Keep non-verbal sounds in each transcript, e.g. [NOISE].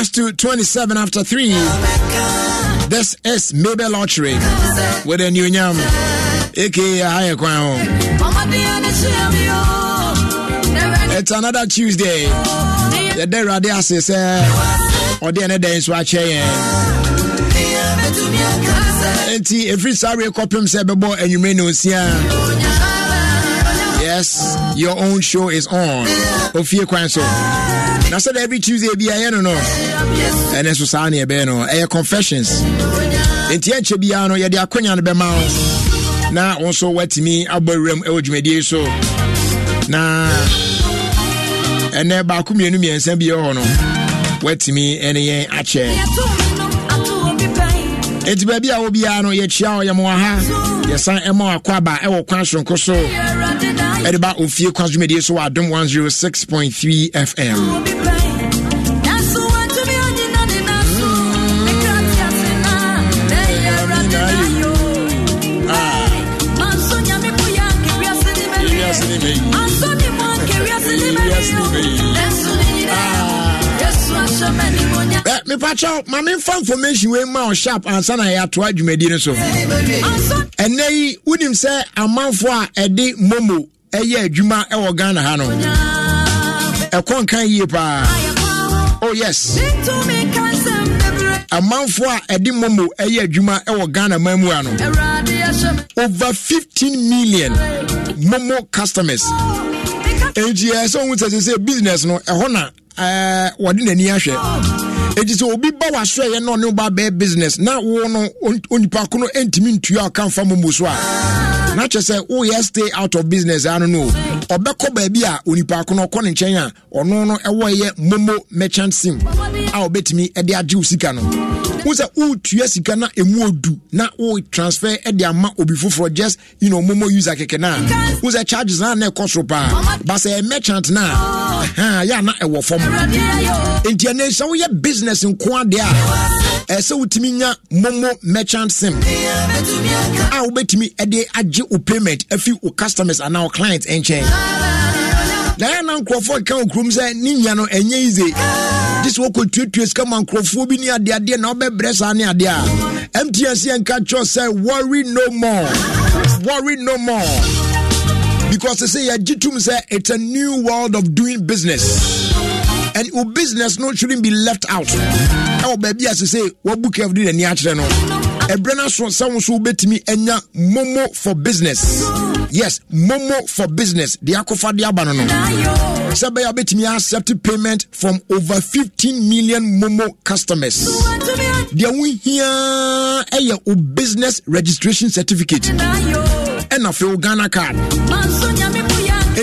past to 27 after 3. This is Mabel Lottery with a new yam, aka Higher Crown. It's another Tuesday. The day radias is or the end is what Enti every sorry copim sebebo and you may know Yes, your own show is on. Ofie Kwanso na sɛ da every tuesday bi ayɛ no no ɛne so saa ne ɛbɛyɛ no ɛyɛ confessions enti ɛnkyɛ biara no yɛde akonya no bɛma wo na wo nso woatumi abɔ awuram ɛwɔ dwumadie so na ɛnɛ baako mmienu mmiɛnsa bi ɛwɔ hɔ no woatumi ɛne yɛn akyɛ ɛti baabi a wobiara no yɛkyia ɔ yɛmoa ha yɛsan ɛma wakɔ aba ɛwɔ kwan soronko so ɛde ba ofie kwan dwumadie so wɔ adom 106.3 fm mpakyɛw ma memfa information wei ma ɔshap ansa na yɛatoa dwumadi no so ɛnɛ yi wonim sɛ amanfoɔ a ɛde momo ɛyɛ adwuma ɛwɔ ghana ha no ɛkɔ nkan yie paa oh yes amanfoɔ a ɛde momo ɛyɛ adwuma ɛwɔ ghana man mu a over 15 million momo customers enti ɛsɛ ohu sɛ sɛ business no ɛhɔ na wɔde n'ani ahwɛ ɛti sɛ obi ba wasoɛyɛ na ɔne woba bɛɛ business na wo no onipa ko no ɛntimi ntua ɔka mfa momu so a na kyerɛ sɛ woyɛ stay out of business ano no o ɔbɛkɔ baabi a onipa ko no ɔkɔ ne nkyɛn a ɔno no ɛwɔɛyɛ momo merchant sim a ɔbɛtumi ɛde agye wo sika no wo sɛ wotua sika na ɛmu odu na wo transfer ɛde ama obi foforɔ just you know momo user kɛkɛ no a sɛ charges na na ɛkɔ soro paa ba sɛ merchant no a yɛ a na ɛwɔ fam enti ɛnɛ sɛ woyɛ business business nko adeɛ a ɛsɛ wotumi nya momo merchant sim a ah, wobɛtumi de agye wo payment afi eh, wo customers anaa wo client nkyɛn na yɛ na nkurɔfoɔ ka wo kurom sɛ ne nya no ɛnyɛ yize gye sɛ wɔkɔtuatua sika ma nkurɔfoɔ bi ne adeadeɛ na wobɛbrɛ saa ne a kyerɛ sɛ worry no more worry no more because they say it's a new world of doing business and your business no shouldn't be left out ɛwɔ baabi a sɛ wabu kɛf you n'ani akyerɛ on? A brand so sɛ wo nso wobɛtumi anya momo for business yes momo for business The akɔfa de aba no no sɛ bɛyɛ accept payment from over 15 million momo customers deɛ wohia here eh, a business registration certificate And a wo ghana card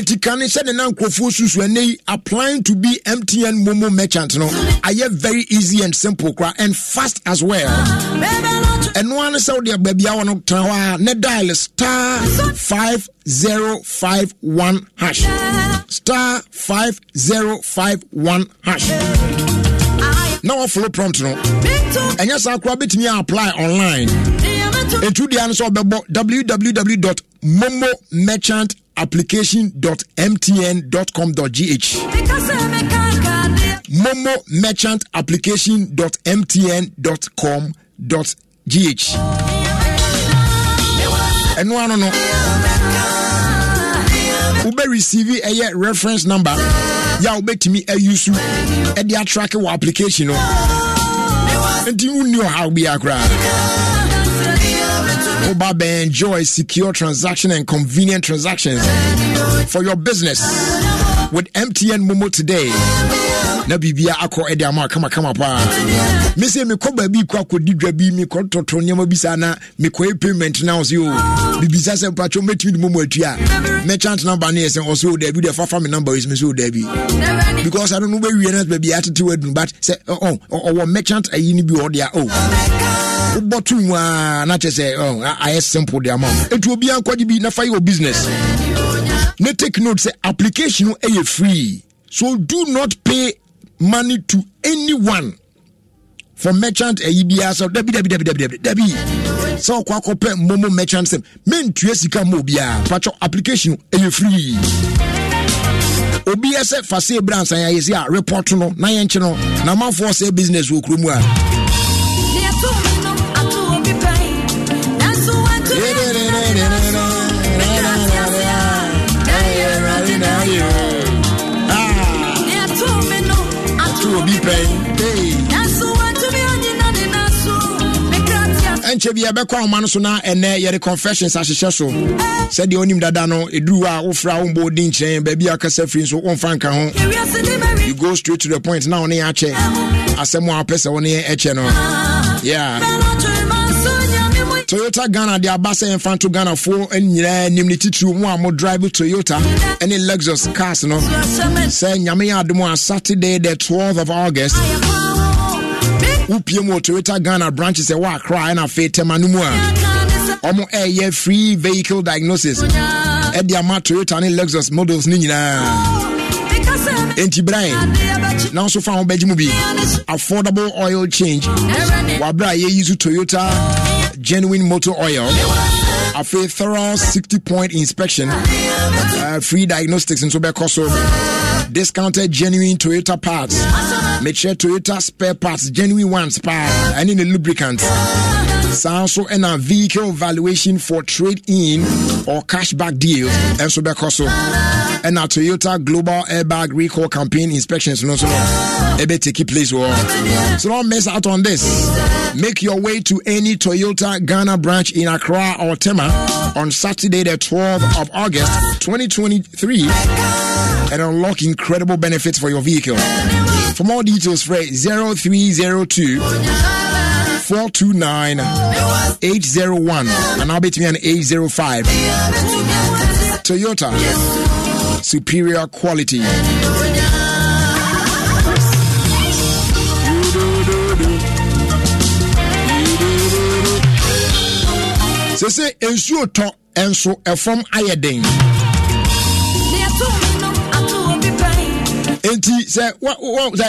nti kane sɛ ne na nkurɔfoɔ susu ɛnɛ yi applying to be mtn momo merchant no ayɛ very easy and simple kora and fast as well ɛno ara ne sɛ wode baabia wɔ no tena hɔ a ne dial star 5051 hash star 5051 hash na wɔfolo prompt no ɛnyɛ saa koraa bɛtumi apply online ɛtu deɛ no sɛ ɔbɛbɔ www momo merchant application.mtn.com.gh. Momo merchant application.mtn.com.gh. And one no. Ube receive a reference number. Ya ube timi a yusu. E dia track wa application. Enti unyo how be akra. Obaba enjoy secure transaction and convenient transactions for your business with MTN Momo today. na biribia akɔ ɛde ama kamakama paa me sɛ mekɔ baabi kɔ akɔdi dwa bi mekɔ tɔtɔ nneɛma bi saa na mekɔyɛ payment na ɔse o oh. bibisa sɛ mpatwɛ mɛtumi de mɔmɔ atu a merchant number ne yɛ sɛ ɔse o oh, daabi deɛ fafa me number ɛsɛ me sɛ o oh, daabi because ano no wobɛwie no baabi atete wadunu but sɛ ɔwɔ merchant ayi no bi ɔde a o wobɔ to mu a na kyerɛ sɛ ayɛ simple de ama ɛnti obiaa nkwagye bi na fa yɛ business na take note sɛ application no ɛyɛ free so do not pay money to anyone for merchant ɛyi biara sɛ dabi dabi dabi dabi dabi sɛ ɔkɔ akɔpɛ mmomo merchant sɛm mentua sika ma obiara patwɛ application no free obi ɛsɛ fa se bransan yɛayɛ si a report no na yɛnkye no na amanfoɔ sɛ business wɔ kurom a ɛnkyɛ bi yɛbɛkɔ ahoma no so na ɛnɛ yɛde confessions ahyehyɛ so sɛdeɛ onim dada no ɛduru a wofra wombɔ odi nkyerɛn baabi a wokasa firi nso womfa nka ho you go straight to the point na wo ne yɛ akyɛ asɛm a wopɛ sɛ wo ne yɛ ɛkyɛ no yeah toyota ghana de aba sɛ yɛmfa ghanafoɔ nyinaa nim ne titiri mu a mo drive toyota ne lexus cars no sɛ nyame yɛ adom a saturday the 12 th of august wopie mu toyota ghana branches ɛwɔ akra ɛna afei tɛma no mu a ɔmo ɛyɛ free vehicle diagnosis ɛde ama toyota ne lexus models ne nyinaa enti berɛ nanso fa ho bɛgye mu bi affordable oil change wɔaberɛ a yɛyi so toyota genuine motor oil afei thorough 60 point inspection uh, free diagnostics nso bɛkɔ so discounted genuine Toyota parts. Make sure Toyota spare parts, genuine ones, pa, and in the lubricant. Also, nso ɛna vehicle valuation for trade in or cashback deal ɛnso bɛkɔ And ɛna toyota global airbag recall campaign inspections no so no ɛbɛ take place wɔ so don't miss out on this make your way to any toyota ghana branch in accra or tema on saturday the 12th of august 2023 and unlock incredible benefits for your vehicle. For more details, Fred 0302 429 801 and I'll be to me an 805. Toyota, superior quality. So say nsuo tɔ nso a ayɛ den nti sɛ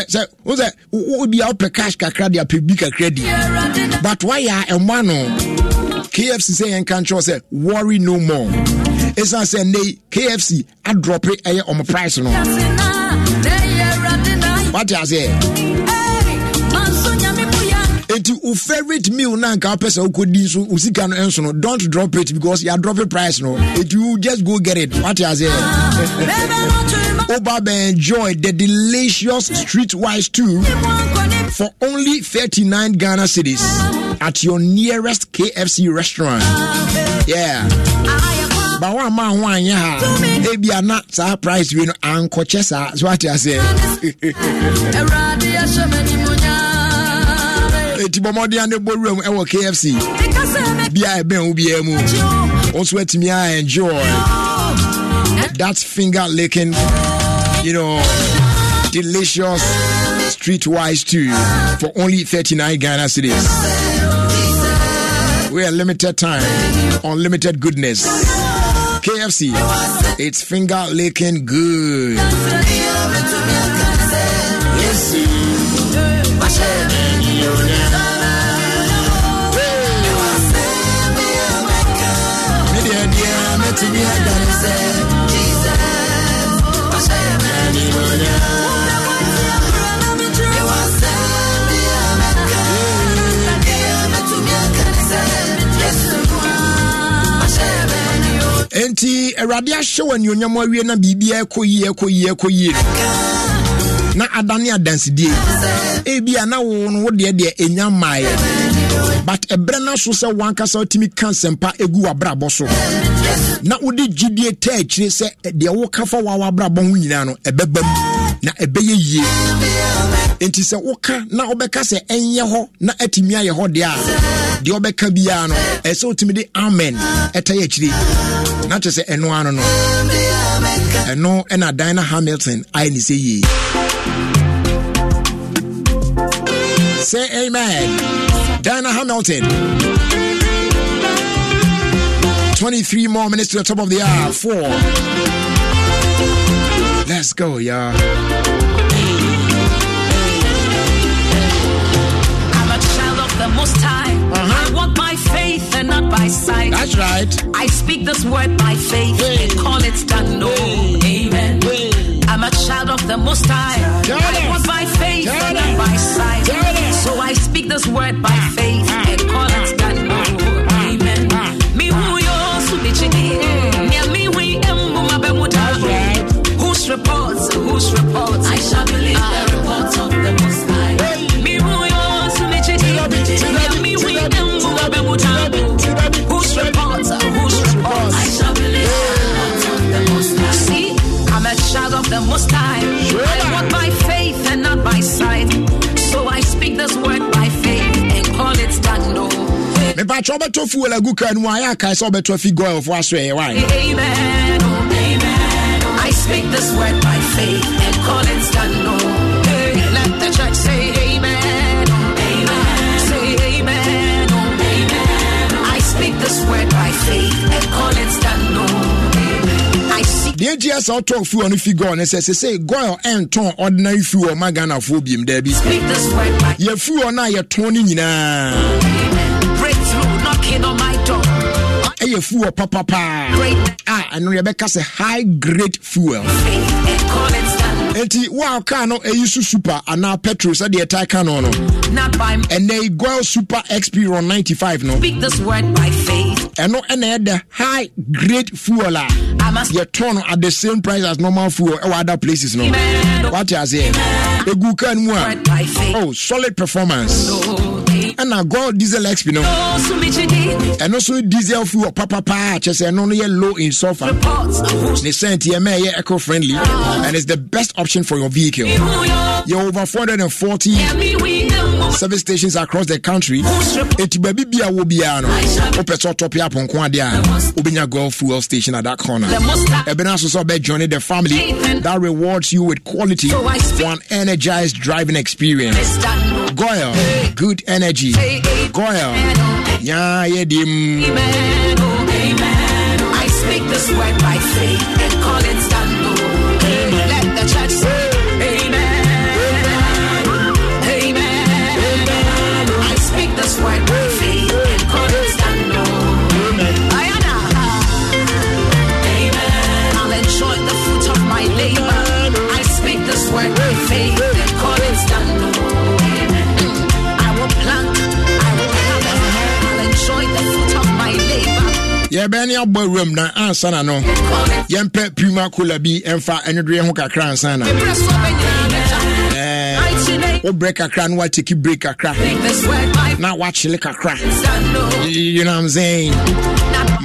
sɛ wosɛ wobia wopɛ cash kakra de apɛ bi kakra di but woayɛ a ɛmmoa no kfc sɛ yɛnka nkyerɛw sɛ worry no more ɛsiane sɛ nnɛi kfc adrɔpe ɛyɛ ɔmo price no wate aseɛ eti o favorite meal na nka wopɛ sɛ wokɔdi nso o sika no nso no don't drop it because yɛ drop it price no eti you just go get it wate aseɛ ah, Obaba enjoy the delicious streetwise tour for only 39 Ghana cities at your nearest KFC restaurant. Yeah. But one man, one yeah, maybe I'm not surprised know I'm Cochessa. That's what I say. ɛti [LAUGHS] bɔmmɔden ane bɔwura mu ɛwɔ kfc bia ɛbɛn wo biaa mu wo nso atumi a enjoy that finger licking you know, delicious streetwise too for only 39 Ghana cedis. We are limited time, unlimited goodness. KFC, it's finger licking good. nti awurade ahyɛ wɔ anuonyam awie na biribiaa ɛkɔ yie ɛkɔ yie ɛkɔ yie na adane adansedie ebia na wo no wo deɛ deɛ ɛnya mmaeɛ but ɛberɛ no so sɛ wankasa wotumi ka nsɛmpa ɛgu w'abrabɔ so na wode gyidie taa akyire sɛ deɛ woka fa wa w'abrabɔ ho nyinaa no ɛbɛba mu na ɛbɛyɛ yie Nti sɛ woka na wobɛka sɛ ɛnyɛ hɔ na atumi ayɛ hɔ deɛ a deɛ wobɛka biara no ɛsɛ wotumi de amen ɛtayɛ akyire na kyerɛ sɛ ɛno ano no ɛno ɛna dina hamilton ayɛ ne sɛ yie say amen dina hamilton 23 more minutes to the top of the hour 4 let's go y'all by sight. That's right. I speak this word by faith hey. and call it done. No, hey. amen. Hey. I'm a child of the Most High. I walk by faith Tell and not by sight. So I speak this word by ah. faith ah. and call it done. No, ah. amen. Ah. Me who ah. yo subichini, hmm. me we emu mabemu Whose reports? Whose reports? I shall believe. Ah. the Most High. I walk by faith and not by sight. So I speak this word by faith and call it done. mepakyɛ wobɛtɔ fuel I speak this word by faith and call it yɛgye asa wotɔ e fuel no fi goil no sɛ sesei goil ɛntɔn ordinary fuel ma ghanafoɔ biom daa bi yɛ fuel no a yɛtɔn no nyinaa ɛyɛ fuel papapaa a ɛno yɛbɛka sɛ high grade fuel nti woa kaa no e ɛyi so super anaa petrol sɛdeɛ ɛtae ka no no ɛnɛ goil super xp 95 no ɛno ɛna ɛda high grade fuel a yɛtɔn no at the same price as normal fuel ɛwɔ eh, other places no wate aseɛ ɛgu kaa no mu a oh solid performance ɛna gold diesel xp no ɛno so diesel fuel papapaa kyɛ sɛ ɛno no yɛ low in sulfur ne sɛnti ɛma ɛyɛ eco friendly and it's the best option for your vehicle yɛ over 440 service stations across the country ɛti baabi bia wɔ biara no wopɛ sɛ ɔtɔpe apɔnko adeɛ a wobɛnya golf fuel station at that corner ɛbɛno so sɛ ɔbɛjoine the family that rewards you with quality one energized driving experience goil good energy goil nyaa yɛdeɛ mu oh, Amen. I speak this word by faith. ɛbɛn ne abɔ awuram na ansa na no yɛmpɛ puma kola bi ɛmfa ɛnodeyɛ ho kakra ansa na wobrɛ kakra na woateki break kakra na woakyele kakra you know what I'm saying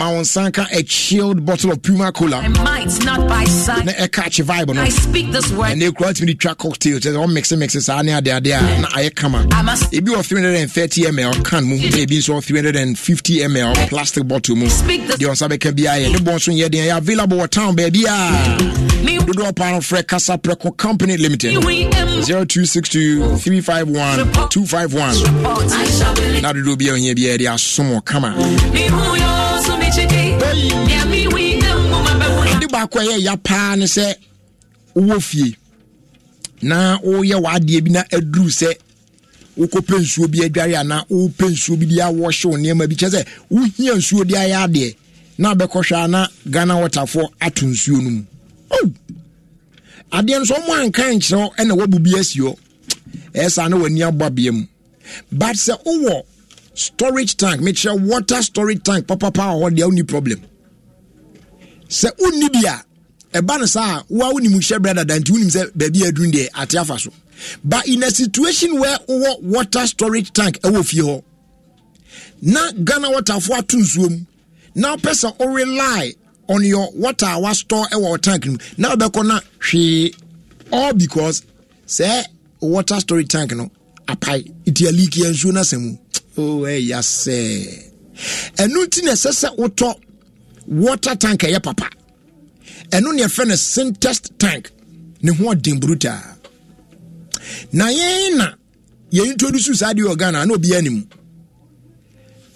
ma wɔn nsanka a chilled bottle of Puma Cola. I might not buy sign. Na ɛka akyi vibe no. I speak this word. Ɛna ekura tumi de twa cocktail kyerɛ sɛ wɔn mix mix saa ne ade ade a na ayɛ kama. Ebi wɔ three hundred and thirty ml can mu na ebi nso wɔ three hundred and fifty ml plastic bottle mu. Deɛ ɔnsa bɛka bi ayɛ ne bɔ nso yɛ deɛ ɛyɛ available wɔ town baabi a. Dodoɔ paa no frɛ Kasa Preko Company Limited. zero two six two three five one two five one. Na dodoɔ bi a onyɛ bi a yɛde asom wɔ kama. ade baako a ɛyɛ ya paa ne sɛ wowɔ fie na woyɛ w'adeɛ bi na aduru sɛ wokɔpɛ nsuo bi adware anaa wopɛ nsuo bi de awɔhye wo nneɛma bi kyɛ sɛ wohia nsuo de ayɛ adeɛ na abɛkɔhwɛ a na ghana wɔtafoɔ ato nsuo no mu oh. adeɛ nso ɔmo anka nkyerɛ ɛna wabu bi asi hɔ ɛsaa na w'ani abɔ abea mu but sɛ wowɔ storage tank mekyerɛ water storage tank papapa wɔ hɔ deɛ woni problem sɛ wonni bi a ɛba no saa a woa wonim hyɛ berɛ dada nti wonim sɛ baabi aduru deɛ ate afa so but in a situation where wowɔ water storage tank ɛwɔ fie hɔ na ghana waterfoɔ ato nsuo mu na wopɛ sɛ worely on your water a wastore ɛwɔ tank no na wobɛkɔ na hwee all because sɛ water storage tank no apae ɛtia leak yɛ nsuo no asɛ mu oh, ɛyɛ hey, sɛ ɛno nti na ɛsɛ sɛ wotɔ water tank ɛyɛ papa ɛno ne yɛfrɛ no syntest tank ne ho ɔden brutaa na yɛn na yɛintroduce saa deɛ ɔghana na obiaa nim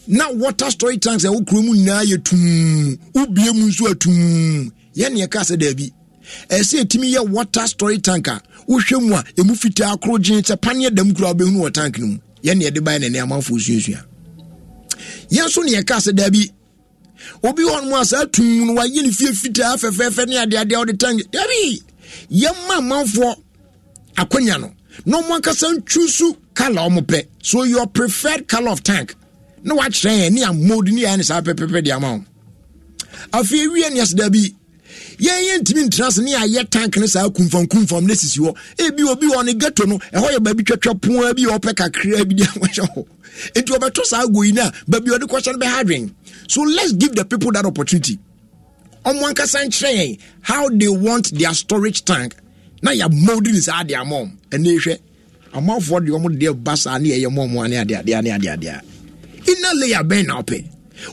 na water story tanks ɛwo kuro mu nyinaa yɛ tum wobie mu nso atum yɛne yɛka sɛ daabi ɛɛ sɛ yɛ water story tank a wohwɛ mu a ɛmu fitaa koro gyen sɛ paneɛ dam kura wobɛhunu wɔ tank no mu yɛne yɛde baɛ nane amanfoɔ suasua yɛn so ne yɛka sɛ daabi obi hɔ nom a saa tum no wayi ne fie fitaa fɛfɛɛfɛ ne a wode tan dabi yɛma amanfoɔ akonya no na ɔmo ankasa ntwi so colour ɔmo pɛ so your preferred colour of tank na wakyerɛ yɛn ne ammode ne yɛɛ ne saa pɛpɛpɛ de ama wo afei wie ne ɛseda bi yɛyɛ ntumi ntena se ne ayɛ tank no saa kumfamkumfam no sisi hɔ ebi obi wɔ ne gato no ɛhɔ yɛ baabi twatwa poa bi a ɔpɛ kakraa bi de amahyɛ [LAUGHS] hɔ enti ɔbɛtɔ saa goyi no a baabi ɔde kɔhyɛ no bɛha adwen So let's give the people that opportunity. Ọmọ ankasa nkyerɛ yɛn how they want their storage tank Now na yà molding saa adi mom. And they say, I'm off what you want to yɛyɛ mɔmɔ ane ade ade ane ade ade a inner layer bɛn na ɔpɛ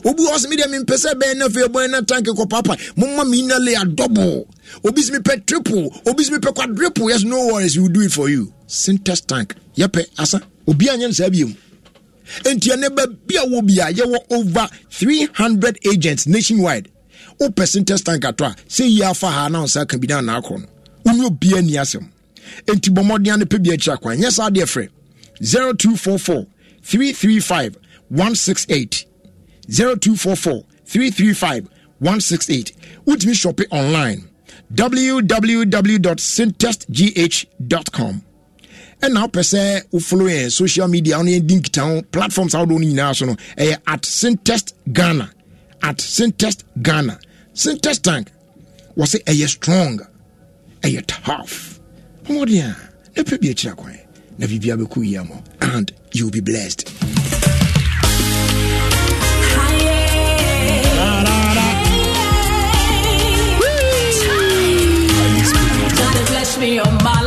obi wɔ sɛ mi deɛ mi mpɛ sɛ bɛn na afei ɛbɔn na tank kɔ papa mo ma layer double Obis me mi triple Obis me mi quadruple yes no worries we do it for you syntax tank yɛpɛ asa obi anyɛ you nti ɛnɛ baabi a wɔ bia yɛwɔ over 300 agents nationwide wopɛ sintest tankato a sɛ yi afa ha na nsa ka bi na naakɔ no wone obia ni asɛm enti bɔ mmɔden no pɛ bi akyiri akwan nyɛ saa deɛ frɛ three 335 168 0244 335 168 wotumi shɔpe online www.syntestgh com Now wopɛ sɛ social media on the platforms a wodoɔ no nyinaa so at Test ghana at Test ghana syntest tank wɔ sɛ ɛyɛ strong ɛyɛ tough ɔmɔden a na pɛ bi akyira kwan na biribia bɛkɔ yia and you'll be blessed me on oh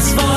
for.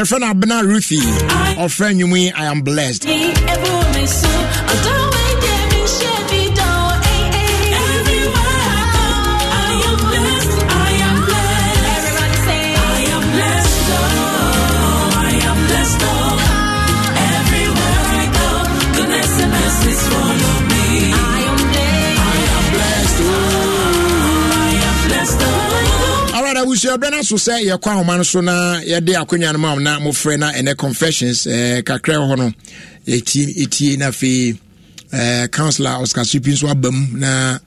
yɛfrɛ friend abena ruthi friend you mean i am blessed abusuabrɛ no so sɛ yɛkɔ ahoma no so na yɛde akonnwa no ma na mofrɛ na ɛnɛ confessions eh, kakra hɔ no ɛtie na afei eh, councilor oscar supi nso aba mu na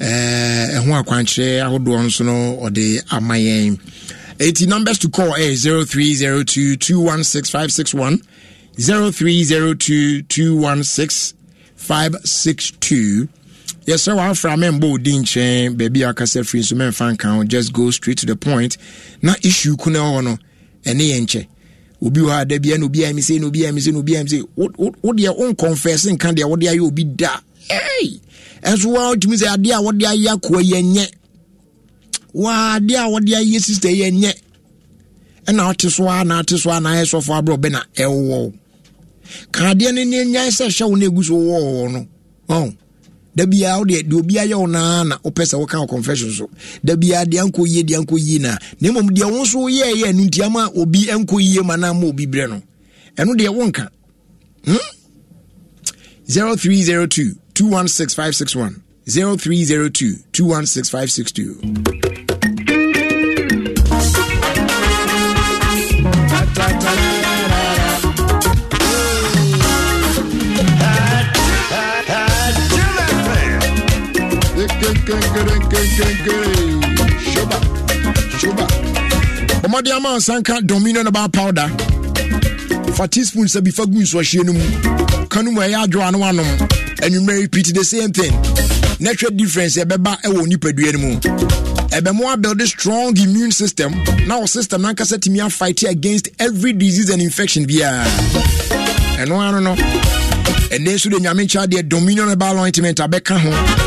eh, ɛho eh, akwankyerɛ ahodoɔ nso no ɔde ama yɛn ɛti numbers to call six five six two yɛsrɛ wɔafra mɛmbɔ wo din nkyɛn Baby, a wokasa firi nso mɛmfa nka ho just go straight to the point na issue kuna hɔ no ɛne yɛ nkyɛ obi wɔ ha da bia na obiaa mi sɛ na obiaa mi sɛ na obiaa mi sɛ wodeɛ wonkɔmfɛse nka deɛ wode ayɛ obi da ei ɛnso woa wotumi sɛ adeɛ a wode ayɛ akoa yɛnyɛ waa adeɛ a wode ayɛ sister yɛnyɛ ɛna wote so a na ate so a na ayɛ sɔfo abrɛ ɔbɛ na ɛwɔ ka adeɛ no ne nyae sɛ hyɛ wo no ɛgu oh. so wɔwɔ no ɔn da biara wodeɛ deɛ obi ayɛ wo naa na wopɛ sɛ woka wo confession so da biara deɛ ankɔ yie deɛ ankɔ yie na na mmom deɛ wo nso woyɛɛyɛ no ntia ma obi ankɔ yie ma na ma obi berɛ no ɛno deɛ wonka hmm? 0302 216561 0302 216562 ɔmɔde ama ɔsanka dominion ba powder fa teaspoon sɛ bi fa gu nsɔhyeɛ no mu ka no mu ɛyɛ adwoa no anom anwummerɛ repeat the same thing na hwɛ difference ɛbɛba ɛwɔ nipadua no mu ɛbɛmoa build a strong immune system na wo system nankasa tumi afight against every disease and infection biara ɛno ano no ɛnɛ nso de nyame kyɛ deɛ dominion ba lointment abɛka ho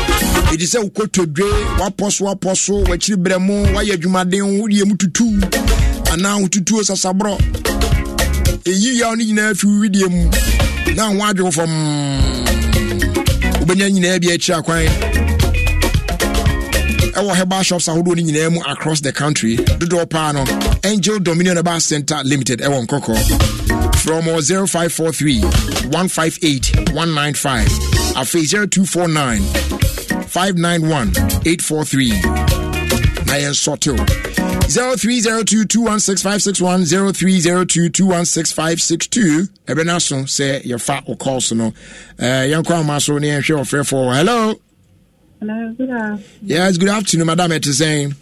ɛti sɛ wokɔ todwe woapɔ so wapɔ so wakyiri berɛ mu woayɛ adwumaden wodeɛ mu tutu anaa wotutuo sasaborɔ ɛyiyia wo no nyinaa fi wideɛ mu na ho adwe wo fam wobɛnya nyinaa bi akyiri akwan ɛwɔ herbal shops ahodoɔ no nyinaa mu across the country dodoɔ paa no angel dominion herbal center limited ɛwɔ nkɔkɔɔ from 0543 158 195 afei 0249 591 843. Nayan Soto. 0302216561 0302216562 ebe na so say your fat or call so no eh yan kwa ma so hello hello good afternoon yes good afternoon madam it is saying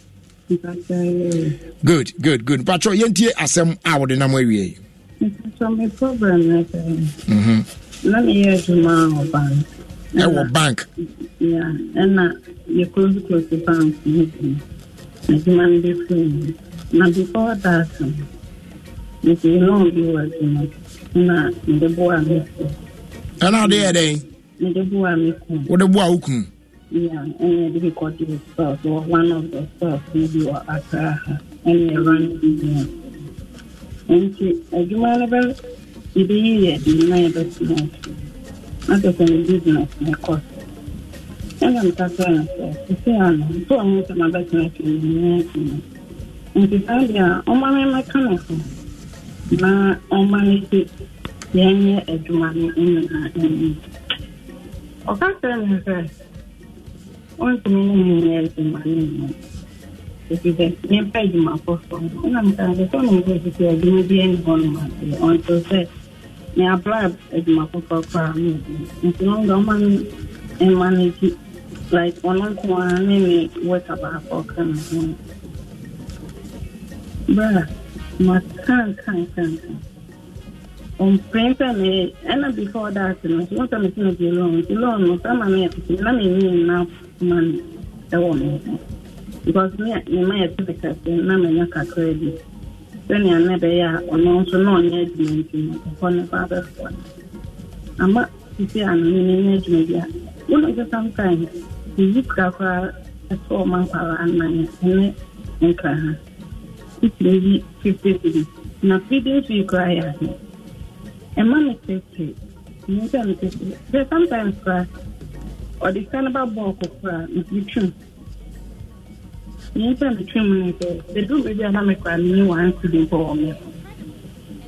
good good good patro yentie asem a wode na mo awie so a problem is eh mhm na me ye juma oban ɛwɔ bank. ɛna uh, you close close bank ne bi adwuma no bi fi na before that nti loan bi wɔ adwuma na mede boa me so. ɛna ɔde yɛ dɛn. mede boa me kun. wode boa wo kun. Yeah, and they got the spouse or one of the spouse maybe or Accra and they run to them. And she, I do want to be here, the United Nations. akekọrọ business na cost ɛna nka sɛ sisi ano nso a wɔn nsɛm abɛtena ake nyinaa ake no nti saa deɛ a ɔma me mɛka me so na ɔma me se yɛnyɛ adwuma no nyinaa ɛni ɔka sɛ me sɛ ɔntumi ne se nyɛ adwuma no nyinaa ɛfiri sɛ nyɛmpa adwuma kɔ so ɛna nka sɛ sɛ ɔnum sɛ sisi adwuma bi ɛni hɔ nom aseɛ ɔntɔ sɛ me apply adwuma foforɔ paa nti no deɛ ɔma no ma no akyi ah, eh, eh, like ɔno nko a ne me wɛka baako ɔka ne ho bra makankankanka ɔmpɛn sɛ me ɛna ah, eh, before that no nti wosɛ mete no bie lɔn nti lɔn no sɛ ma no yɛ pete na menyi na ma no ɛwɔ me ho because me ma yɛ pete kɛseɛ na manya kakra bi sɛnea na ɛbɛyɛ a ɔno nso na ɔnyɛ adwuma no ɛhɔ ne ba bɛfoɔ no ama sisi a nane no nyɛ adwuma a wona sɛ sometimes bibi kura koraa ɛsɛ ɔma nkwara nkra ha wotumi yi na koraa yɛ ahe ɛma tete sɛ tete sɛ sometimes koraa ɔde ba bɔɔko koraa nyɛnsa mi twɛn mu ne sɛ bedu beebi a na mi kura mi wa nsi bi bɔ wɔn mi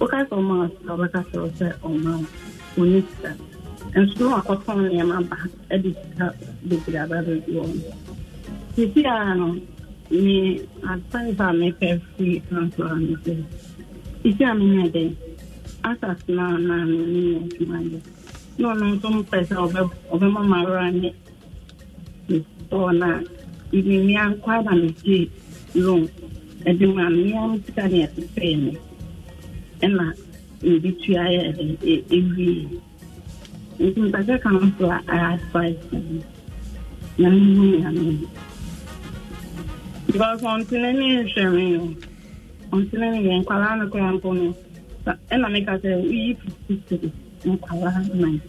o ka sɛ ɔmo asɔ ɔbɛ ka sɛ ɔsɛ ɔmo o nye sika nso na wakɔtɔn nneɛma ba ɛde sika bebree aba beebi wɔn sisi a no mi advice a mi pɛ fi kanto a mi pɛ sisi a mi nyɛ dɛ asase na na mi ni nyɛ adwuma yɛ na ɔno nso mo pɛ sɛ ɔbɛ ɔbɛ mama ara ne ɔna mmemme ankɔ aba me gye loan ɛde ma mmea no sika ne ɛsesɛe me ɛna mede tua yɛ ɛde ɛwie nti mpɛsɛ council a advice na mehu nyame because ɔntene ne nhwɛ me o ɔntene ne yɛ nkwalaa no koraa mpo no ɛna meka sɛ woyi fifty six nkwalaa nine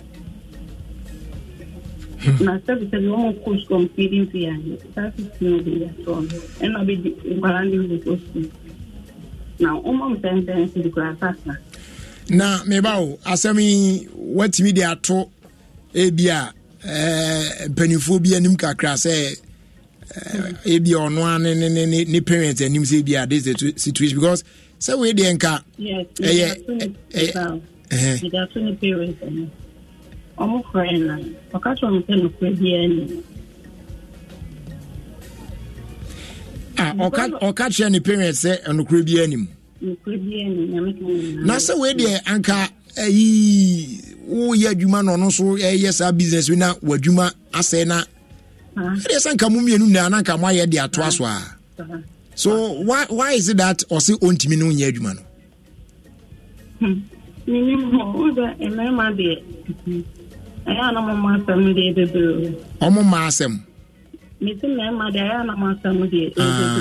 [LAUGHS] na sɛbisɛ bi wɔn kɔ sukɔm kiri nti yɛ anyi saa fifteen o de yɛ tɔ no ɛna bi di nkwadaa ne bi kɔ sukuu na wɔn mɔ nsɛnsɛn si kura sasa. na meba o asɛm yi watumi de ato ebi a mpanimfoɔ bi anim kakra sɛ ebi ɔno a ne ne ne ne parents anim eh, sɛ ebi a this is situation because sɛ wei deɛ nka ɛyɛ ɛyɛ ɛyɛ ɛyɛ ɛyɛ ɛyɛ ɛyɛ ɛyɛ ɛyɛ ɛyɛ ɛyɛ ọmụfụrụ na ọka chọrọ mpe nokwe biara ni ah, ɔka kyerɛ ne parents sɛ nokorɛ bi anim na sɛ wei deɛ anka ayi woyɛ adwuma na ɔno nso ɛyɛ saa business bi na w'adwuma asɛe na ah. ɛdeɛ sɛ nka mo mmienu na nka moayɛ de atoa so a ah. so why, why is it that ɔse ɔntumi no nyɛ adwuma no hmm. ɔmo ma asɛm mete mmarima deɛ ɛyɛ anam asɛm deɛ ah.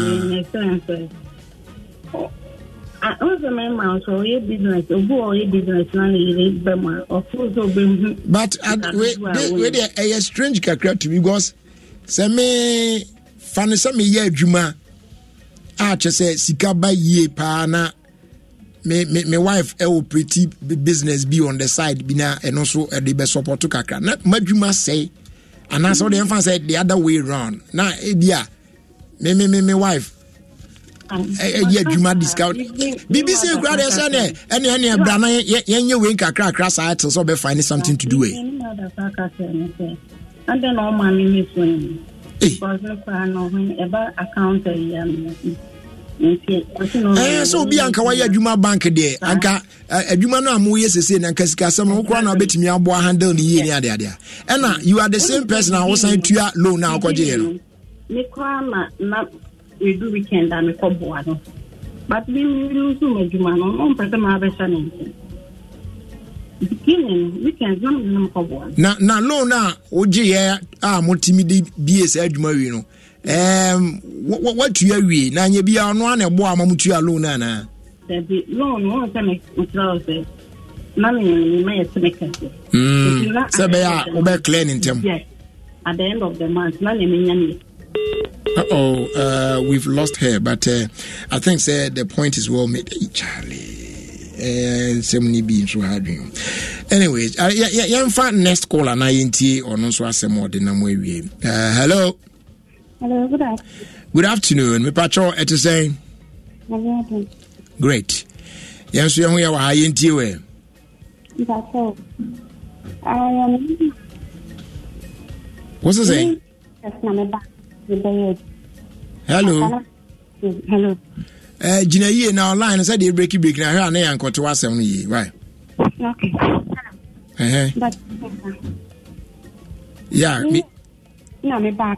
ɛsɛ ɔsɛ mmarima nso ɔyɛ business obi a ɔyɛ business na ne yere bɛ mu a ɔforo sɛ ɔbɛhu but uh, we deɛ ɛyɛ strange kakra to me because sɛ me fa no sɛ meyɛ adwuma a kyɛ sɛ sika ba yie paa na me me me wife ɛwɔ eh, oh, pretty business bi on the side bi na ɛno nso ɛde bɛ support kakra na madwuma sɛe anaasɛ wode ɛmfa sɛ the other way round na ebi eh, a me me me me wife ɛyɛ um, eh, adwuma discount biribi sɛ kura deɛ sɛ ne ɛne ɛne ɛbra na yɛnyɛ wei nkakrakra saa ɛte sɛ wobɛfa ne something to do ɛ ɛɛ eh, sɛ obi anka wayɛ adwuma bank deɛ anka eh, adwuma no a moyɛ sesei na anka sikasɛm wo koraa na wobɛtumi aboa handle no yie ne adeadeɛ ɛna you are the same person a wosan tua loan a wokɔgyeeɛ no na loan a wogyeeɛ a motumi de bie saa adwuma no um, woatua awie na anyɛ biara no ana ɛboa ma motua loan no anaa dabi loan wɔn sɛ me nkyerɛ wo sɛ na meyɛ sɛ meka sɛ bɛyɛ a wobɛclear ne ntɛm at the end of the month na ne menya ne Uh-oh, uh, we've lost her, but uh, I think uh, the point is well made. Hey, Charlie, nsɛm eh, ni bi nso ha dwen anyways uh, yɛmfa next call I anaa yɛntie ɔno nso asɛm ɔde nam awie uh, hello Hello, good afternoon. Good afternoon. Me patro ɛte eh, sɛn. Great. Yɛn you yɛn ho yɛ wɔ ha yɛn tie wɛ. Mpatro, ayɛ What's the saying? Hello. Hello. Uh, Gina, gyina yie na online sɛ deɛ breki breki na hwɛ a ne yɛnkɔto asɛm no yie right okay. uh-huh. But, yeah, me, me, no, me back.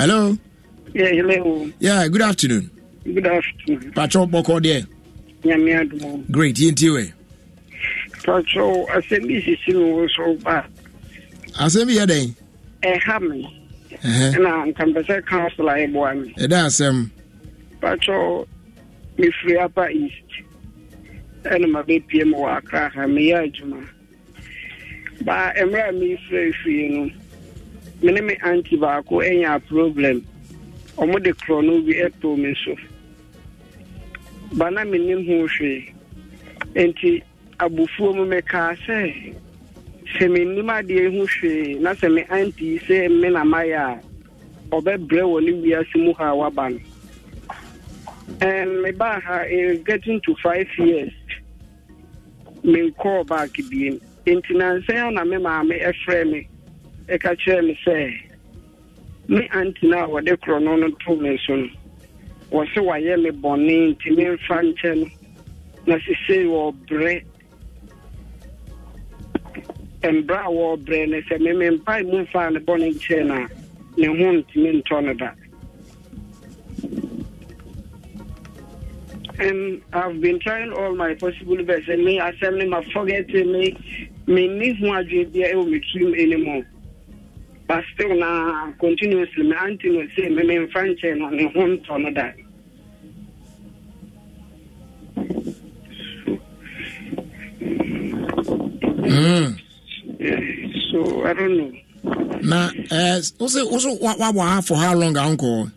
hello. Yeah, hello. Yeah, good afternoon. Good afternoon. Patrol Boko there. Yeah, me. Great, you too. Eh? Patrol, I said this is so bad. I said, yeah, then. Eh, have me. na nkampɛsɛ councilor ɛboa me ɛda asɛm patrɔ mefiri apa east ɛne mabɛpie m wɔ akra ha meyɛ adwuma baa mmerɛ a mefirɛ fie no me ne me anti baako anya problem ɔmo de korɔ no bi ɛtoo me so ba na mennim ho hwee nti abufuo mu mekaa sɛ sɛ mennim adeɛ ho hwee na sɛ me anti sɛ me na mayɛ a ɔbɛbrɛ wɔ ne wiase mu ha a waba no um, me baa ha getting to five years menkɔɔ back biem nti nansɛ a na me maame ɛfrɛ me ɛka kyerɛ me sɛ me anti no a wɔde korɔno no too me so no wɔ se wayɛ me bɔne nti memfa nkyɛ no na sesei wɔbrɛ mbra a wɔbrɛ no sɛ memempa mu mfaa ne bɔne nkyɛɛ no a ne ho ntumi ntɔ no da And I've been trying all my possible best. And me, I said, me, forget me, me, me, who I do, be able to anymore but still na continuously me anti no eh, say me me eh, mfa nkyɛn no ne ho ntɔ no da Mm. So I don't know. Now, eh, uh, also also what what wa for how long uncle?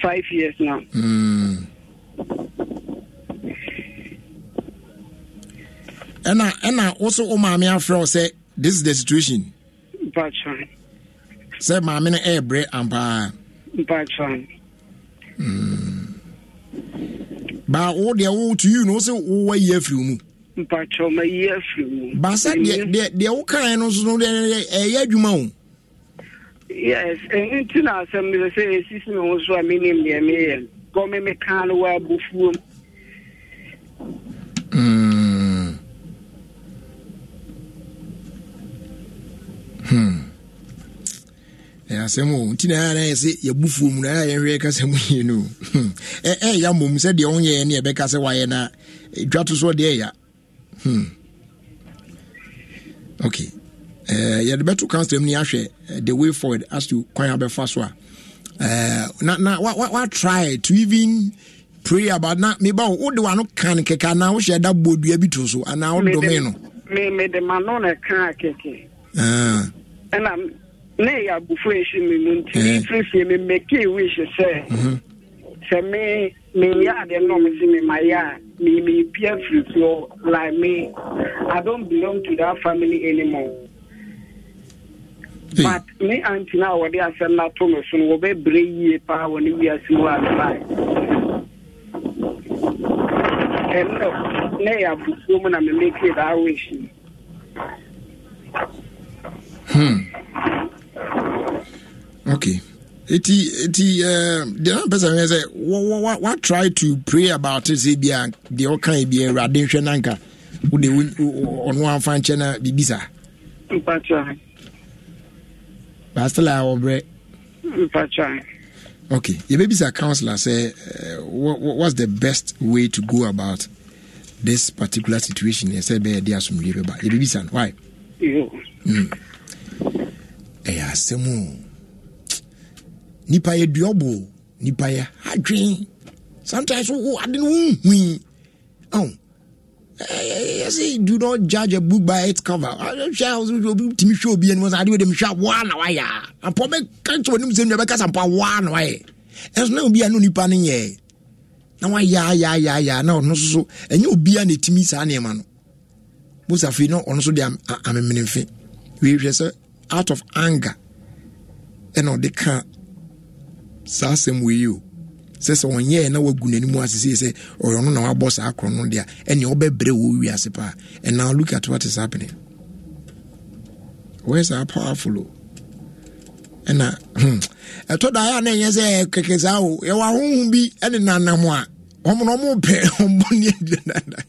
Five years now. Mm. Ɛna ɛna also o maame afrɛ sɛ this is the situation. Patron sɛ maame no ɛɛbrɛ ampaa hmm. baa wo deɛ wo to you no wo sɛ wowɔ yi afiri mu ba sɛ deɛ wokae no nso no ɛyɛ adwuma o yes nti na asɛm mesɛ sɛ ɛsisi me ho so a menim deɛ meyɛ gɔme meka no wɔ abufuom asɛm o nti na ɛyɛ sɛ yɛbu mu na ɛyɛ yɛhwɛ kasa mu yie no hmm. ɛyɛ mmom sɛdeɛ wonyɛ ne yɛbɛka sɛ wayɛ na dwa to soɔ deɛ ɛya hmm. okay yɛde bɛto councilm ni ahwɛ the way forward as to kwan abɛfa so a na na wa to even pray about na meba wo wode wano ka no anaa wohyɛ da bɔ dua bi to so anaa wodome no mede m'ano na ɛkaa keke ɛna na ɛyɛ abofo ɛhyɛ me mu nti mefiri fie me mmɛkee wish sɛ sɛ me menyɛ adeɛ no me se memayɛ a memebia firi kuo like me i don't belong to that family anymore But me auntie now what they are saying that to me soon will be brave ye pa when we are seeing what like. And no, nay, I'm woman I'm making that wish. Hmm okay eti eti deɛ na mpɛsɛ nwɛ sɛ wa wa try to pray about it sɛ bia deɛ ɔka yi bia awurade nhwɛ nanka wode ɔno amfa nkyɛ na biribi saa bastela a wɔbrɛ okay yɛbɛbisa counselor sɛ uh, eh, what, what's the best way to go about this particular situation yɛ sɛ bɛyɛ de asomdwe bɛba yɛbɛbisa no why mm ɛyɛ asɛm o nipa yɛ duɔbo nipa yɛ hadwen sometimes wo ade no wonhui ɔn yɛsɛ do not judge a book by its cover hwɛ obi tumi hwɛ obi anim sɛ ade wode mehwɛ awoa na wayɛ a ampɔ bɛka kyɛ w'anim sɛ nua bɛka sɛ ampɔ awoa na wayɛ ɛnso na obi a no nipa no yɛ na wayɛ ayɛayɛayɛ na ɔno so so ɛnyɛ obia na ɛtumi saa nneɛma no bosa afei na ɔno so de amemmenemfe wei hwɛ sɛ out of anger ɛna ɔde ka saa asɛm wei o sɛ sɛ ɔnyɛɛ na wagu n'anim ase sie sɛ ɔyɛ ɔno na wabɔ saa korɔ no deɛ ɛnea ɔbɛbrɛ wɔ wiase paa and now look at what is happening where's our powerful o ɛna ɛtɔ da a na ɛnyɛ sɛ kɛkɛ saa o yɛwɔ ahohom bi ɛne nanam a ɔmo na ɔmo pɛ ɔmo ne ɛdinana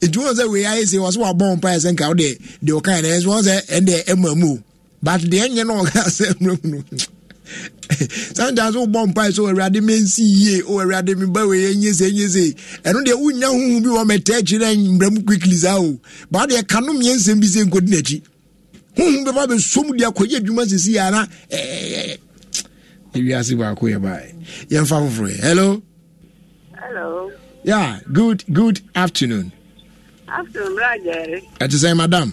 nti wɔn sɛ wei ayɛ sɛ wɔsɛ wabɔ mpaeɛ sɛ nka wo deɛ deɛ ɔkae na ɛsɛ wɔn sɛ ɛdeɛ ɛma mu o but deɛ nyɛ [LAUGHS] no ɔka sɛ mmerɛ mu no sometimes wobɔ mpae sɛ awurade mɛnsi yie o awurade meba wei ɛnyɛ sɛ ɛnyɛ sɛ ɛno deɛ wonya hohu bi wɔ mɛtaa akyi na mmram quickly saa o ba deɛ ka nom yɛ nsɛm bi sɛ nkɔdi n'akyi hohu bɛba bɛsom de akɔyɛ adwuma sɛsi ana ewiase baako yɛ baɛ yɛmfa foforɔ hello hello yeah good good afternoon afternoon brajere ɛte sɛ madam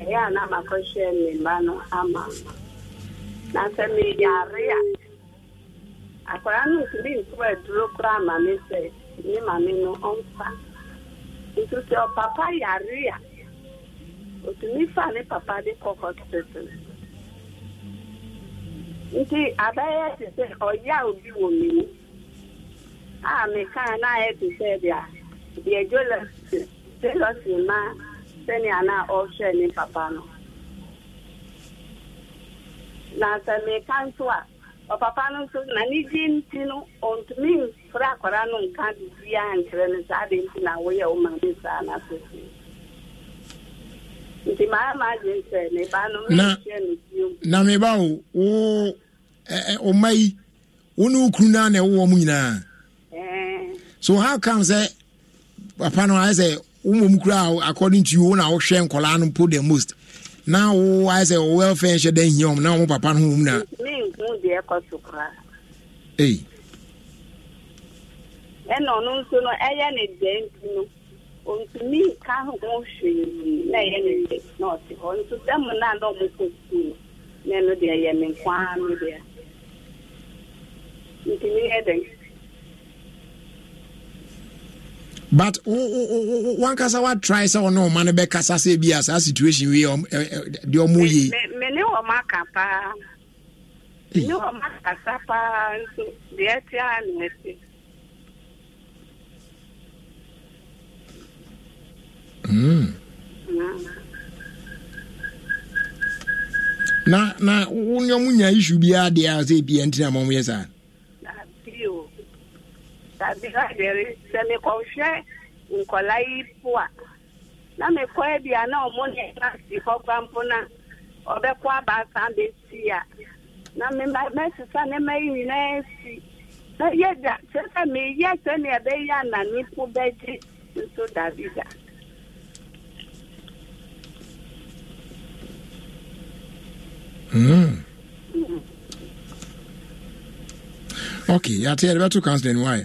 ɛyɛ a na makɔhyɛ me mma ama ma na sɛ meyare a akwara no ntumi nso aduro koraa ma me sɛ ne mame no ɔmfa nso o ɔpapa yare a otumi fa ne papa de kɔ hospital nti abɛyɛ te sɛ ɔyɛ a obi wɔ me mu a ah, mekaa na ayɛ te sɛ deɛ deɛ gyolɔsi gyolɔsi maa sɛnea na ɔhwɛ ne papa no na sɛ meka nso a papa no nso na ne gye nti no ɔntumi mfra akwara no nka biribiaa nkyerɛ no saa de nti na woyɛ ya ma ne saa na sɛsi nti maa ma gye sɛ ne ba no mehyɛ no bio na meba wo ọ ma yi wo ne wo kuru naa na ɛwowɔ mu nyinaa so how come sɛ papa no ayɛ womom koraa according to you wo na wohwɛ nkɔlaa no put the most na wo ayɛ sɛ welfare nhyɛ da nhia ɔm na wo papa no homom na ei ɛna ɔno nso no ɛyɛ ne dɛ nti no ɔntumi ka ho hwee na ɛyɛ ne dɛ na ɔte hɔ nso sɛ mo na na ɔmo kɔ sukuu na ɛno deɛ yɛ me nko ara no deɛ ntumi yɛ dɛ but wankasa watry sɛ ɔne ɔma no bɛkasa sɛ bi a saa situation wei deɛ ɔmo yie mene ɔma ka paa mene hmm. na na wo ne ɔmo nya issue biara deɛ a sɛ bia ntina ma ɔmo yɛ saa dabi ha dịrị sị mekọhwe nkọla yi pụa na mekọ ebia na ọmụ na si hɔ gbampụ na ọbɛkọ abaasa besi ya na mmemme mesisa na eme yi nyinaa esi na yie da sịsa ma eyie sị na ebe ya na n'ipu bedị nso dabi da. Mm. Mm. Okay, yàtí ẹ ẹ bẹ tún kansilẹ ní wáyé.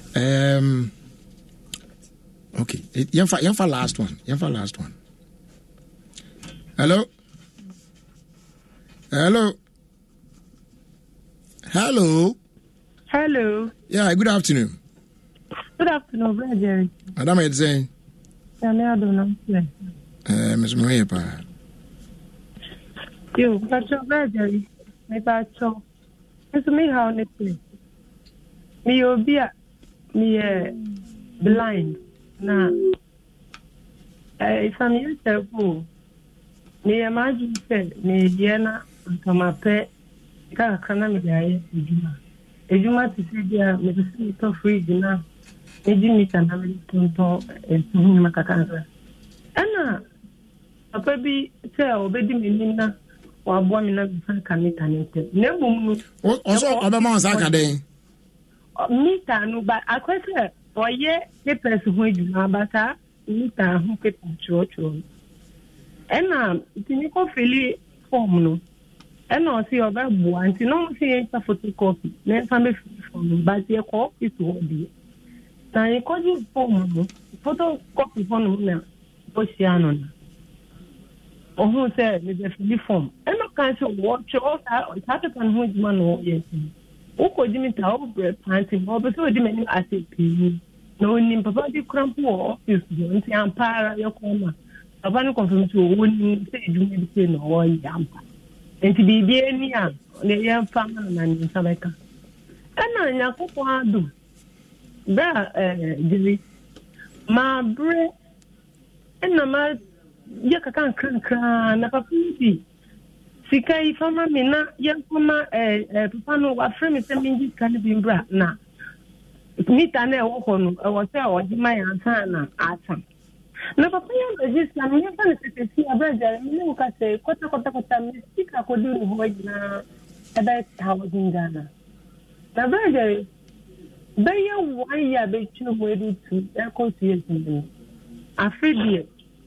Um, okay, you have a last one You have a last one. Hello, hello, hello. Hello. Yeah, good afternoon. Good afternoon, Brother Jerry. Madam, it's saying. Yeah, I don't know. Uh, Miss Maria, pa. You, Pastor Brother Jerry, Mister Pastor. Miss me you ne play. Me obi a ah. meyɛ uh, blind na ɛsiane yɛsɛfo o meyɛ m'adwene sɛ meedeɛ na nkamapɛ kakra na mede ayɛ adwuma adwuma te sɛ bi a mede sɛ metɔ fridge no a megye mita na mede tontɔn nsuhonyima kakakra ɛna papa bi sɛ ɔbɛdi oh, m'anim na waboa me na mefa ka mita ne ntɛm na mmom no ɔsɛ ɔbɛma wo saa ka dɛn mita no ba akɔ sɛ ɔyɛ papers ho adwuma basa mita ho paper twerɛtwerɛ no ɛna nti ne kɔfili fɔm no ɛna ɔsi ɔbɛboa nti na ɔmo si yɛ nfa photocopy na nfa bɛfili fɔm no ba ti ɛkɔ ɔfisi hɔ deɛ na yɛkɔgye fɔm no photocopy hɔ nom na ɔhyia no na ɔho sɛ mebɛfili fɔm ɛna ɔka sɛ wɔtwerɛ ɔsaa ɔsaa pepa no ho adwuma na ɔyɛ nti wokɔ gyi mi ta wobrɛ panti hɔ ɔpɛ sɛ odi m'anim asɛ pii na onim papa bi kora mpo wɔ ɔfis hɔ nti ampa ara yɛkɔ ma papa no kɔmfam sɛ ɔwɔ nim sɛ adwuma bi sei na ɔwɔyɛ ampa nti biribi ani a ne yɛmfa ma na ne nsa bɛka ɛna nyankopɔn adom berɛ a gyiri maaberɛ ɛna ma yɛ kakra nkra nkraa na papa no bi sika yi fama mi na yɛnkɔma papa no wafrɛ me sɛ minji sika no bi mbra na mita na ɛwɔ hɔ no ɛwɔ sɛ ɔgye ma yɛn ansa na asa na papa yɛn bɛgye sika no yɛn no tete si abɛgyare mi ne wo ka sɛ kɔta kɔta kɔta sika kɔdu ne hɔ nyinaa ɛbɛyɛ thousand na abɛgyare bɛyɛ one a bɛtwi mu edu tu ɛkɔ tu yɛ tu mu deɛ.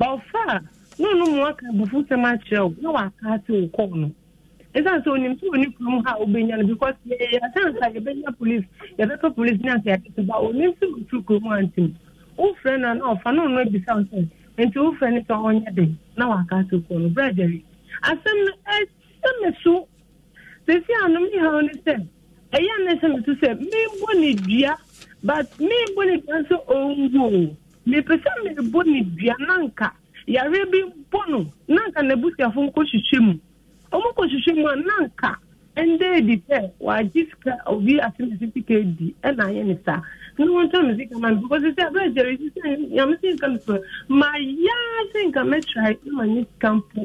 ba ɔfa a na ɔno mu aka na waka ase wo kɔɔ no ɛsiane sɛ onim sɛ ɔni kurom ha wobɛnya no because yɛyɛasansa yɛbɛnya police yɛbɛpɛ police ne asɛyɛtete ba ɔnim sɛ ɔtu kurom antim wofrɛ no a na ɔfa na ɔno abisa wo sɛ ntị wofrɛ na waka ase wo kɔɔ mepɛ sɛ merebɔ ne dua na nka yareɛ bi bɔ no na nka n'abusuafo nkɔhwehwɛ mu ɔmokɔhwehwɛ mu a na nka ɛndɛ adi sɛ wagye sika obi asene sika di ɛna ayɛ ne saa ne wɔntɔ me sika ma me because sɛ aberɛ gyere si sɛ nyame se nka mesɛ mayaa sɛ mɛtrae na manyɛ sika mpo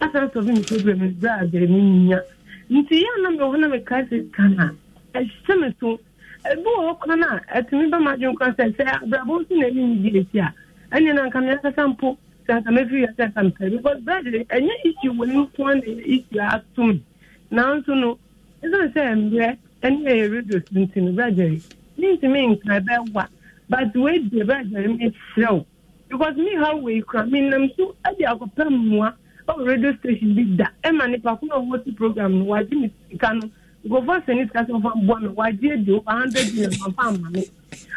asan sɔbe me problem no berɛ a gyere menya nti yɛ na mewɔ na mekae sika no a ɛhyɛ me so ebi wɔ hɔ kwan a ɛtumi bɛma adwene kwan sɛ sɛ abrabɔ nso na ɛne nyidi esi a ɛne na nka meakasa mpo sɛ nka mɛfiri yɛ sɛ nka mepɛ because brɛde ɛnyɛ issue wɔ ne nko na ɛyɛ issue ato me nanso no ɛsiane sɛ mmerɛ ɛne ɛyɛ radio so nti no brɛgyere mentumi nka ɛbɛwa but wɔadie brɛgyere meserɛ wo because me ha wei kora menam so ade akɔpɛ mmoa ɔwɔ radio station bi da ɛma nipa ko na ɔwɔ si program no wagye me sika no gọvọ sani kasa ọfa bua mi wagye di o hundred years ọfa ama mi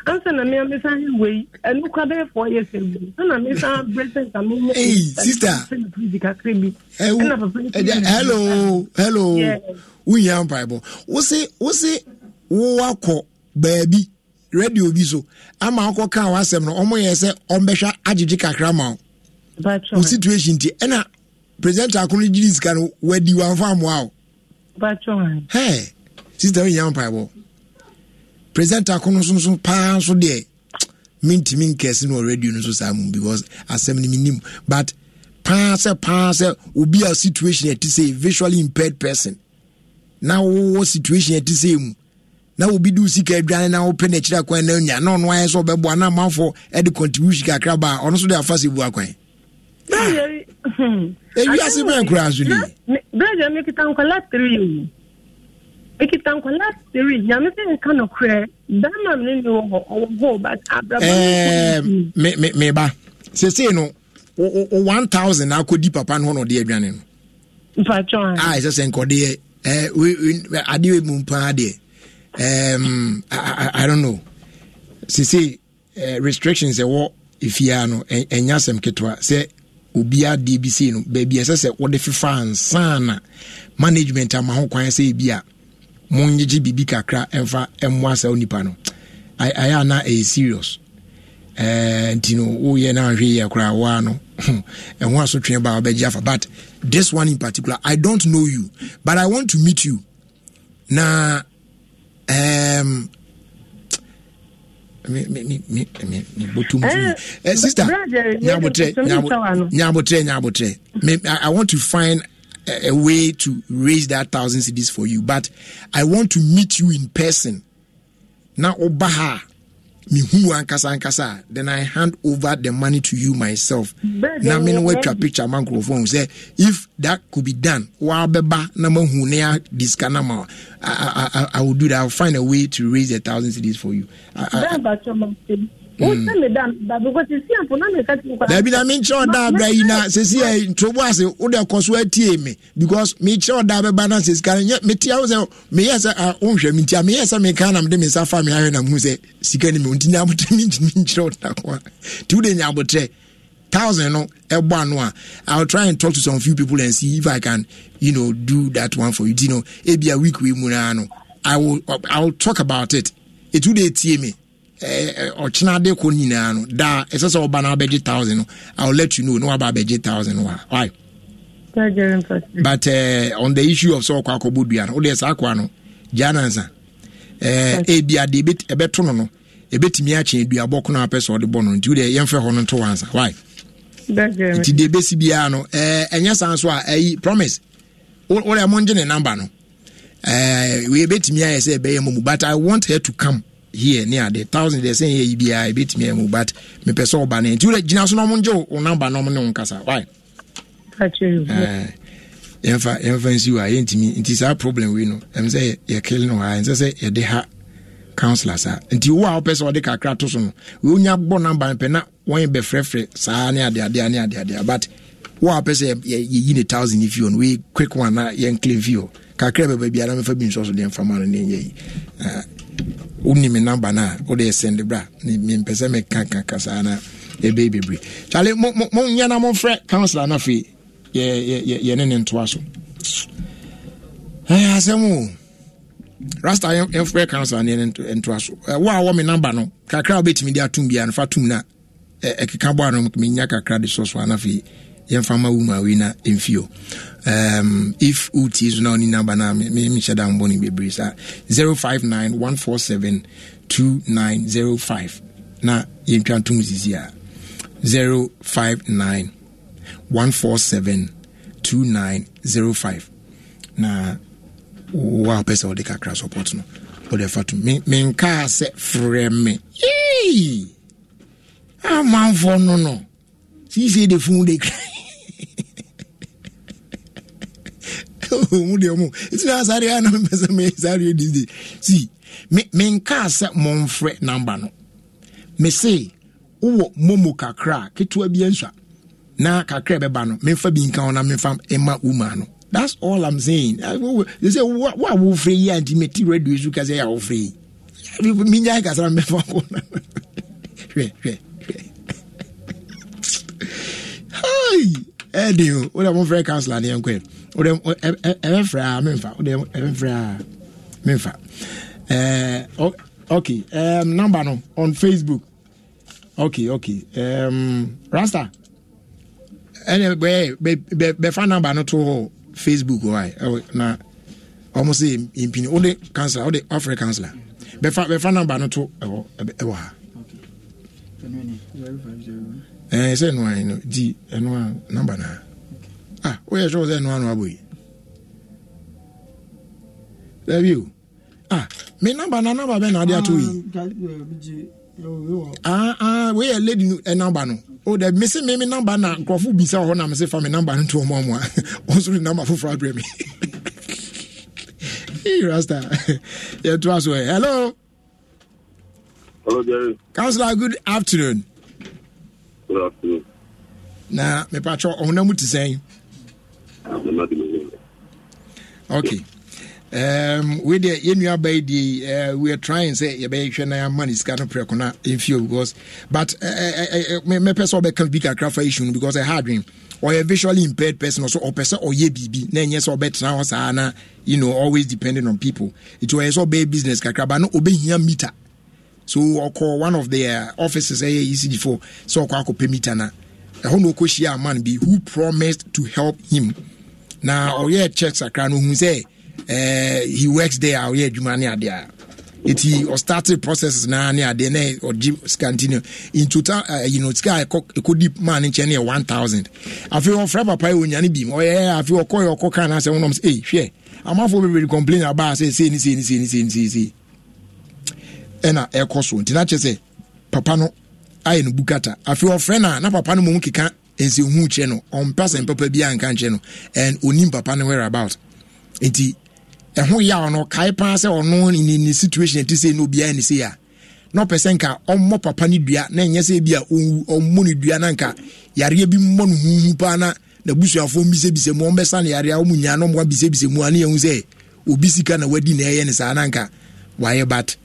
ansa na mmea mmesa ahe wei enukwa bɛyɛ four years ago ɛna mmesa bresin ka mi nye sista fridge kakra bi ɛna papa yi ti hello hello wunya mpaebɔ wosi wosi wowakɔ baabi radio bi so ama akɔ kan w'asɛm no ɔmo yɛ sɛ ɔmbɛhwɛ agyegye kakra ma uh, o wo situation ti ɛna president akɔnɔ gyi di sika no wadi wɔn afa amoa o hɛ sista yi yɛ mpaebɔ presenta ko no nso paa nso deɛ mentumi nkɛse no radio no so saa mu because asɛm no menim but paa sɛ paa sɛ obi a situation ɛte sɛ visually impaired person na wowɔ situation ɛte sɛ mu na obi de sika aduane na wopɛ no akyiri akwan no nya na ɔno ayɛ sɛ ɔbɛboa na amanfoɔ de contribution kakra baa ɔno so de afa sɛ bu akwan ewiase bɛn kura aso ni. bẹẹni mekita nkɔla tiri yi mekita nkɔla tiri nyame sɛ nka no korɛ bɛrima mene ne wɔ hɔ ɔwɔ hɔ but abrabɔ. ɛɛ meba eh, sese no o one thousand akɔdi papa no hɔ na ɔde aduane no. mpatwɔn. a ah, ɛsɛ sɛ nkɔdeɛ ɛɛ eh, adeɛ mu paa deɛ ɛɛm i don't know sese eh, restrictions ɛwɔ efiaa no ɛnya asɛm ketewa sɛ obiara deɛ bi sei no baabi ɛsɛ sɛ wɔde fefa ansa na management ama ho kwan sɛ ebi a monyegye biribi kakra ɛmfa ɛmmoa saa onipa no ayɛ a na ɛyɛ serious eh, nti no woyɛ no ahwɛ yɛ koraa woa no [LAUGHS] ɛho aso twe ba wobɛgye afa but this one in particular i don't know you but i want to meet you na um, Eh, eh, sister i want to find a, a, way to raise that thousand cds for you but i want to meet you in person now obaha mehu ankasa ankasa then i hand over the money to you myself na me no watwa picture ma nkurɔfoɔ hu sɛ if that could be done waabɛba na mahu ne adiska na ma I, I, I, I will do that. I will find a way to raise a thousand cities for you. I, I, I, um, Hmm. dabi na menkyerɛ ɔda abra yi na sɛsi ɛ ntobo ase wode kɔ so atie me because mekyerɛ ɔda bɛba no sɛ sika no metia wo sɛ meyɛ sɛ wonhwɛ me ntia meyɛ sɛ meka na mede me nsa fa me ahwɛ na mu sɛ sika no me nti nyabotrɛ menkyerɛ woda ko a nti wode nyabotrɛ thousand no ɛbɔ ano a i'll try and talk to some few people and see if i can you know do that one for you ti you know ebi a week wey mu naa no i will i will talk about it etu de tie me Eh, eh, ɔkyena de kɔ nyinaa no daa ɛsɛ sɛ ɔba na abɛgye thousand no i will let you know na waba abɛgye thousand no a ah, why. but uh, on the issue of sɛ ɔkɔ akɔbɔ dua no wodeɛ saa akoa no gyaa nansa ebi ade ɛbɛto no no ɛbɛtumi akyɛn dua bɔ kono apɛ sɛ ɔde bɔ no nti wodeɛ yɛmfɛ hɔ no nto wansa why nti deɛ ɛbɛsi biara no ɛnyɛ saa nso a ɛyi promise wodɛ mongye ne number no wei ɛbɛtumi ayɛ sɛ ɛbɛyɛ mɔ mu but i want her to come here ne ade thousand deɛ sɛ yɛ biara ɛbɛtumi amu but mepɛ sɛ ɔba no nti wodɛ gyina so na ɔmo ngye wo namba na ɔmo ne wo nkasa why yɛmfa yɛmfa nsi wɔ a yɛntumi nti saa problem wei no ɛm sɛ yɛkele no haa ɛnsɛ sɛ yɛde ha councillors a nti wo a wopɛ sɛ ɔde kakra to so no wonya bɔ namba pɛ na wɔn bɛfrɛfrɛ saa ne adeadeɛ ne adeadeɛ but wo a wopɛ sɛ yɛyi ne thousand fie no wei quick one na yɛnclaim fie hɔ kakra bɛba biara mɛfa bi nsɔ so deɛ mfama no neɛyɛ yi ah, wonim namba no a wode ɛsɛnde bra mempɛ sɛ meka kaka saa na ɛbɛyi bebree kyale monyɛ na momfrɛ councilor no afei yɛne ne ntoa so eh, asɛm o rasta yɛmfrɛ councilor ne ntoa so eh, wo a wɔ me namba no kakra a wobɛtumi de atom biara no fa tom no a ɛkeka bɔ ano menya kakra de sɔ so a yɛmfa ma wo ma wei na ɛmfio um, if wotie so na wone naba no a mehyɛ da mbɔ no bebree 059 147 2905 na yɛntwa ntom sisi a 059 147 2905 na wo a wopɛ sɛ wode kakra support no wode fa to menkaa sɛ frɛ me yei amanfoɔ no no sii sɛ de fuu de kra [LAUGHS] mu deɛ mu ɛtumi asa deɛ ana mepɛ sɛ meyɛ saa deɛ this day see me menkaa sɛ momfrɛ namba no me se wowɔ momo kakra ketewa bi ansua na kakra bɛba no memfa bi nka ho na memfa ɛma woma no that's all i'm saying they say wo a wofrɛ yi anti mete radio so ka sɛ yɛ a wofrɛ yi menyae kasa na mɛfa ko [LAUGHS] hwɛ hwɛ hwɛ [LAUGHS] ɛde o wode momfrɛ councilor ne yɛnkɔɛ wode ɛmɛfrɛ e, e, e, a memfa wode ɛmɛfrɛ a memfa ɛɛ eh, okay um, number no on facebook okay okay um, rasta ɛnɛ bɛ bɛ bɛfa number no to facebook hɔ ayi na ɔmo se mpini wode councillor wode afrɛ councillor bɛfa bɛfa number no to ɛwɔ ɛwɔ ha. ɛɛ sɛ ɛnua yi no di ɛnua number na ah woyɛ sɛ wo sɛ no abɔyi dabi o ah me namba na namba bɛ na ade ato yi ah, eh, eh, ah, ah, woyɛ lady no eh, no o dɛ mese me me namba na nkurɔfo bisa wɔ hɔ na mese fa me namba no to ɔmo amoa [LAUGHS] ɔnso de namba foforɔ abrɛ me [LAUGHS] Hey, Rasta. yeah, to us. Hello. Hello, Jerry. Councillor, good afternoon. Good afternoon. Na, me patro, ɔhunam ti sɛn okay um, we deɛ yɛn nua bɛyi deɛ uh, we are trying say, sɛ yɛbɛyɛ hwɛ na is ne sika no prɛko in few because but eh, eh, eh, me mɛpɛ sɛ ɔbɛka bi kakra fa issue I because ɛha or a visually impaired person so ɔpɛ sɛ ɔyɛ biribi na ɛnyɛ so ɔbɛtena hɔ saa na you know always depending on people It was sɛ ɔbɛyɛ business kakra but no ɔbɛhia meter so ɔkɔ one of the uh, offices ɛyɛ ecd4 sɛ ɔkɔ akɔpɛ meter na ɛhɔ na ɔkɔhyia a man be who promised to help him na ɔyɛ check sakra no hu sɛ eh, he works there a ɔyɛ adwuma ne adeɛ a ɛti ɔstarted processes naa ne adeɛ na ɔgye sika ntino in total uh, you know, sika ɛkɔ deep maa ne nkyɛn no yɛ 1000 afei ɔfrɛ papa yɛ onyane bi mu ɔyɛ eh, afei ɔkɔyɛ ɔkɔka no asɛ wonom sɛ ei hwɛ amafoɔ bebree complain abaa sɛ sei ne sei ne sei ne sei ne sei sei ɛna ɛkɔ so nti na kyerɛ sɛ papa no ayɛ no bukata afei ɔfrɛ no a na papa no mmom keka nsi hu kyerɛ no ɔmpɛ sɛ mpapa bi anka nkyerɛ no and onim papa no where about nti ɛho yaw no kae paa sɛ ɔno ne ne situation ɛte sɛ no obiara ne sei a na sɛ nka ɔmmɔ papa no dua na ɛnyɛ sɛ bi a ɔmmɔ no dua na nka yareɛ bi mmɔ no huhu paa na n'abusuafoɔ mbisabisa mu ɔmbɛsa no yareɛ a ɔmu nyaa na ɔmmoa bisabisa mu a ne sɛ obi sika na wadi na ɛyɛ ne saa na nka wayɛ bat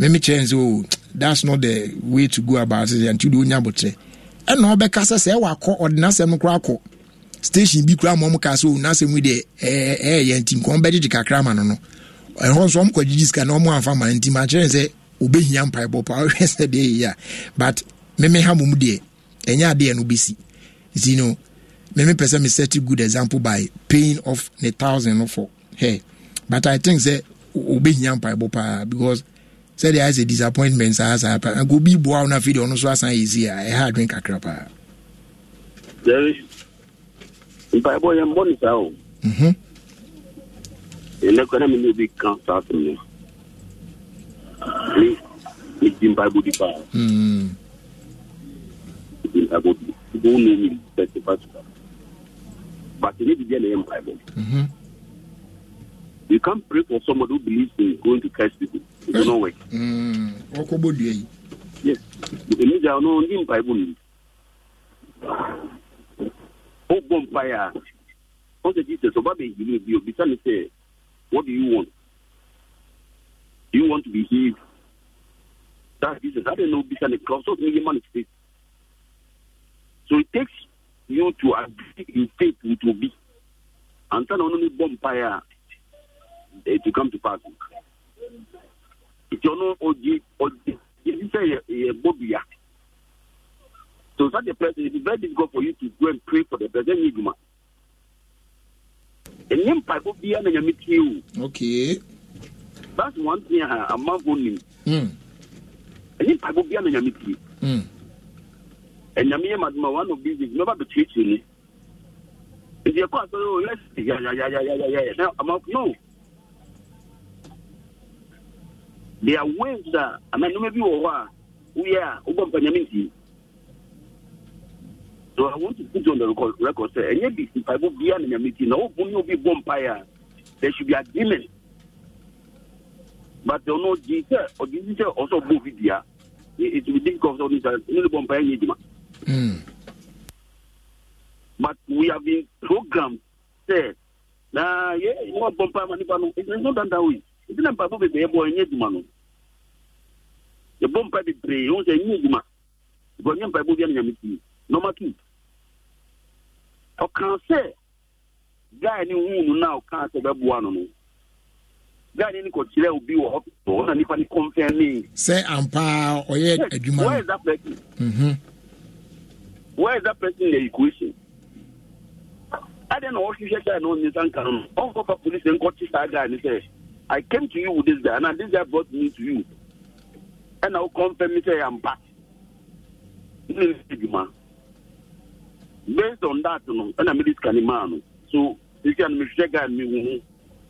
memekyerɛ n sɛ that's not the way to go about it until de ɔnya ɛna ɔbɛka sɛ sɛ ɛwɔ akɔ ɔde n'asɛm no koraa akɔ station bi koraa ma ɔmo ka so oh, n'asɛm yi deɛ ɛɛ ɛyɛ yɛn ntim kɔn bɛ gyegye kakra ma no no ɛhɔ nso ɔmo kɔ gyegye sika na ɔmo anfa ma ntim akyerɛ sɛ obehia mpaebɔ pa [LAUGHS] ɔhwɛ sɛ deɛ yɛ a but mɛmɛ ha mom deɛ ɛnyɛ adeɛ no besi nti no mɛmɛ pɛ sɛ mi set good example by paying off ne thousand no for hair but i think sɛ obehia mpaebɔ paa because sɛdeɛ ayɛ sɛ disappointment saa saa uh, pa nka obi boa wo no afei deɛ ɔno so asan yɛsi a ɛha adwen kakra paa mpaebɔ yɛ mbɔ ne saa o ɛnɛ kɔ na mene obi ka saa asɛm no me megye mpaebɔ di paa megye mpaebɔ di bo wo ne nyim sɛ tefa so but ne bibia na ɛyɛ mpaebɔ You can't pray for someone who believes in going to catch people. It will not work. Mm. Yes. Elijah, no, in Bible. Oh, bonfire. What did Jesus about being healed? You be say, what do you want? Do you want to be healed? That Jesus, I don't know, because the cross of million man So it takes you to agree in faith with your be. And then only bonfire it will come to pass nti ɔno ɔgye ɔgye yɛsi sɛ yɛ yɛ bɔ bia so it is very difficult for you to go and pray for the person yɛ dwuma ɛnyɛ mpaebɔ biara na nyame tie o okay that's one thing ha amanfo nim ɛnyɛ mpaebɔ biara na nyame tie ɛnyame yɛ madoma one of these days mɛba bɛtuatua ni nti yɛkɔ asɔre o yɛ yayayayayayɛ na amanfo no. there are ways a I mean bi wɔ hɔ a woyɛ a wobɔ so i want to put on the record record sɛ ɛnyɛ bi mpaebɔ biara na nyame ti na wobu ne obi bɔ mpae a there should be a demon. but ɔno gye sɛ ɔgye si sɛ ɔsɛ ɔbɔ obi bia it will be difficult for ɔno sɛ ɔno ne bɔ mpae but we have been programmed say, na yeah, wɔn bɔ mpae ma nipa no it's not that way ebi na mpaboa bebree bɔ ɛnyɛ adwuma no yɛbɔ mpa bebree wɔn sɛ ɛnyɛ adwuma bɔ ɛnyɛ mpaboa bi a nyame tie nɔɔma tu ɔkan sɛ guy ne hu no na ɔkan sɛ bɛboa no no guy ne kɔ kyerɛ obi wɔ hɔ ɔwɔ na nipa ne kɔnfɛn ne. sɛ ampa ɔyɛ adwuma e no where is that person. Mm-hmm. where is that person the equation. adị na ọhụhụ ihe guy na onye nsa nka no no ọ nkọfa polisi nkọchi saa guy ne sị. I came to you with this guy, and this guy brought me to you. And I'll confirm me say I'm back. Based on that, you know, and I made this kind of man. So, you can me share guy, me,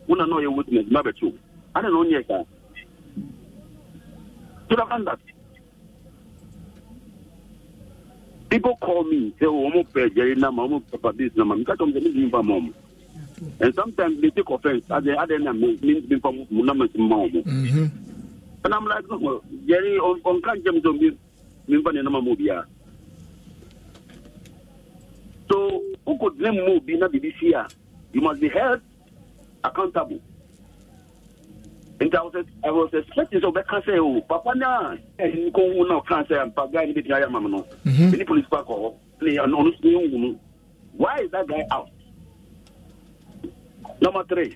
when I know your witness, my betu. I don't know, yes, So To the that. People call me, say, oh, I'm a pay, Jerry, I'm a papa, this, I'm a papa, I'm a papa, I'm a papa, And sometimes they take offense at the other end of me from Munamas mom. Mm-hmm. And I'm like, no, Jerry, on Kanjam to me, Mimpan and Mamubia. So, who could name move in the BCA? You must be held accountable. And I was, I was expecting so back say, oh, Papa, na, and go oh, now, cancer, and Paga, and the Mamma, mm-hmm. any police back or play an honest new Why is that guy out? number three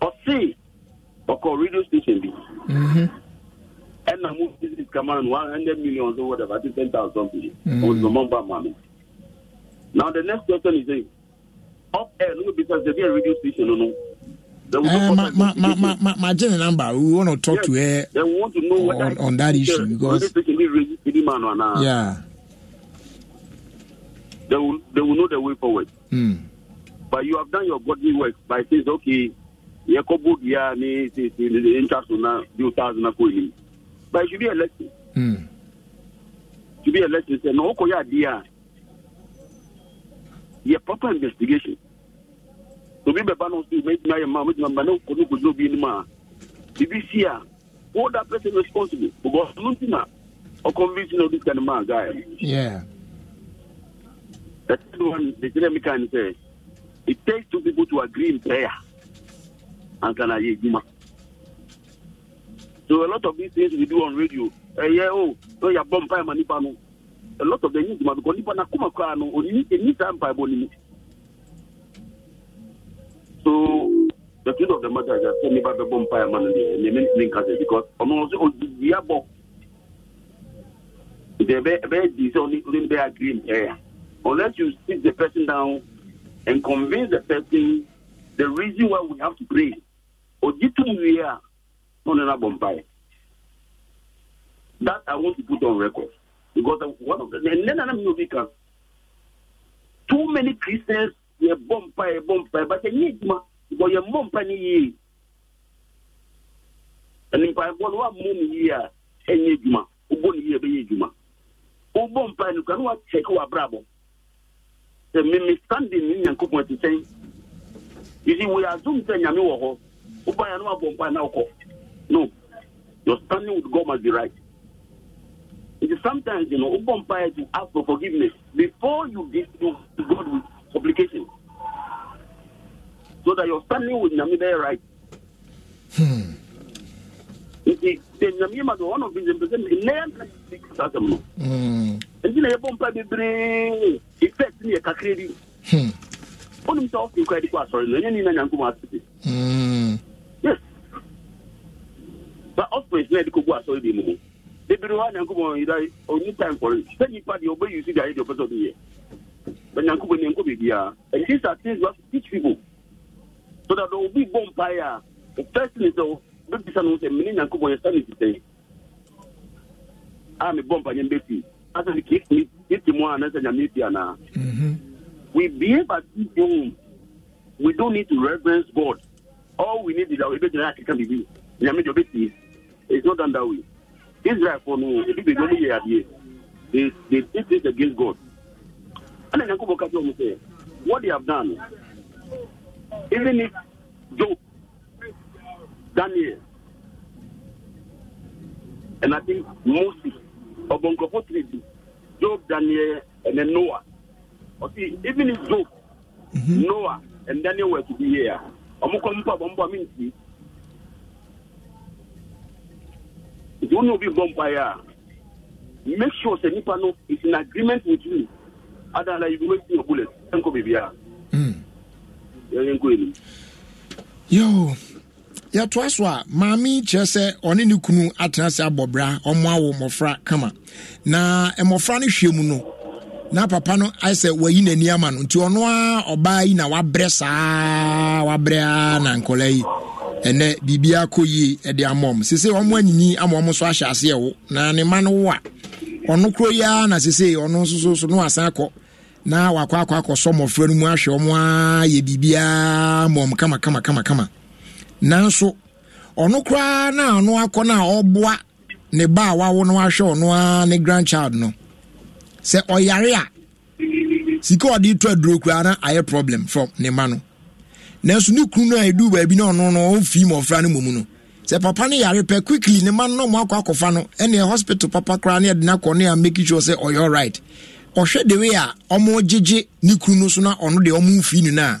ɔse ɔkɔ radio station bi ɛna mhm. mu business command one hundred million or whatever ten thousand something On the number, maame now the next question is up air no be because there be a radio station no no. Uh, ma, ma, ma, ma, ma, ma number. We want to talk yes, to her they want to know on, on that issue because yeah, they will they will know the way forward. Mm. but you have done your godly work by saying, okay, Yakobu Dia ni interest na due thousand ko him. But it should be a lesson. Mm. To be a lesson, say, no, okay, yeah, yeah, proper investigation. To be the balance to make my mom, my man, no, could not be in ma. BBC, hold that person responsible because nothing or convincing of this kind of man guy. Yeah. That's the one the dynamic can say. It takes two people to agree in prayer and can aye juma. So a lot of these things we do on radio, eh, yeah, oh, so oh, your bomb fire manipa no. A lot of the news man because nipa na kuma kwa no, oni any time by boni. So the truth of the matter is that tell me about the bomb fire man and the main link as because ono also on the diabo. The very very this only only they agree in prayer. Unless you sit the person down and convince the person the reason why we have to pray. Ojitumwia, that I want to put on record. Because one of the, and then I'm because too many Christians, they're bomb by, but they need ma, but you're bomb by ye. And if I want one moon here, and ye, Juma, Ubon here, be Juma. Ubon Pine, you can watch, check our bravo. mimi standing ne nyankopɔn ati sɛn nti woyɛ asom sɛ nyame wɔ hɔ woba ya no wabɔ mpa na wokɔ no your standing with god must be right nti sometimes you know wobɔ mpa to ask for forgiveness before you give to god with supplication so that your standing with nyame bɛyɛ right hmm. nti nyame ma do ɔno mpɛsɛ nnɛ saa sɛm no nti na yɛbɔ mpa bebree effect ne yɛ kakra bi wonim sɛ wofi kwa de kɔ asɔre no ɛnyɛ ni na nyankopɔn asete yes but offering na yɛde kɔgu asɔre bi mu mu bebree hɔ a nyankopɔn yɛda ɔni time for it sɛ nipa deɛ ɔbɛyi si deɛ ayɛ deɛ ɔpɛ sɛ ɔde yɛ but nyankopɔn ne nkɔ biribiara and these are things you have to teach people so that obi bɔ mpaeɛ a the first thing is bɛbisa no sɛ mene nyankopɔn yɛsa ne sisɛn a mebɔ mpanyɛ mbɛti asɛ ne kɛti mu a na nyame ti anaa mhm. we behave as people we don't need to reverence God all we need is our ebɛgyina akeka biribi nyame deɛ ɔbɛtie it's not done that way israelfoɔ no ebi baabi ɔmo yɛ adeɛ they they take this against God ɛna nyankopɔn ka kyerɛ ɔmo sɛ what they have done even if you." daniel and I think Moses or Bongopo Tribu, Job, Daniel, and then Noah. Or see, even if Job, mm-hmm. Noah, and Daniel were to be here, Omokompa Bomba Minti, it will not be Bombaya. Make sure the Nipano is in agreement with you. Otherwise, you will waste your bullets. Thank you, baby. Hmm. Yo. yɛtoa so a maame kyerɛ sɛ ɔne ne kunu atena sɛ abɔ bra ɔmo awo mmɔfra kama na mmɔfra no hwɛ mu no na papa no ayɛ sɛ wayi n'ani ama no nti ɔno a ɔbaa yi na wabrɛ saa wabrɛ a na nkɔla yi ɛnɛ biribi kɔ yie ɛde ama ɔm sese ɔmo anyinyi ama ɔmo so ahyɛ aseɛ wo na ne ma no wo a ɔno koro yi ara na sese ɔno nso so so no asan kɔ na wakɔ akɔ akɔ sɔ mmɔfra no mu ahwɛ ɔmo a yɛ biribiara ma ɔm kama kama kama. nanso ɔno koraa na ano akɔ no a ɔboa ne ba a wawo no ahwɛ ɔno ara ne grandchild no sɛ ɔyare a sika ɔde to aduro koraa na ayɛ problem from ne ma no nanso ne kunu no a ɛduu baabi na ɔno no ɔmfii mmɔfra no mmom no sɛ papa no yare pɛ quickly ne ma no na akɔ akɔfa no ɛne hospital papa koraa ne ɛde nakɔ ne a make sure sɛ ɔyɛ alright ɔhwɛ de wei a ɔmo gyegye ne kunu no so na ɔno deɛ ɔmo mfii no no a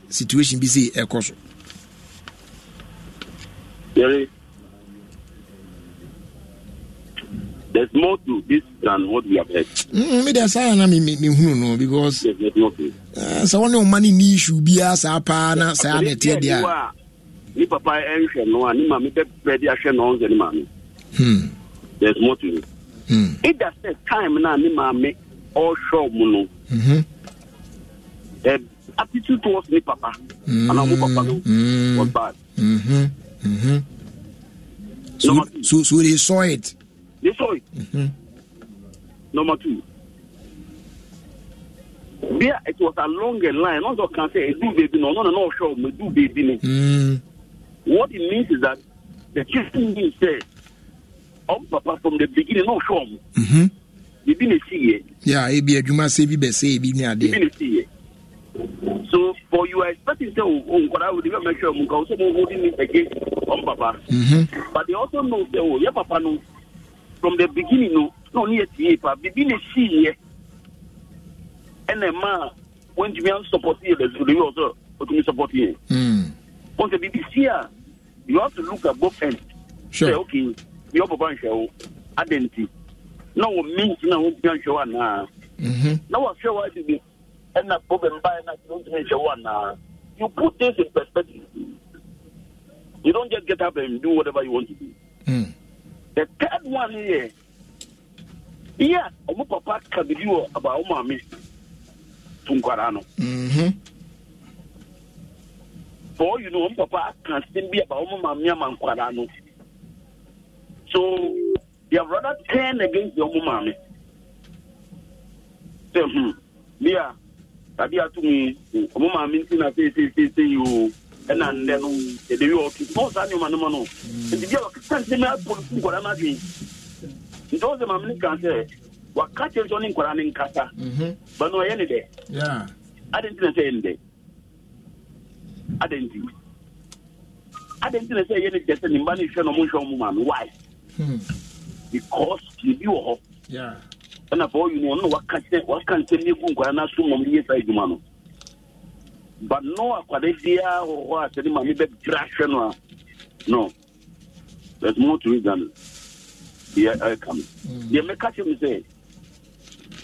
situation bi sei ɛkɔ so there's more to this than what we have heard. Mm, me dey say, na mi mi hunu no because eh, sɛ wɔn ne ɔma ne ni isu biara saa paa na saa na ɛteɛ deɛ a. ni papa ɛnhwɛ no a ni maame bɛ bɛ de ahwɛ no ɔnzɛ ni maame. Hmm. there's more to it. Hmm. it does time na ni maame ɔhwɛ ɔmo no. Mhm. ɛbi attitude towards me papa mm-hmm. and our papa no, mm-hmm. bad. Mm-hmm. Mm-hmm. So, so so they saw it. They saw it. Mm-hmm. Number two. There it was a a line. Also can say do baby no no no no sure me do baby no. Mm. What it means is that the Christian being said, um papa from the beginning no sure. Mm-hmm. Ebi na Yeah, ebi be a ebi bɛ se ebi ni adeɛ. Ebi na esi So for you are expecting say, oh nkwara wo dey make sure nka o so mo holding me against on papa. Mm-hmm. But they also know say oh your papa no from the beginning no no near tie pa bibi na see here. Ɛna ma when you are supporting you the you also o tumi support you. Mm. Once bibi see ah you have to look at both ends. Sure. Say okay your papa nhwe wo identity. Na wo mean na wo bi nhwe wo na. Mhm. Na wo hwe wo bi and problem by not make one. You put this in perspective. You don't just get up and do whatever you want to do. Mm. The third one here, yeah, Omo Papa Kabiru about Omami Tunkwarano. Mm-hmm. For you know, Omo Papa can still be about Omami Mankwarano. So, you have rather turned against the Omo Mami. Say, hmm, yeah. tàbí àtúnmí ọmọ màá mi ti na seeseese yi o ɛna nnɛ no yɛde wi ɔtu n'o saa nneɛma no mu no nti a wakita nsɛm abolo fún nkwadaa n'adwene nti ɔsɛ maame ne kan sɛ waka kyerɛ sɛ ɔne nkwadaa ne nkasa ɔyɛ ne dɛ adi nti na sɛ yɛ ne dɛ adi nti adi nti na sɛ yɛ ne dɛ sɛ ne mba ne hwɛ na ɔmo nhwɛ ɔmo maame why hmm. because ne wɔ hɔ. ɛna fa ɔyi no ɔno na waka kyerɛ waka nsɛm yɛ gu nkwadaa no aso mmom de yɛ saa no ba no akwadaa biara wɔ hɔ a sɛ ne maame bɛdra ahwɛ no a no there's more to it deɛ ɛka mm. no deɛ mɛka kyerɛ mu sɛ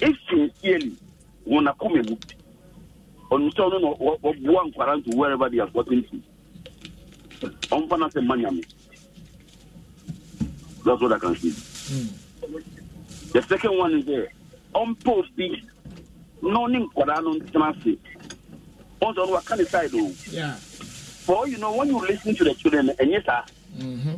ɛsinsieli wɔn akoma mu ɔno sɛ ɔno na wɔboa nkwadaa nto wherever they are supporting to ɔmfa no asɛ ma that's what i can see mm. The second one is there. Eh, on posting, no name Korano Tamasi. Also, what kind of side? Yeah. For you know, when you listen to the children, and yes, sir. Mm-hmm.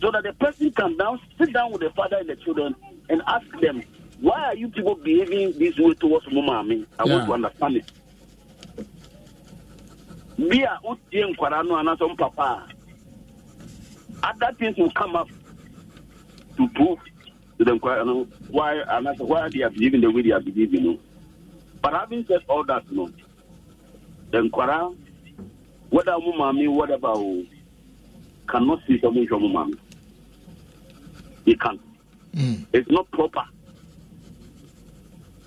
So that the person can now sit down with the father and the children and ask them, why are you people behaving this way towards Mama? I I yeah. want to understand it. Me, I would see and some papa. Other things will come up to prove to them you know, why and I said, why they are believing the way they are believing, You know? But having said all that, you know, then Kwara, whether mommy, whatever, oh, cannot see something from mommy. He can't. Mm. It's not proper.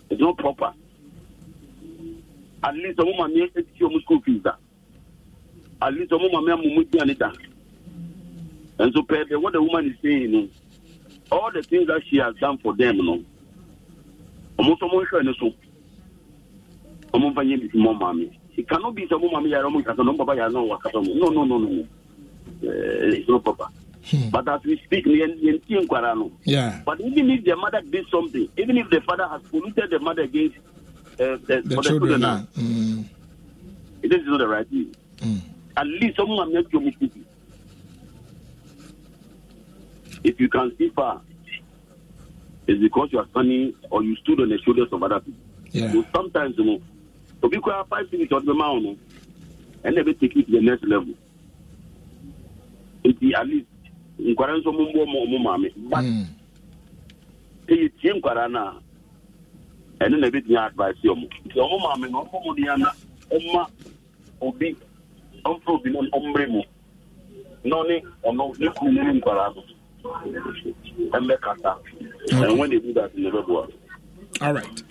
It's not proper. At least a woman may take your school fees. At least a woman may move and so, what the woman is saying, you know, all the things that she has done for them, you know, almost almost sure, so almost by It cannot be some mommy, no, no, no, no, no, eh, it's not proper. Hmm. But as we speak, yeah. But even if the mother did something, even if the father has polluted the mother against uh, the, the, children, the ah. mm. this is not the right thing. Mm. At least someone made you be. If you can see far, it's because you are standing or you stood on the shoulders of other people. Yeah. So sometimes, you know, to be quite five minutes on the mountain, and never take it to the next level. It at least nkwara nso mu mbɔ mu mu maame. But eyi tie nkwara na ɛne na ebi tinya advice ɔmo. Nti ɔmo maame na ɔmo mu di ya na ɔma obi ɔmfɛ obi na ɔmmere mu na ɔne ɔno ne kunu ne nkwara no. And All right.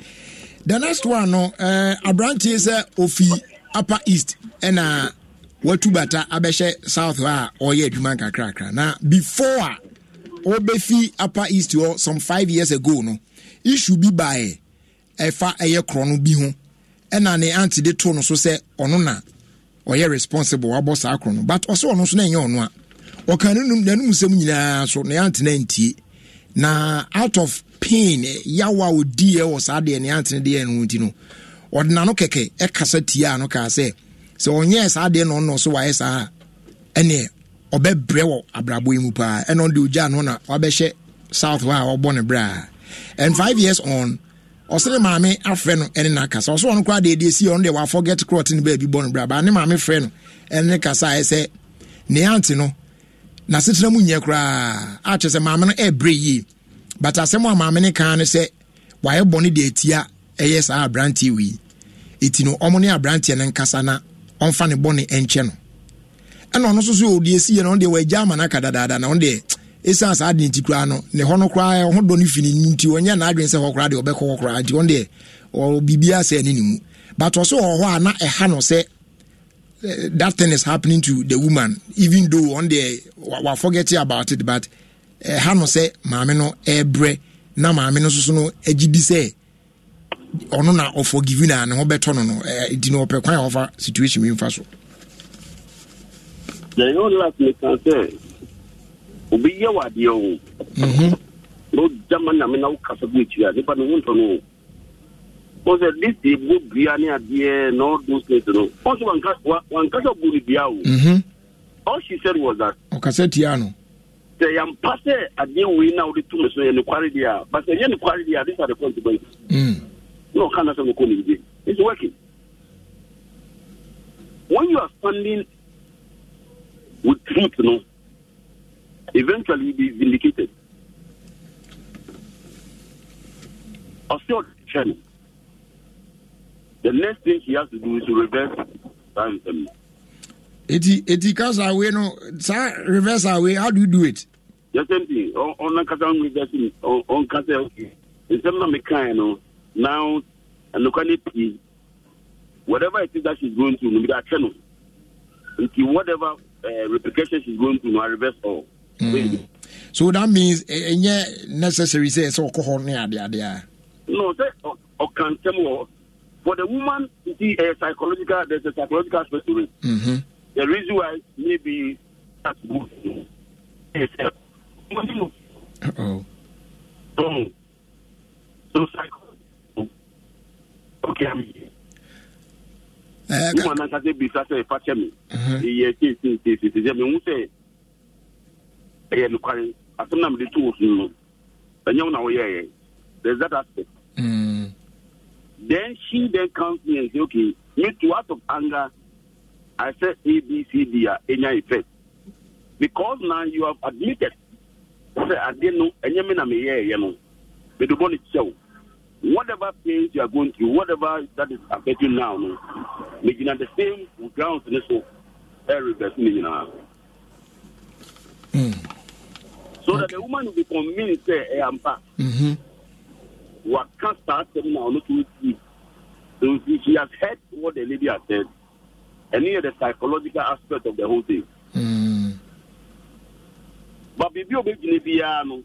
The next one, no, uh, eh, Abranti is uh, Ofi Upper East, and uh, eh, watu bata abɛhyɛ south a ah, ɔyɛ adwuma nkakrakra na before a ah, ɔbɛfi upper east hɔ some five years ago no issue bi baeɛ ɛfa ɛyɛ korɔ no bi ho ɛna ne ante de to no so sɛ ɔno na ɔyɛ responsible wabɔ saa korɔ no but ɔsɛ ɔno nso na ɛnyɛ ɔno a ɔka nanom sɛm nyinaa so na yɛantena ntie na out of pain eh, yawa a ɔdiiɛ wɔ saa deɛ na yɛantene deɛ no nti no ɔde n'ano kɛkɛ ɛkasa tiaa no kaa sɛ sɛ ɔnyɛɛ saa deɛ na ɔnɔ so wayɛ saa a ɛneɛ ɔbɛbrɛ wɔ abrabɔ yi mu paa ɛna ɔde ogya no na wabɛhyɛ south hɔ a ɔbɔ ne berɛ a and five years on ɔsene maame afrɛ no ɛne nakasa ɔso ɔno kora deɛ deɛ ɔno deɛ waforget krɔt no baabi bɔ no berɛ baa ne maame frɛ no ɛne kasa a ɛsɛ ne ante no n'asetena mu nyɛ koraa akyerɛ sɛ maame no ɛrebrɛ yie but asɛm a maame no kan no sɛ wayɛ bɔne deɛ atia ɛyɛ saa aberanteɛ wei ɛti no ɔmo ne aberanteɛ no nkasa na ɔmfa ne bɔne ɛnkyɛ no ɛna ɔno nso so ɔde asiɛ no ɔno deɛ wɔagya ama no aka dadaada na ɔno deɛ ɛsiane saa adeɛ nti koraa no ne hɔ no koraa ɔho dɔ no fini no nti ɔnyɛ n'adwene sɛ hɔ koraa deɛ ɔbɛkɔ hɔ koraa nti ɔno deɛ biribiaa sɛ ne ne mu but ɔso wɔ hɔ a na ɛha no sɛ Eh, that thing is happening to the woman even though one day we are forgetting about it but ha eh, no sɛ maame no ɛbrɛ na maame no soso no agye di sɛ ɔno na ɔforgive na ne ho bɛtɔ no no nti eh, no ɔpɛ kwan a ɔfa situation bi mfa so. yɛyɛ ɔlas mekan sɛ obi yɛ wadeɛ o mm-hmm. No ɔgya ma name na wo kasa bi akyiri a nipa no wontɔ no wọn at least they bɔ dua any idea, na all those things no Also, sɛ wanka wankasa bu ne dua o. all she said was that. ɔkasa tia no. sɛ yampa sɛ we now na two tum so yɛ nokware deɛ a but sɛ yɛ nokware deɛ a these are the consequences. na mm. No, na sɛ mekɔ ne yie it's working. when you are funding with truth no eventually be vindicated. ɔsɛ still kyɛ The next thing she has to do is to reverse time. interview. Eti eti cars away no sir reverse away how do you do it? The same thing. On on kasa on reverse on on kasa in terms of mechanic no now and look at it whatever it is that she's going to no be that channel. Until whatever uh, eh, replication she's going to no reverse all. Mm. So that means ɛnyɛ e, necessary say so. No, hɔ ne adeadeɛ a for the woman, you see, a psychological, there's a psychological aspect to it. Mm-hmm. The reason why maybe that's good is uh oh. So, so psycho. Okay, I'm here. woman ankasa bisa sɛ ɛfa kyɛ me yɛ tietietieti sɛ mehu sɛ ɛyɛ nokware asɛm na mede too so no ɛnyɛ wo na woyɛɛyɛ there's that aspect mm. Then she then comes to me and says, okay, me too, out of anger, I said A, B, C, D, are ah, any effect. Because now you have admitted, I said, I didn't know, and you mean I'm here, you know, but the body show. Whatever pains you are going through, whatever that is affecting now, no, making at the same ground, so every person, you know. Mm. So okay. that the woman will be convinced, hey, eh, eh, I'm back. Mm-hmm. What waka saa asɛm na ɔno too si so she has heard what the lady has said ɛne yɛ the psychological aspect of the whole thing mm. but biribi a ɔbɛgyina biara no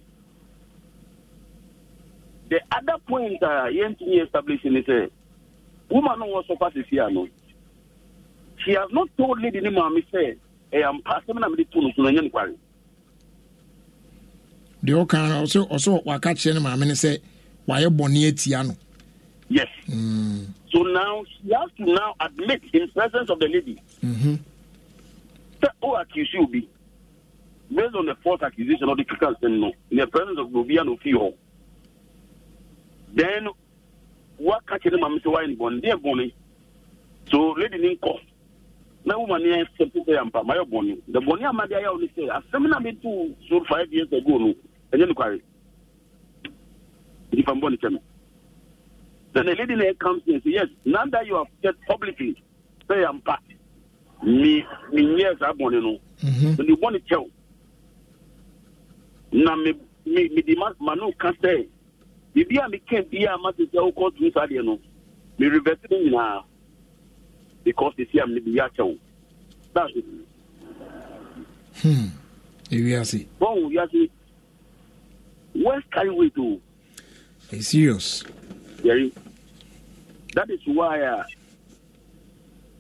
the other point a yɛntumi establish ne sɛ woman no wɔ sɔfa sesi a no she has not told lady ne maame sɛ ɛyɛ mpa asɛm na mede to no so no the nokware deɛ ɔka ɔsɛ ɔsɛ waka kyerɛ no maame ne sɛ wayɛ bɔne atia no yes mm. so now he has to now admit in presence of the lady sɛ mhm. o accuse you bi based on the false accusation of the kika nsɛm no in the presence of obi a na hɔ then waka kyerɛ maame sɛ wayɛ ne bɔne deɛ bɔne so lady ni nkɔ na woman yɛ sɛpɛ sɛ yɛmpa mayɛ bɔne the bɔne a made ne sɛ asɛm na meto so five years ago no ɛnyɛ nokware from Bonichemi. Then the lady there comes and says, Yes, now that you have said publicly, say I'm back. Me, me, yes, I'm born, you know. When you want to tell, now me, me, me demand, Manu can say, Bibi, I can't be a man to say, Oh, God, you know, me reverse it now because they see I'm the Yacho. That's it. Hmm. you are see. Oh, you are see. What can we do. It's serious. That is why uh,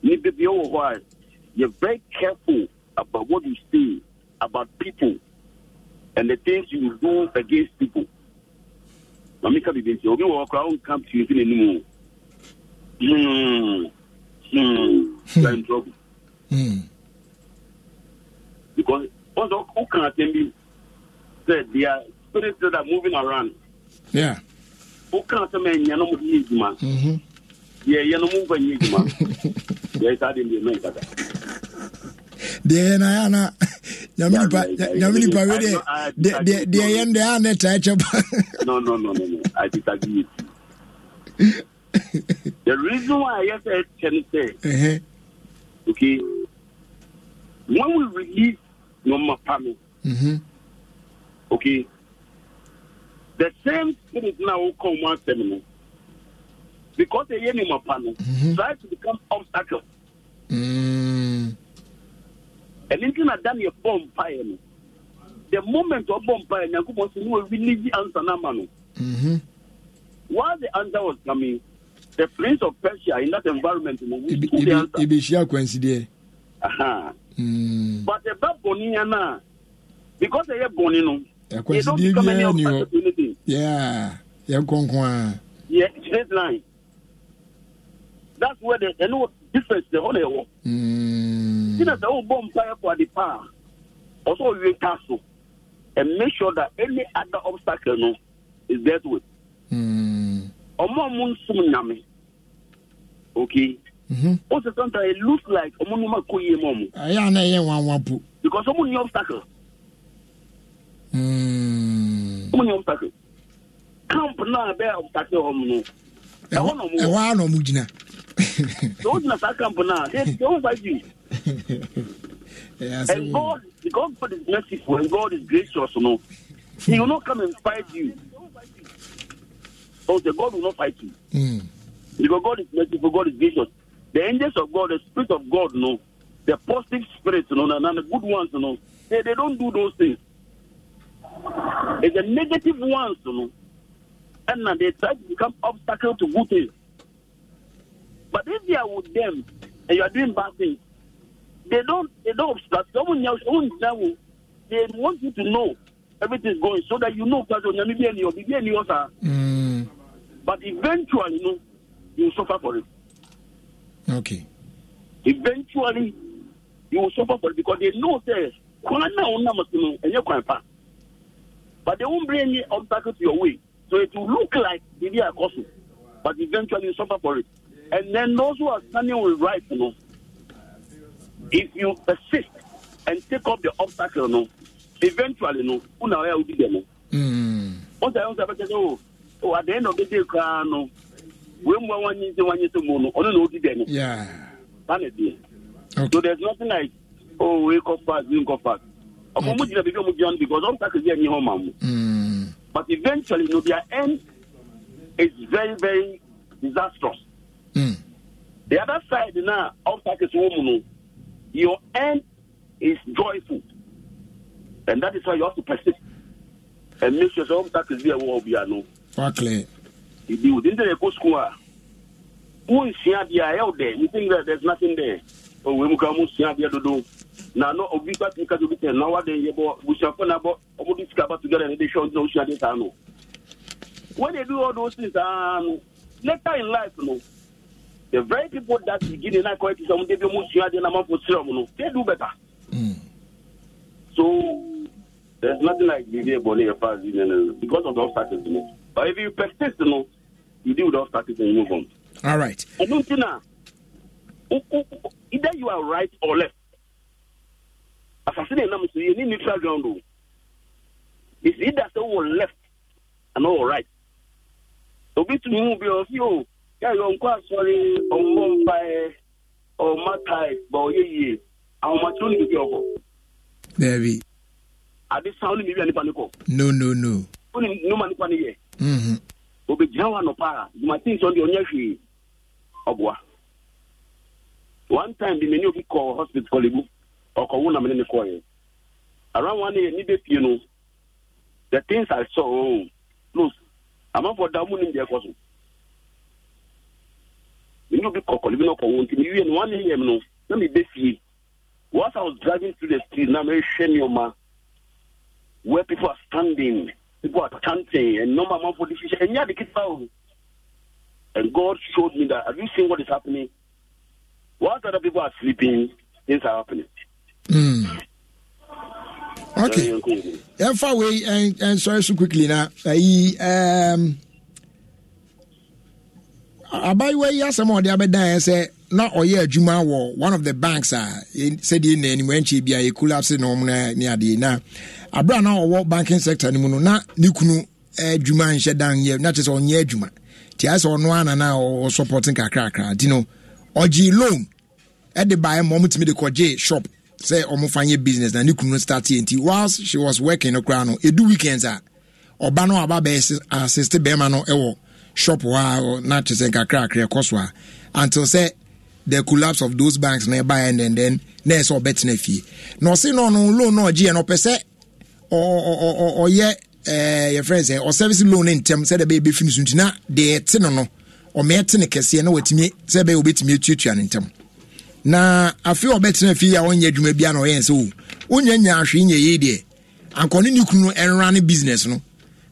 you're very careful about what you say about people and the things you do against people. Mami ka bibi nti obi wɔ ɔkora ɔn kam tiyo fi n'anim o. trouble. Hmm. Because also who can attend me? Said they are spirits that are moving around. Yeah woka sɛ manya no monyɛ adwuma yɛyɛ no momfa nyɛ adwuma [LAUGHS] yɛɛ saa deɛ deɛ mankata deɛ yɛ na ana nyame nipa we deɛ deɛ deɛ yɛ n deɛ kyɛ pa no no no no no i disagree with you [LAUGHS] the reason why i say ten uh-huh. say okay when we release normal pami mm-hmm. okay the same spirit now woka ɔmo asɛm no because ɛyɛ ne mapa no try to become obstacle mm-hmm. and nti na done bɔ bomb fire. the moment of bomb fire, sɛ ne wawi ne yi answer no ama mm-hmm. while the answer was coming the prince of persia in that environment no we took the answer ebehyia akwansi deɛ but ɛba bɔne ana because ɛyɛ bɔne no akwasidie biara ni hɔ yeah yɛn kɔnkɔn a. yɛ straight line that's where the ɛnu difference de hɔ na ɛwɔ. sinna sɛ o bɔ mpa yɛ kɔ adi paa ɔsɔ owie kaa so and make sure that any other obstacle no is dealt with. ɔmo hmm. a mo nsum nyame okay. o sɛ sometimes it looks like ɔmo nneɛma kɔ yie ma ɔmo. ayi a na yɛ nwanwa po. because ɔmo ni obstacle. wonyɛ hmm. mpase camp no a bɛɛ mpase hɔ mu no ɛhɔ na ɔmo ɛhɔ gyina sɛ [LAUGHS] wogyina saa camp no a they fight you and God God is merciful and God is gracious no he will not come and fight you so oh, the God will not fight you mm. because God is merciful God is gracious the angels of God the spirit of God no the positive spirits no and the good ones no they, they don't do those things it's the negative ones, you know, and they try to become obstacle to good things. But if you are with them and you are doing bad things, they don't they don't obstruct. They want you to know everything's going so that you know ah. mm. but eventually you know you suffer for it. Okay. Eventually you will suffer for it because they know that but they won't bring any obstacles your way. So it will look like they did a gospel, but eventually you suffer for it. And then those who are standing with right, you know, if you persist and take up the obstacle, you know, eventually, you know, unaware will be there. Mm. Once I was about to say, oh, at the end of the day, you know, when one needs one year to mono, only know the day. Yeah. Okay. So there's nothing like, oh, wake up fast, drink up fast mu bíbí ọmọ because obstacles yẹ ẹni hàn máa mu. but eventually you know, their end is very very disastrous. Mm. the other side na obstacles wọ́n mu no your end is joyful and that is why you have to persist and make sure say obstacles bi ẹwọ ọbi ano. Fakle. Ibi o, dindin ẹkọ sukuu a, wọ́n nsí are out dẹ̀, you think that there is nothing there, òwe mu ká wọ́n nsí to do na no obi ba tumi kasa obi tɛ na wa de yɛ bɔ busuafo na bɔ ɔmo de sika ba together ne de sɔn when they do all those things saa um, later in life no the very people that begin in kɔɛ ti sɛ ɔmo de bi ɔmo sua de na ma no they do better. Mm. so there's nothing like bibi ebonyi efa zi nene because of the obstacles you know but if you persist you know you deal with the obstacles and you move on. all right. Uh, oh, oh, oh, either you are right or left. asase na ɛnam so yɛ ne neutral ground o it's either sɛ wowɔ left anaa wɔ right obi tumi mu bi ɔfi o yɛayɛ ɔnkɔ asɔre ɔmmɔ mpaeɛ ɔmma tae ba ɔyɛ yie ahomakyerɛ no biribi ɔkɔ daabi ade sa wone mewia nipa no kɔ no no no wone noma nipa no yɛ mm-hmm. obɛgyina wo anɔpa a dwumaten sɛ deɛ ɔnyɛ hwee ɔboa one time de m'ani obi kɔɔ hospital kɔlebu ɔkɔwo na mene ne kɔɛ around one year ni bɛ fie no the things i saw o no amanfoɔ da mu ni deɛ ɛkɔ so mene obi kɔkɔ ebi na ɔkɔwo nti mewie no one year mu no na mebɛ fie once i was driving through the street na mehwɛ nneɔma where people are standing people are chanting and normal amanfoɔ de hyehyɛ ɛnyɛ ade ketewa o and god showed me that have you seen what is happening while other people are sleeping things are happening Hmm. okay yɛmfa wei ɛnsɔre so quickly na ayi eh, um, abayewa yi asɛm a ɔde abɛdaeɛ sɛ na ɔyɛ adwuma wɔ one of the banks a sɛdeɛ na animuankyɛ bi a yɛcolapse no ɔm ne adeɛ na aberɛ a na ɔwɔ banking sector no mu no na ne kunu eh, adwuma nhyɛ dan yɛ na kyerɛ sɛ ɔnyɛ adwuma nti ayɛ sɛ ɔno ana na ɔsupporting nkakrakra nti no ɔgyee loan ɛde baeɛ ma ɔmtumi de kɔgyee shop sɛ ɔmofa nyɛ business na ne kunu start yɛ nti whilst she was working no koraa no ɛdu weekends a ɔba no aba bɛyɛ assiste bɛrima no ɛwɔ shop hɔ a na te sɛ nkakraakra ɛkɔ so a until sɛ the collapse of those banks na ɛbaɛ and then then na ɛsɛ ɔbɛtena fie na ɔse no ɔno loan no ɔgyeɛ no ɔpɛ sɛ ɔyɛ eh, yɛfrɛ sɛ ɔservice loan no ntɛm sɛdeɛ ɛbɛyɛ bɛfini so nti na deɛ ɛte no no ɔma ɛte no kɛseɛ na watumi sɛ ɛbɛyɛ wobɛtumi atuatua no ntɛm na afei ɔbɛtena fie a ɔnyɛ adwuma bia na ɔyɛ o oh, wonya nya ahwee nyɛ yei deɛ ankɔne ne kunu ɛnra ne business no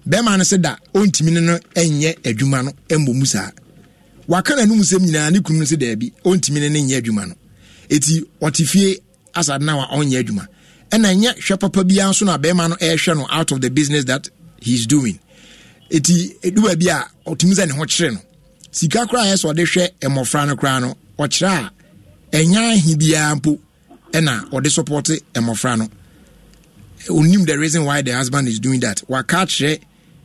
bɛrima no sɛ da ɔntumi no no ɛnyɛ adwuma no mu saa waka sɛm nyinaa ne kunu no sɛ daabi ɔntumi no no nyɛ adwuma no ɔte a ɔnyɛ adwuma ɛna ɛnyɛ hwɛ papa nso na bɛrima no ɛrehwɛ no out of the business that he is doing bi a ɔtumi sɛ ne ho kyerɛ no sika koraa ɛnya ahi biara mpo ɛna ɔde support mmɔfra no onim the reason why the husband is doing that waka kyerɛ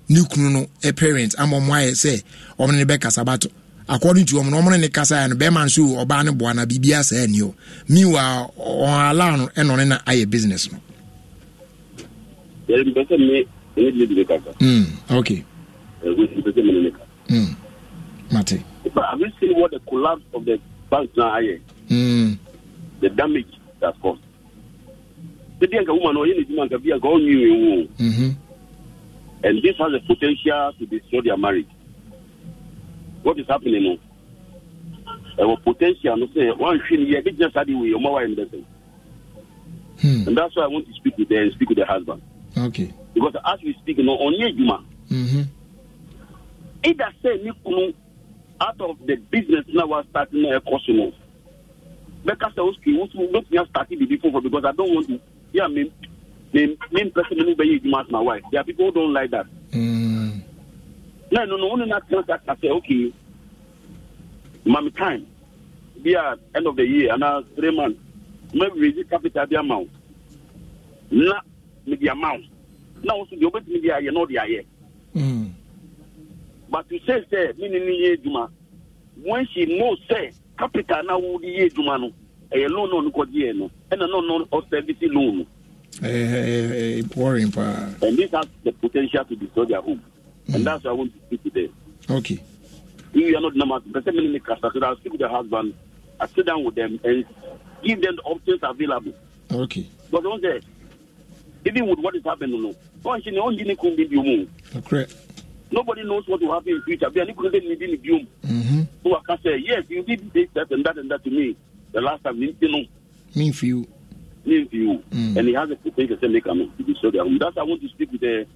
ne kunu no a parent ama ɔmo ayɛ sɛ ɔmo ne bɛkasa bato according to ɔmo no ɔmo ne ne kasa yɛ no bɛrima nso ɔbaa ne boa na biribi asɛ ɛni o meanwhile ɔn allow no ɛna ɔne na ayɛ business no. yɛrɛ hmm, okay. ɛɛ hmm, mate. but have you seen what the collapse of the bank now ayɛ. Mm. the damage that's caused sɛdeɛ anka woman ɔyɛ ne dwuma anka bia anka ɔnwiwe wo and this has a potential to destroy their marriage what is happening no ɛwɔ potential no sɛ wanhwɛ no yɛ bɛgyina saa de wei ɔma wayɛ no bɛsɛn Hmm. And that's why I want to speak with them, speak with their husband. Okay. Because as we speak, now, know, on Yejuma, mm-hmm. either say Nikunu out of the business now we're starting a course, you mɛka sɛ wo skul wotum wobɛtumi astarte biribi foforɔ because i don't want to yɛ me me mpɛsɛ me ne wobɛyɛ adwuma as my wife there are people who don't like that na hmm. ɛno no wo ne no atena sɛ aka sɛ okay ma time bi a end of the year anaa three months mɛwresi capital bi ama wo na mede ama wo na wo so deɛ wobɛtumi de ayɛ No, wode ayɛ but to say sɛ me ne no yɛ adwuma when she knows sɛ capital náà wọ́n yé edwuma no ɛyɛ loan náà ɔnukɔ di yɛ no ɛna náà ɔnɔ ɔsɛbisi loan. ɛɛ ɛɛ boring paa. and this has the potential to destroy their home. Mm. and that's why I want to speak to them. okay. if you are not normal person many make kasa so that I speak with their husband I sit down with them and give them the options available. okay. but don't say even with what is happening now, ɔn ṣe ni ɔn ṣe ni kun bi bi mu. correct. Nobody knows what will happen in future. We are needing the mm So I can say, yes, you did this, that, and that, and that to me. The last time, you know. Me for you. Me for you. Mm. And he has a potential to make a move. That's why I want to speak with the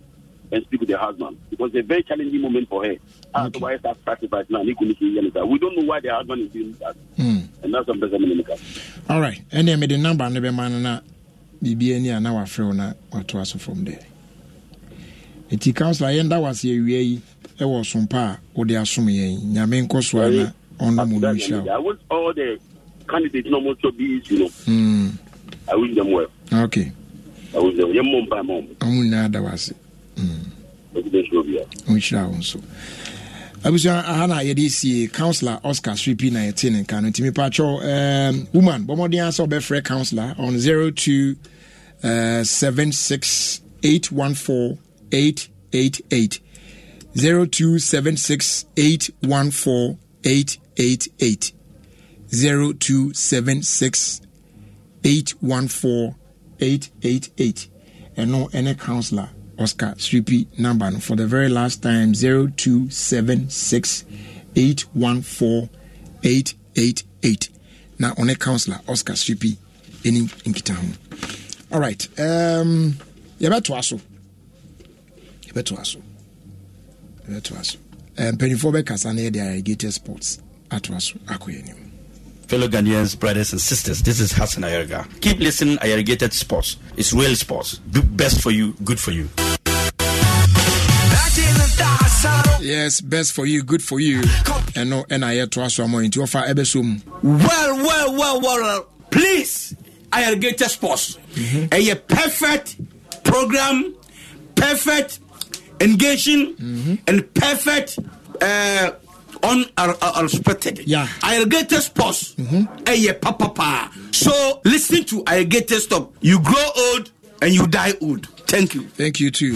and speak with the husband because it's a very challenging moment for her. As okay. Otherwise, that sacrifice now, we don't know why the husband is doing that. Mm. And that's something that All right. And then, the number, and the man, and we're free. friend, what to us from there. Eti, councilor yɛn da wase awia yi ɛwɔ sompa a wode asom yɛn nyame nkɔ so ana ɔno mu no nhyira candidate no must i wish them well okay i wish them yɛn mɔ mpa mɔ ɔmo nyinaa da wase hmm. nhyira wo nso abusua aha na yɛde sie councilor oscar sripi na yɛte ne nka no ntimi pakyɛw um, ehm, woman bɔmmɔden a sɛ ɔbɛfrɛ councilor on 02 uh, 76 814 eight eight eight zero two seven six eight one four eight eight eight zero two seven six eight one four eight eight eight ɛno ɛne councillor oscar sripi number no for the very last time zero two seven six eight one four eight eight eight na ɔne councillor oscar sripi ɛni in ho all right um, to so. bɛtoa so bɛtoa so eh, mpanyinfoɔ bɛkasa na yɛde irrigated sports akɔ yɛn fellow Ghanaians, brothers and sisters. This is Hassan Ayerga. Keep listening Ayergated Sports. It's real sports. Do best for you, good for you. Yes, best for you, good for you. And no, and I hear to us more into offer Ebesum. Well, well, well, well, please, Ayergated Sports. Mm-hmm. Eh, A perfect program, perfect engaging, mm-hmm. and perfect. Uh, on are, are respected. Yeah. Irrigated sports. Mm-hmm. Eh, so listen to a stop. You grow old and you die old. Thank you. Thank you too.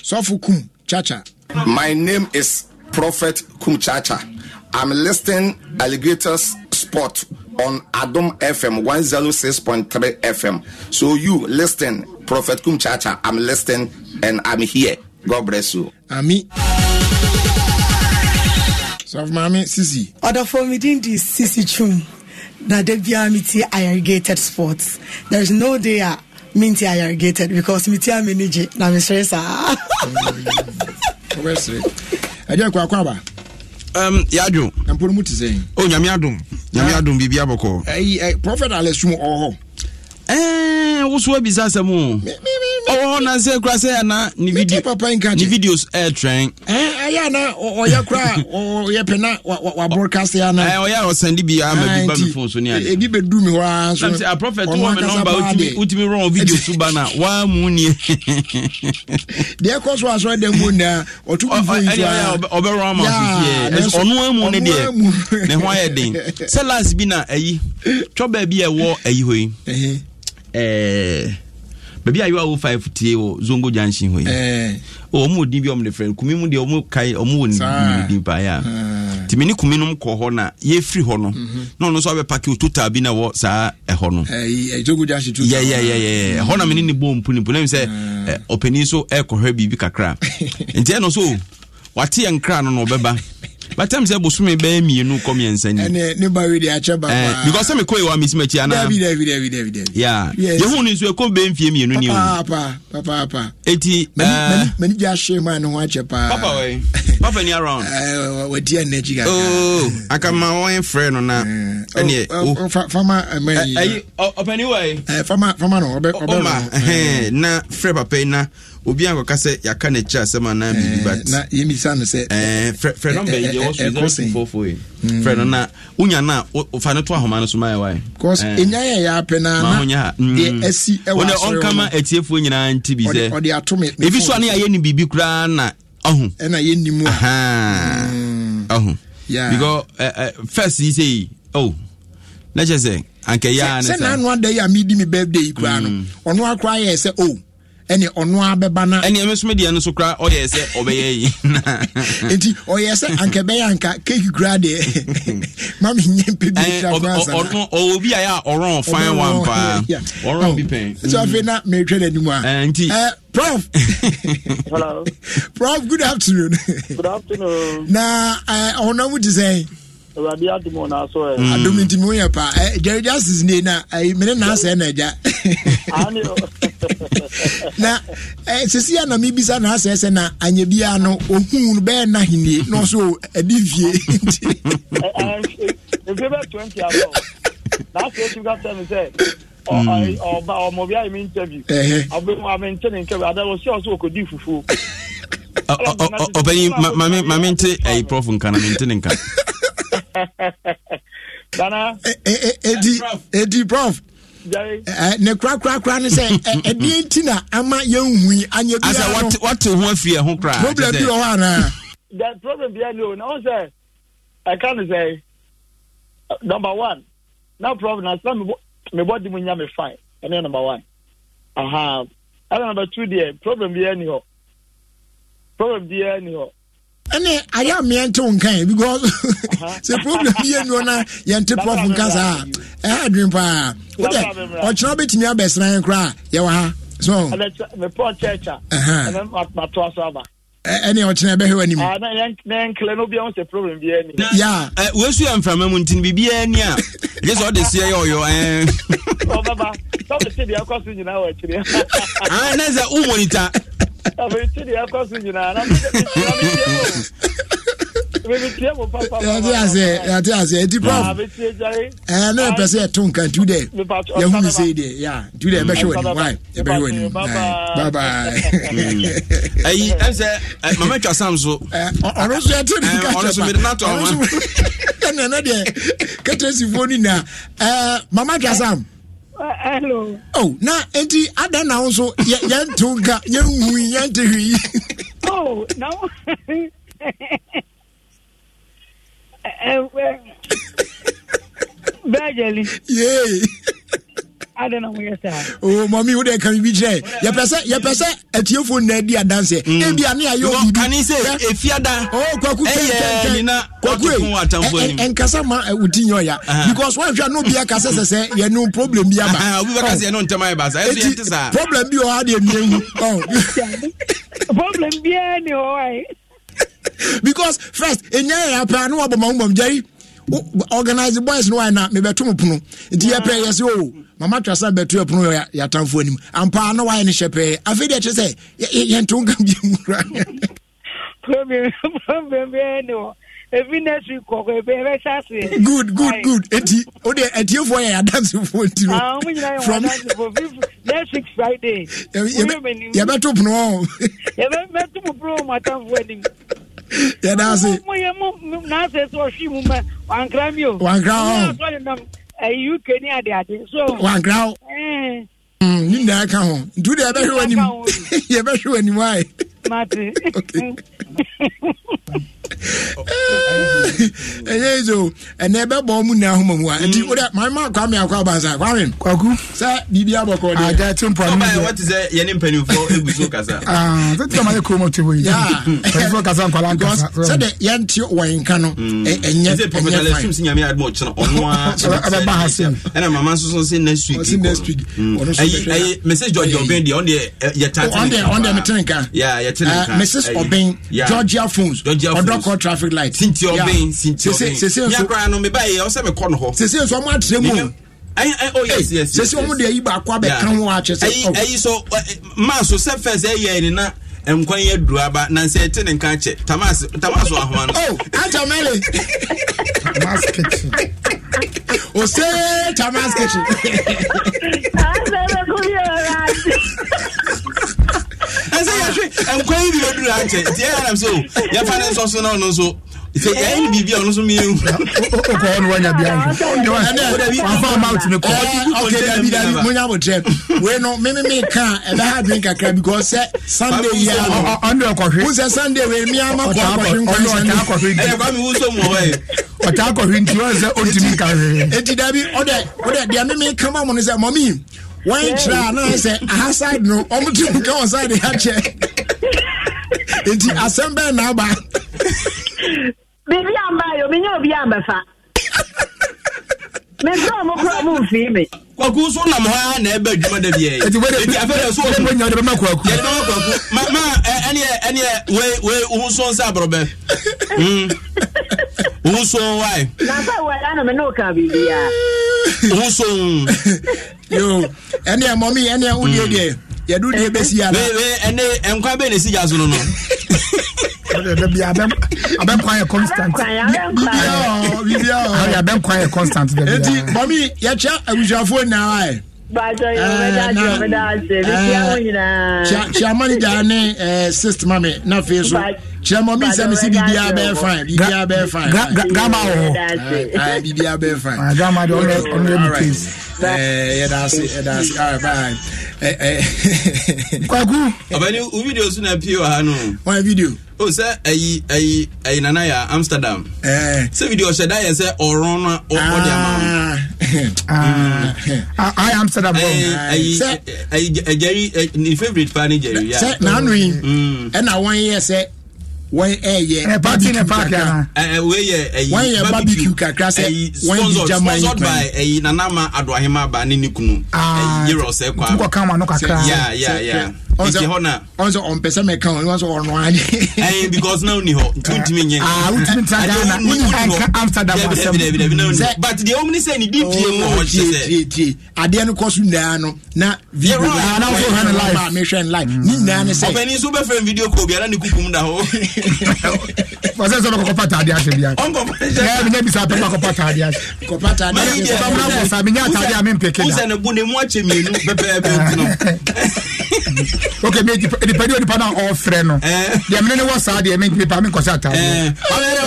Sofukum Chacha. My name is Prophet Kum Chacha. I'm listening alligators spot on Adam FM 106.3 FM. So you listen, Prophet Kum Chacha, I'm listening and I'm here. god bless you. ami. sọfún maame sisi. ọ̀dọ̀fọ̀ mi dín di sisi chum na debia mi ti irrigated sports there is no day a mi ti irrigated because mi ti a mi ni je na mi sere saa. [LAUGHS] ọbẹ̀ sere ẹ̀jẹ̀ kọ́ akọ́ àbá. Um, yadum. mpolomu ti sẹ́yìn. o oh, nyame adum nyame yeah. adum biribi abɔkɔ. ɛyi ɛ prɔfɛt alɛ sum ɔwɔ hɔ. ɛɛ wosow ebisa sɛ mi mi mi. ɔwɔ oh, hɔ oh, nansɛ sɛ ana ne videos ɛɛtrɛn ɛyɛ ana ɔyɛ kura ɔyɛ ya na eh, eh, wabroadcast ɔyɛ a ɔsɛnde ama bi ba me phone so ne adeɛ a so sɛ aprɔfɛt wɔ me nɔmba wotumi rɔn video ba na waa mu deɛ mu na ama deɛ ne ho ayɛ den sɛ last bi na ayi [LAUGHS] bi ayi hɔ yi baabi a yɛwa wo five tie wɔ zongo junction hɔ yi ɔmu eh. oh, din bi ɔmu de frɛ kumi mu deɛ ɔmu kae ɔmu wɔ ne din paa tìmí ni eh. kumi nom kɔ hɔ na yɛfiri hɔ no mhm. na ɔno nso abɛ paki o total bi na wɔ saa ɛhɔ no eh, zongo junction ɛhɔ na mi ni ne bɔ mpu ne mpu ne mi sɛ ɔpanin nso ɛkɔhwɛ biribi kakra [LAUGHS] nti ɛno so wate yɛ nkra no na ɔbɛba [LAUGHS] by time sɛ bosome bɛyɛ mmienu kɔ mmiɛnsa ni ɛnɛ ne ba wi akyɛ ba paa because sɛ mekɔ ewa mesi m'akyi anaa dabi dabi dabi dabi dabi ya yehu ni nso ekɔ bɛyɛ mfie mmienu ni o papa papa papa eti ɛɛ mani gya ahyɛ mu a ne ho paa papa wɛ [LAUGHS] papa ni around ɛɛ wadi ɛnɛ akyi kaka ooo oh, akama wɔn frɛ no na ɛnɛ o fama ɛmɛ yi ɛyi ɔpɛni wɔ yi ɛɛ fama fama no ɔbɛ ɔbɛ ɔma ɛhɛn na frɛ papa yi na obi akɔka sɛ yɛaka no akyiri asɛm anaa eh, biribi butfrɛ eh, eh, number yi deɛ wɔ mm. frɛ no na wonya no a fa no to ahoma no so ma yɛwae mm. ɔnkama atiefoɔ nyinaa nti bi sɛ ɛbi so a ne yɛayɛ ne biribi koraa na ɔho mm. ɔho because uh, uh, first yi sɛ oh na kyɛ sɛ anka yɛa ne sɛ naano ada yi a medi me birthday yi koraa no ɔno akora yɛɛ sɛ o oh ɛne ɔno abɛba na ɛne ɛme somdeɛ no so kora ɔyɛ sɛ ɔbɛyɛ yi nti ɔyɛ sɛ anka ɛbɛyɛ anka keki kora deɛ ma menyɛ mpɛ biɔwɔ bi ayɛ a ɔrɔn fan wan afei na mm. mehwɛ no anim a eh, nti eh, Prof. [LAUGHS] Hello. [LAUGHS] Prof, good afternoon. Good afternoon. Now, uh, on what say? awurade adum wɔ n'asɔ mm. yɛ. adum nti mu yɛ pa ɛ jerry justice ne na ayi mene na asɛ na ɛgya. [LAUGHS] [LAUGHS] na ɛ sisi a na mi bisa na asɛ sɛ na anya bi ano ohun bɛɛ na hinie n'ɔso ɛdi vie. ɛ ɛ bɛ twenty abɔ n'asɛ etu ka sɛ mi sɛ. Mm. ɔba ɔmɔ bi a yi mi interview. abemu a mi n tɛ nin kɛbi adamu si ɔsɔ ko di fufu. ɔbɛyin maame maame n tɛ ɛyi prɔfu nkan na mi n tɛ nin kan. [LAUGHS] [LAUGHS] Dana. Eh, eh, eh, Edi Edi Prof. ne kura kura kura ne sɛ ɛdi eti na ama yɛn hui anya bi ara no. asɛ wɔte ho afi ɛho kura. problem bi wɔ hɔ anaa. the problem bi ɛni o na wɔn sɛ ɛka ne sɛ number one na problem na sisan mi bɔ di mu nya mi fine ɛne number one ɛna number two deɛ problem bi ɛni hɔ problem bi ɛni hɔ ɛne ayɛ a nte wo nkae because uh-huh. [LAUGHS] sɛ problem bi yɛnuɔ no yɛnte prof nka saa a ɛha adwen paa wode ɔkyerɛ wobɛtumi abɛsena yɛn koraa yɛwɔ ha so uh-huh. ɛne ɔkyena ɛbɛhwɛ w'anim ya ah, wɔasu a mframa mu nti no biribiaa ani a gye sɛ ɔde seɛ yɛ ɔyɔ [LAUGHS] [LAUGHS] ah, na sɛ wo monita abeti deɛ ɛkɔ so nyinaa na mebetie mo papayɛte aseɛ ɛti pa ɛɛ na ɛpɛ sɛ ɛto nka ntu dɛ yɛhu sei deɛ ya ntu dɛ ɛbɛhwɛ w'anim wae ɛbɛhwɛ w'anim babae ayi ɛm sɛ mama twa sam so ɔno so ɛte ne nkaɔno so mede nato ɔma ɛnɛ na deɛ katasifoɔ no nyinaa mama twa sam Uh, hello. Oh, na eti ada na nso yɛn to nka yɛn hu yɛn te hu yi. Oh, na wo. Bẹ́ẹ̀ jẹ̀lì. Yéé. I don't know where you stand. Oh, mommy, would I can be there? Your person, your person, at your phone, there, dear dancer. India, mm. near you. Can you say, if you're done? Oh, Kwaku, Kwaku, and Kasama, Utinoya. Because once you know, be a Casas, you know, uh-huh. oh. problem, be a man. We were as you know, Tamay Bass. Problem, you are the name. Problem, be anyway. [LAUGHS] Because first, in your apparent, what about Jerry? organize boys no na mebɛto mo pono nti yɛpɛ yɛ sɛ o oh, mama twa sa bɛto ɛpono yɛatamfoɔ anim ampaa na waɛ no hyɛ pɛɛ afei deɛ kyerɛ sɛ yɛnto nka bia mura ebi next week kɔkɔ ebi ɛbɛ hyɛ good good good eti o de etiefoɔ yɛ adansefoɔ nti no. àwọn ah, ọmọ nyinaa yɛ wọ adansefoɔ next week friday. yɛbɛ to pono. [LAUGHS] yɛbɛ to pono wɔn atamfoɔ anim yɛ da ase. mo yɛ mo n'ase sɛ ɔhwi mu mɛ wankra mi o. wankra hɔ ɛyi uk ni ade ade so. wankra hɔ. Mm, ne nyinaa ka ho ntu de yɛbɛhwɛ wɔ anim [LAUGHS] yɛbɛhwɛ wɔ anim ayi. Mati. ɛyɛ zo ɛnɛ bɛbɔ mu na ahoma mu a nti wode mama kwame akɔ abansa kwame kwaku sɛ biribia bɔkɔ deɛagya te mpoanote sɛ yɛne mpanimfoɔ ɛgu so kasa tɛtɛ ma yɛ kurom te hɔ yipanimfoɔ kasa nkwala nkasa sɛde yɛnte wɔ nka no ɛnyɛ profesalisum sɛ nyame adom ɔkyena ɔnoabɛba ha sɛ ɛna mama nso so sɛ next week next week mesɛ george ɔbɛn deɛ ɔndeɛ yɛtateɔndeɛ metene ka Uh, mrs obin georgia phones ɔdɔkɔ traffic light sinti obin sinti obin miakora no meba yɛ ɔsɛ mekɔ no hɔ sese nso ɔmo atrɛ mu oh, sese ɔmo deɛ yi baako abɛka ho akyɛ sɛ ɛyi oh. so maa so sɛ fɛs ɛyɛ ne na nkwan yɛ duru aba na nsɛ ɛte ne nka kyɛ tamas tamas wɔ ahoa no. o oh, atamale ah, tamas kitchen o se tamas kitchen. Ah, [LAUGHS] ɛsɛ yɛhwe nkwa yi bi bɛduru ankyɛ nti ɛyɛ nam sɛ yɛfa ne nsɔ so na ɔno nso sɛ yɛyɛ biribi a ɔno nso meɛhu wokɔ ɔno wanya biamonya mo trɛ wei no meme meka ɛbɛha adwen kakra because sɛ sunday yiwo sɛ sunday wei meama kɔakɔhwe nkɔsɛnde ɔtaa kɔhwe nti ɔsɛ ɔntumi nka hwee ɛnti daabi ɔdɛ wodɛ deɛ meme kama mo no sɛ mɔmii wɔn kyerɛ a naa sɛ aha side no wɔn ti mu ka wɔn side akyɛ nti asɛm bɛn na aba. biribi amba yɛ omi nye obi ambafa mɛ sɛ ɔmo kura ɔmo nfin mi. kwaku so nam hɔ a na ɛbɛ adwuma da biɛ eti afɛdɛ so ɔmo nyɛ ɔde bɛma kwaku yɛde bɛma kwaku ma ma ɛniɛ e, ɛniɛ wei wei ohun so nsa aborɔbɛ ohun [LAUGHS] hmm. so wae. na sɛ wɔ ɛyà no kan bibi ya òun so òun. yo ɛnni ɛ mɔmi ɛnni ɛ wúni ɛ diɛ yɛdu ni ebe si yàrá. ee ɛnni ɛnkwa bɛ ne si ja so no no. bɛbi abɛ kwan yɛ constant bibiya abɛ kwan yɛ constant bɛbi. eti mɔmi yɛkyɛ abusuafo nyinaa yɛ. Chairman Jane, uh, sister mami, na face kyerɛ mɔ mi sɛ si biribiara bɛyɛ fine biribiara bɛyɛ fine. gama wɔ hɔ biribiara bɛyɛ fine. Ah, gama de ɔno ɔno yɛ mu case. ɛɛ yɛda ase yɛda ase all right bye. Eh, eh. [LAUGHS] kwaku. ɔbɛni o video sun na pii wɔ ha no. wɔn video. o oh, sɛ ɛyi ɛyi ɛyi nana yɛ amsterdam. ɛɛ eh. sɛ video ɔhyɛ da yɛ sɛ ɔrɔn na ɔkɔ di ah. ah. [LAUGHS] ama ayi amsterdam bɔ. ɛyi ɛyi ɛyi jerry ne favourite paa ni jerry. sɛ n'anu yi ɛna wɔn yɛ sɛ wɔn eh, eh, ɛyɛ eh, barbecue kakra ɛyɛ ɛyi barbecue kakra sɛ wɔn di german sponsored by ɛyi nanama adoahima ba ne ne kunu ɛyi ah, yɛrɛ ɔsɛ kwa nkɔkan ma no kakra yɛ yɛ yɛ nti hɔ na. ɔn sɛ ɔn pɛsɛ mɛ kan o ɔn sɛ ɔnɔ ani. ɛɛ because n'aw ni hɔ tuntun mi nyɛ. aa o tun ta da na o ni hɔ amsterdam wa sɛm. dɛbi dɛbi dɛbi dɛbi but deɛ ɔmu ni sɛ ni di pie mu ɔwɔ ti sɛ. tie tie adeɛ no kɔ so nyinaa no na video aa n'aw fɔ hɛn live maa mi hwɛ n live ni nyinaa ni sɛ. ɔpɛni nso bɛ fɛn video ko biara ni kukum da hɔ. pɔsɛ [LAUGHS] sɛ ɔbɛ kɔpa taade ase bia. ɔnkɔpa taade. ɛɛ mi nya bisa pɛ ma kɔpa taade ase. kɔpa taade ase. ɔbɛ mi nya taade a mi mpeke da. [LAUGHS] ok mi nipa ni onipa na ɔfrɛ no eh. deɛ mi ne wɔ saa deɛ mi nipa mi nkɔsɛ ata. ɔlɛ dɛ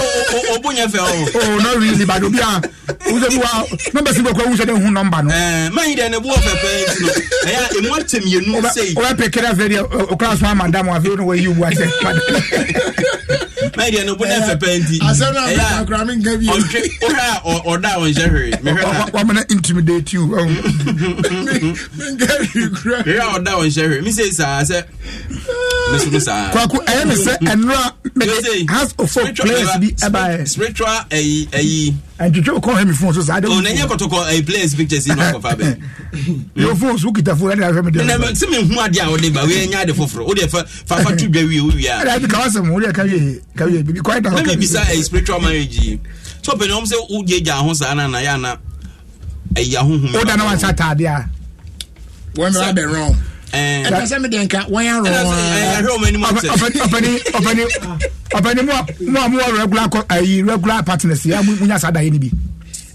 o bo ɲɛ fɛ o. o n'o yi ni ba do bi a wusu bi wa nɔmba si bɛ kɔ wusu de hun nɔmba no. Eh, mayi dɛ ne b'o fɛ fɛ yen ɛyà emu atɛ mi yenu seyi. o bɛ pɛ kɛrɛ fɛ de o kila sɔn a ma eh, da mu a fi o ni o yi wa sɛ. mayi dɛ ne bo ne fɛ fɛ nti. a sɛbɛn a bɛ kakura mi nkɛ bi ye. o ka ɔda o nse hwere. wa mɛ ne intimidate you. mi nkɛ bi kura. o ka ɔda o nse hwere mi se sa saa sɛ meso no saa kwako ɛyɛ ne sɛ mm-hmm. ɛnora mede house of folk players bi ɛbaɛ spiritual ayi ayi ntwitwe kɔ hɛ me phone so saa de oh, ɔnanyɛ kɔtɔkɔ ayi players pictures yi na [LAUGHS] ɔkɔfa bɛ yo phone so phone ɛna ahwɛ me de me se me hu ade a ɔde ba we nya ade foforo wo de fa fa fa tu dwa wie wo wie a ɛna de kawa sɛm wo de ka wie ka wie bi kwai da ka bi sa ayi spiritual marriage so pɛ ne ɔm sɛ wo gye gya ho saa na na ya na ayi ahohom wo da wrong ɛnasɛ eh. mede nka wɔyɛ arɔɔpani mu a mowɔ eh, regular partners yɛ munya saa daeɛ no bi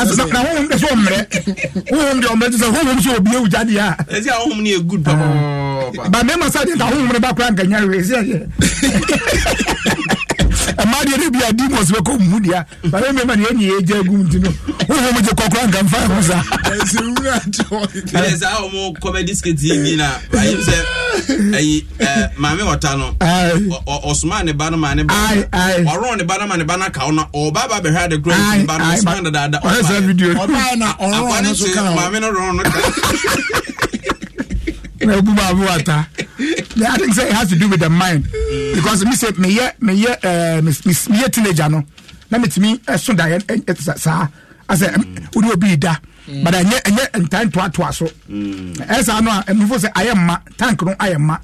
asesa na hohom de sɛ ɔmmerɛ hohom de ɔmmerɛ te sɛ hohom sɛ obie wo gyadeɛ a ɛsi a hohom no yɛ good papa oh, ba mɛma sɛ deɛ nta hohom no ba koraa nkanya wei sɛ [LAUGHS] ɛma deɛ ne bia demons bɛkɔ mu dea bamɛmɛma ne ɛne yɛgya agu mu nti no wohɔ mogye kɔkora nkamfa ho saasaa ɔmo comedy skit yi bi na ayim sɛ ayi maame wɔta no ɔsoma ne ba no ma ne ba ɔrɔ ne ba no ma ne ba no akaw na ɔba ba bɛhwɛ ade kora ne ba no ɔsoma dadaada ɔba na ɔrɔ ne so ka maame no rɔ no ka na ebu maa mi wata i think say it has to do with the mind because me say me ye me ye eh, me ye teenager no na me ti mi ɛso da yɛ ɛ saa asɛ o de obi da but ɛnyɛ ɛnyɛ ntan toatoa so ɛsa mm. eh, no a eh, ɛmufo sɛ ayɛ mma tank no ayɛ mma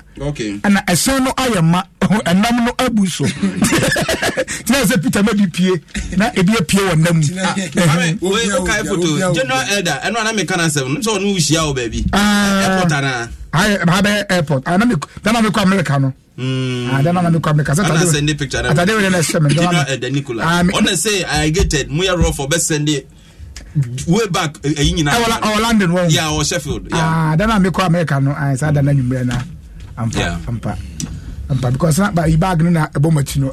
ɛna ɛsɛn no ayɛ mma ɛnam no abu so [LAUGHS] tina sɛ peter ma bi pie na ebi apie wɔ nam mu. wo kae foto general elder ɛno anamika na asɛm no sɛ ɔno wo hyia wɔ baabi abɛ airport i mi kɔ america no. dana na mi kɔ america. atade wele na ɛsɛ mi. dina ɔna se irrigated mu yɛ bɛ send way back ɛyi nyinaa. ɛwɔ ɔwɔ london wɔn. ya ɔwɔ sheffield. aa dana mi kɔ america no ayi sa dana nyimire na ampa ampa ampa because na ba ibag na ɛbɔ mati no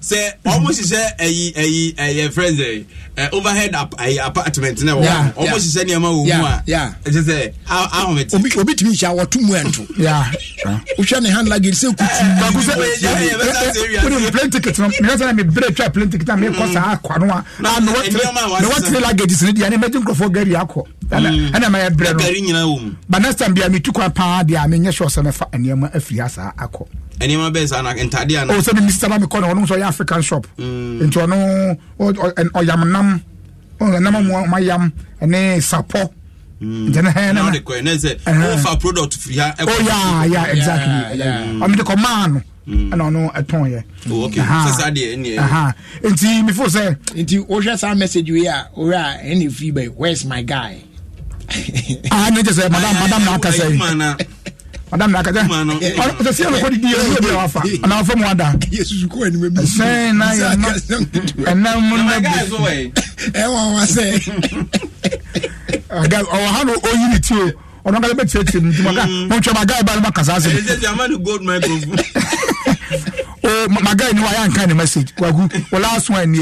sɛ ɔmo hyehyɛ ɛyi ɛyi ɛyɛ friends ɛyi overhead ap ɛyi apartment na wɔn ɔmo hyehyɛ nneɛma wɔ mu a ɛkyɛ sɛ ahomete. obi obi tumi hyɛ awɔtu mu ɛnto. wohwɛ ne hand luggage sɛ kutu. kanku sɛ o de mu plane ticket no mi yasa mi bere twa plane ticket na mi mm. kɔ saa kwano a na mi wɔ tiri luggage sini di yanni mɛti nkurɔfoɔ gari akɔ ɛna mɛ mm. yɛ brɛ no. ba next time bi a mi tu kwan paa di a mi nyɛ sure sɛ mɛ fa nneɛma afiri ha saa akɔ nneɛma bɛɛ saa na ntadeɛ ana. o sɛ mi misita na mi kɔ na ɔno nso ɔyɛ african shop. nti ɔno ɔyam nam ɔnam oh, mu ɔma yam ɛne sapɔ. nti ne hɛn na. n'o fa product firi ha. o ya eh, oh, ya exactly ɔmi de kɔ maa no ɛna ɔno ɛtɔn yɛ. sisan deɛ ɛni yɛ. nti mi fo sɛ. nti o hwɛ saa message wi a o yɛ a ɛna fi bɛ where is my guy. aa ne jɛ sɛ madam madam na aka sɛ madame na kata ɔtɛ si ɛlɔkɔ didi yɛ ɛlɔkɔ wafa ɔna afɔ mu ada sɛn na yɛ ma ɛna mu na bi ɛwɔ wa sɛ ɔwɔ ha no oyi ni ti o ɔno bɛ tiɛ tiɛ ni ti ma ka ma ga yɛ ba kasa ase. ɛsɛ ti a ma ni gold microphone. [LAUGHS] my guy ni wa yan kan message wagu well last one ni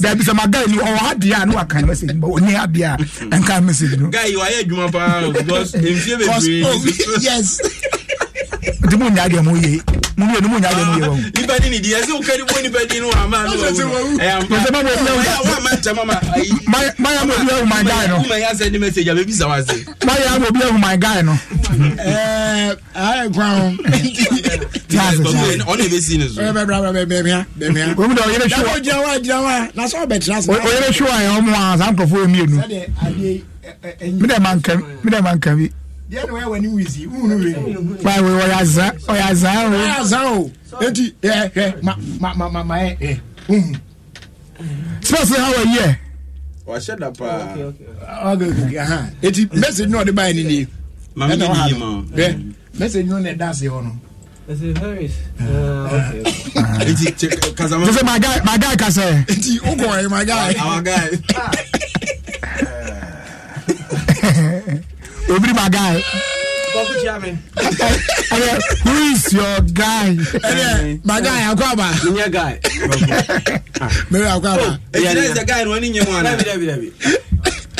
there be some guy ni o had dia [LAUGHS] no kan message but oni had dia and kan message guy you are adwuma pa because oh, yes [LAUGHS] ti mu nya deɛ mu ye mu ye ni mu nya deɛ mu ye wɔn. nipa di ni di ɛsɛ okari bɔ nipa di ni wa ma n'o wo ɛyà mpa ɛsɛ mamu ma n cɛ mama ayi. mayamu obi awo my guy no. kuma ya send the message a bɛ bisa wa se. mayamu obi awo my guy no. ɛɛ ayi kwan o. ɔna ebe si ni so. bɛɛ bɛ bɛɛ bɛɛ bɛɛ bɛɛ bɛɛ bɛɛ. yɛrɛ suwa. jira wa jira wa bɛ tila sɔrɔ. o yɛrɛ suwa yɛ ɔmu wa san kɔfɔ emienu. mi dɛ man kɛ mi deɛ na wɔyɛ w'ani wisi wunu wei. báyìí wo ɔyà zan ɔyà zan o. ɔyà zan o eti ɛ ɛ ma ma ma ma ma ɛ ɛ nhun. spurs ha wɔ yi yɛ. wahyɛ da paa. ɔgɛ gɛgɛ ahan eti message náà ɔde báyìí ni ni. maame ni ni ma. bɛ message náà na ɛda ase hɔ no. Sese my guy my guy kasa. Nti o kɔ ɛ my guy. Our guy. [LAUGHS] Eh. [LAUGHS] Obiri my guy. Who is your guy? My guy, Akwaba. Your guy. [LAUGHS] Mary Akwaba. Oh, yeah, that's the guy running your one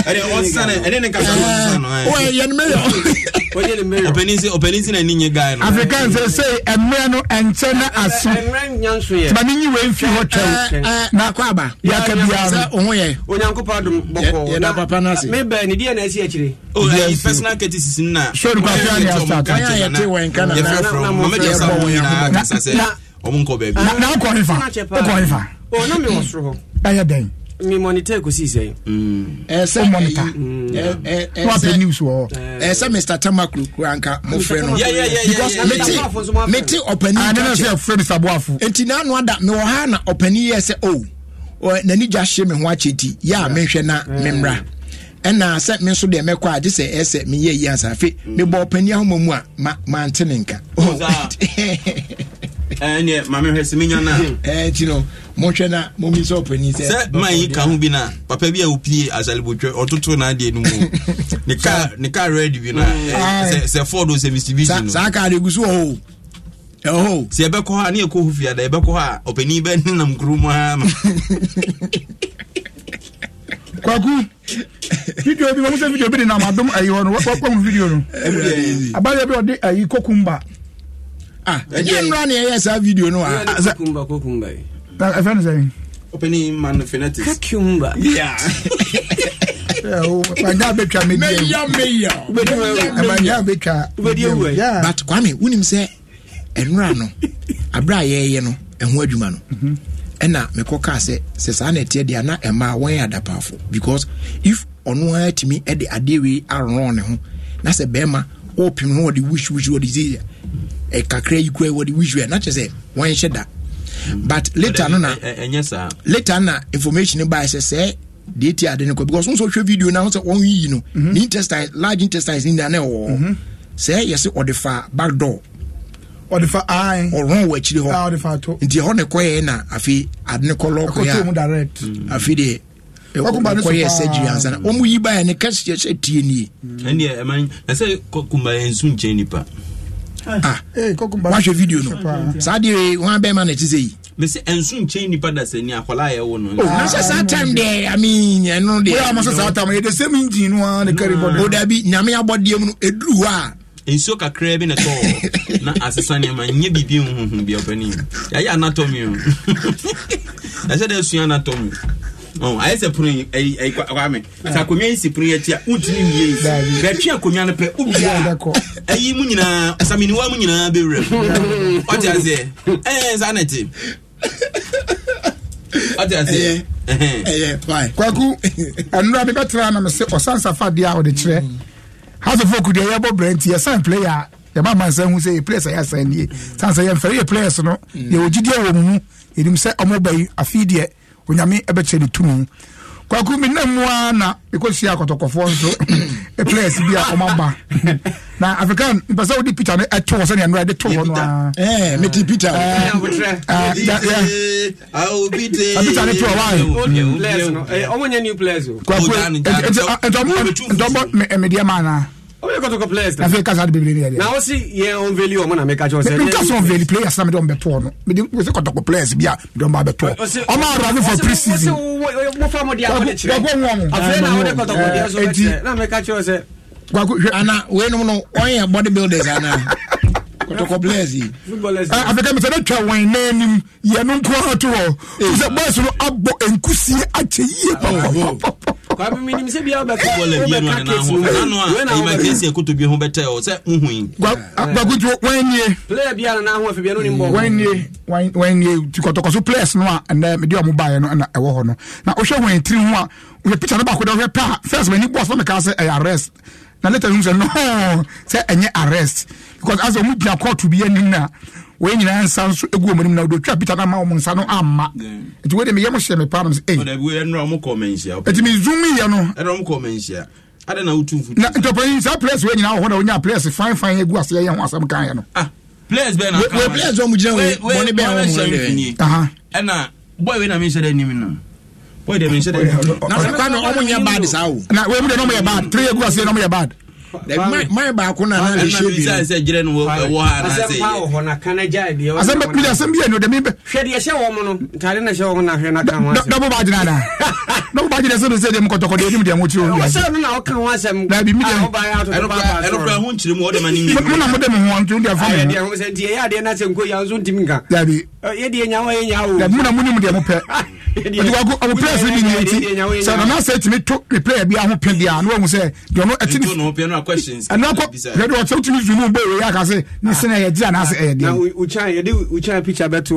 ɔpɛni si na ani nye guy no african sɛ sɛ mmerɛ no ɛnkyɛ na aso ma menyi wei mfi hɔ twɛw na kɔ aba yɛaka biara no onyankopɔn adom bɔkɔɔ papa no ase mebɛ ne deɛ na asi akyire personal criticism na sori kwafia ne asatayɛte wɛnka na na wokɔhe fa wokɔhe fa ɛyɛ dɛn monitor kò sí sẹ́yìn. ẹsẹ monitor wàá news wọ. ẹsẹ mr tamakuru kuranka mo fẹ no because meti meti ọpẹni nkankyẹ. adana sẹ fẹ mr buafu. nti nanu ada mi wọ ha na ọpẹni yẹ sẹ o oh, n'ani gya hye mi ho akyɛ ti yɛ a mehwɛ na memra. Mm. Eh ɛna sɛ me nso deɛ mɛkɔ agye sɛ ɛsɛ meyɛ yi ansa afe mebɔ ɔpani ahoma mu a mante ne nka nti no mohwɛ na momi sɛ ɔpani sɛ ma yi ka ho bi no papa bi a wopie asalebotwɛ ɔtoto naadeɛ no mu [LAUGHS] ne ka red bi no mm. sɛ ford sɛ misibisin saa kaa de gu so wɔ o ɛhɔ sɛ yɛbɛkɔ hɔ a ne yɛkɔ ho fiada yɛbɛkɔ hɔ a ɔpani bɛnenam kurom aa ma [LAUGHS] kwaku video bi mo sɛ video bi de nam adom ayi hɔ no wakɔ mu video no bi ayi kokumba ɛyɛ ah, nnura ne ɛyɛ saa video no [LAUGHS] [LAUGHS] ɛna mekɔ kaa sɛ sɛ saa na ɛteɛ deɛ na ɛmaa wɔn yɛ adapaafo because if ɔno ara tumi de adeɛ wei arɔn ne ho na sɛ bɛrima ɔɔpem no wɔde wish wish wɔde zi kakra yi kura wɔde wish wish na kyerɛ sɛ wɔn hyɛ da but later eh, no na eh, eh, later na information ba sɛ sɛ deɛ ti ade no kɔ because nso hwɛ video na sɛ wɔn yi no mhm. ne intestine large intestines ne nyinaa na ɛwɔ mhm. sɛ yɛsɛ ɔde fa back door ɔde fa ae ɔrɔn wɔ akyiri hɔ ɔde fa ato nti ɛhɔ ne kɔyɛ na afei ade ne kɔlɔ kɔyɛ a mm. afei deɛ ɔkɔyɛ surgery ansa na ɔmu yi baeɛ ne kɛse kyɛ sɛ tie nie ɛneɛ ɛma na sɛ kɔkumba yɛ nsu nkyɛn nipa ah. eh, wahwɛ video no saa deɛ wɔn abɛɛma na ɛte sɛ yi mese ɛnso nkyɛn nipa da sɛ ni akwadaa yɛ wo no. o oh, na sɛ saa ah. time deɛ i mean ɛno deɛ. o yà wọn sɛ saa time yɛ de same engine wa ne carry body. o oh, dabi nyame abɔdeɛ mu no nsuo kakraa bi na ɛtɔ na asesa nneɛma nyɛ biribi nhuhu bia ɔpani yɛayɛ anatomy o ɛhyɛ [LAUGHS] dɛ asua anatomy ayɛ sɛ pono kwame ah. sɛ akonnwa yi si pono yi akyi a wontumi nie bɛtwe akonnwa no pɛ wobia ayi mu nyinaa sameniwa mu nyinaa bɛwura [LAUGHS] ɔte aseɛ ɛɛ saa na te ɔte aseɛ kwaku ɛnora tira na mese ɔsansafa deɛ a wɔde kyerɛ mm house of folk deɛ yɛbɔ brɛnti yɛsan player a yɛma ma nsa hu sɛ yɛ players a yɛasan nie san sɛ yɛmfɛre yɛ players no mm. yɛwɔ gyidie wɔ mu mu yɛnim sɛ ɔmɔbɛyi afei deɛ onyame bɛkyerɛ ne tumi kwaku mi nam mu ara na ekosi akɔtɔkɔfoɔ nso players bi a ɔma ba na african mpɛ sɛ wode peter no ɛto hɔ sɛnea nnora de to no a mete peter peter ne to hɔ waɛ ntɔmɔ medeɛ ma anaa oye kɔtɔkɔ players na afei kasa de bebere ni yɛ dɛ na o si yɛ ɔnveli kwame menim sɛ biaa bɛkɛsɛ ɛkoto bi ho bɛtɛ o sɛ wohui gbagoto wanie player biaa nanaho afei bia no nimbɔ wanie wanye tikɔtɔkɔ so players no a ɛnɛ mede ɔmo baeɛ no ɛna ɛwɔ hɔ no na wohwɛ eh, hɔ tiri ho a wohwɛ picture no baako dɛ wohwɛ pɛ a first mani bɔs na mekaa sɛ ɛyɛ arrest na later hu sɛ no sɛ ɛnyɛ arrest because asɛ ɔmo gyina court bi anim no a wɔn nyinaa nsa nso egu wɔn anim na wɔde twa peter n'ama wɔn nsa no ama nti wɔde mi yɛ mo hyɛ mi paano sɛ ee. ɔdabi ɛnu na ɔmo kɔ mɛ nhyia. eti mi zoom yɛ no. ɛnu ɔmo kɔ mɛ nhyia. ada na wotu nfutu. na ntɔpɔnyi nsa players wɔn nyinaa wɔ hɔ na wɔn nyɛ players fine fine egu aseɛ yɛn ho asɛm kan yɛ no. ah players bɛɛ na kan wɔn players wɔn mu gyina wɔn bɔnni bɛɛ wɔn wɔn ɛna bɔy wei na mi nhyɛ dɛ nim no bɔy dɛ mi nhyɛ dɛ nim no. na sɛ kwan na ɔmo nyɛ bad saa o. na wɔn mu de na ɔmo yɛ bad three egu aseɛ na ɔmo yɛ bad maye baako na na le se bi sɛ gyerɛ na bɛ kuli asɛm bi yɛ no dɛmi bɛ hwɛ deɛ hyɛ no ntade na hyɛ wɔ na hwɛ na ka ho asɛm dɔbɔ bagyina da [LAUGHS] dɔbɔ bagyina sɛ no sɛ deɛ mkɔtɔkɔ deɛ nim deɛ mo tiri o sɛ na ɔka ho asɛm na bi mi deɛ ɛno kora ho nkyerɛ mu mu na de mo ho anto deɛ fa mo deɛ sɛ deɛ yɛ adeɛ na sɛ nko yɛ nso wɔ yɛ nya wo wɔ ɔmo na [LAUGHS] sɛ tumi to replay bi pɛ bi questions. me ɛnna kɔ yɛde ɔkyɛw tumi zunu bɛ wei aka se ne sɛ na yɛgye anaasɛ ɛyɛ deɛ. na wukyan yɛde wukyan picture bɛ to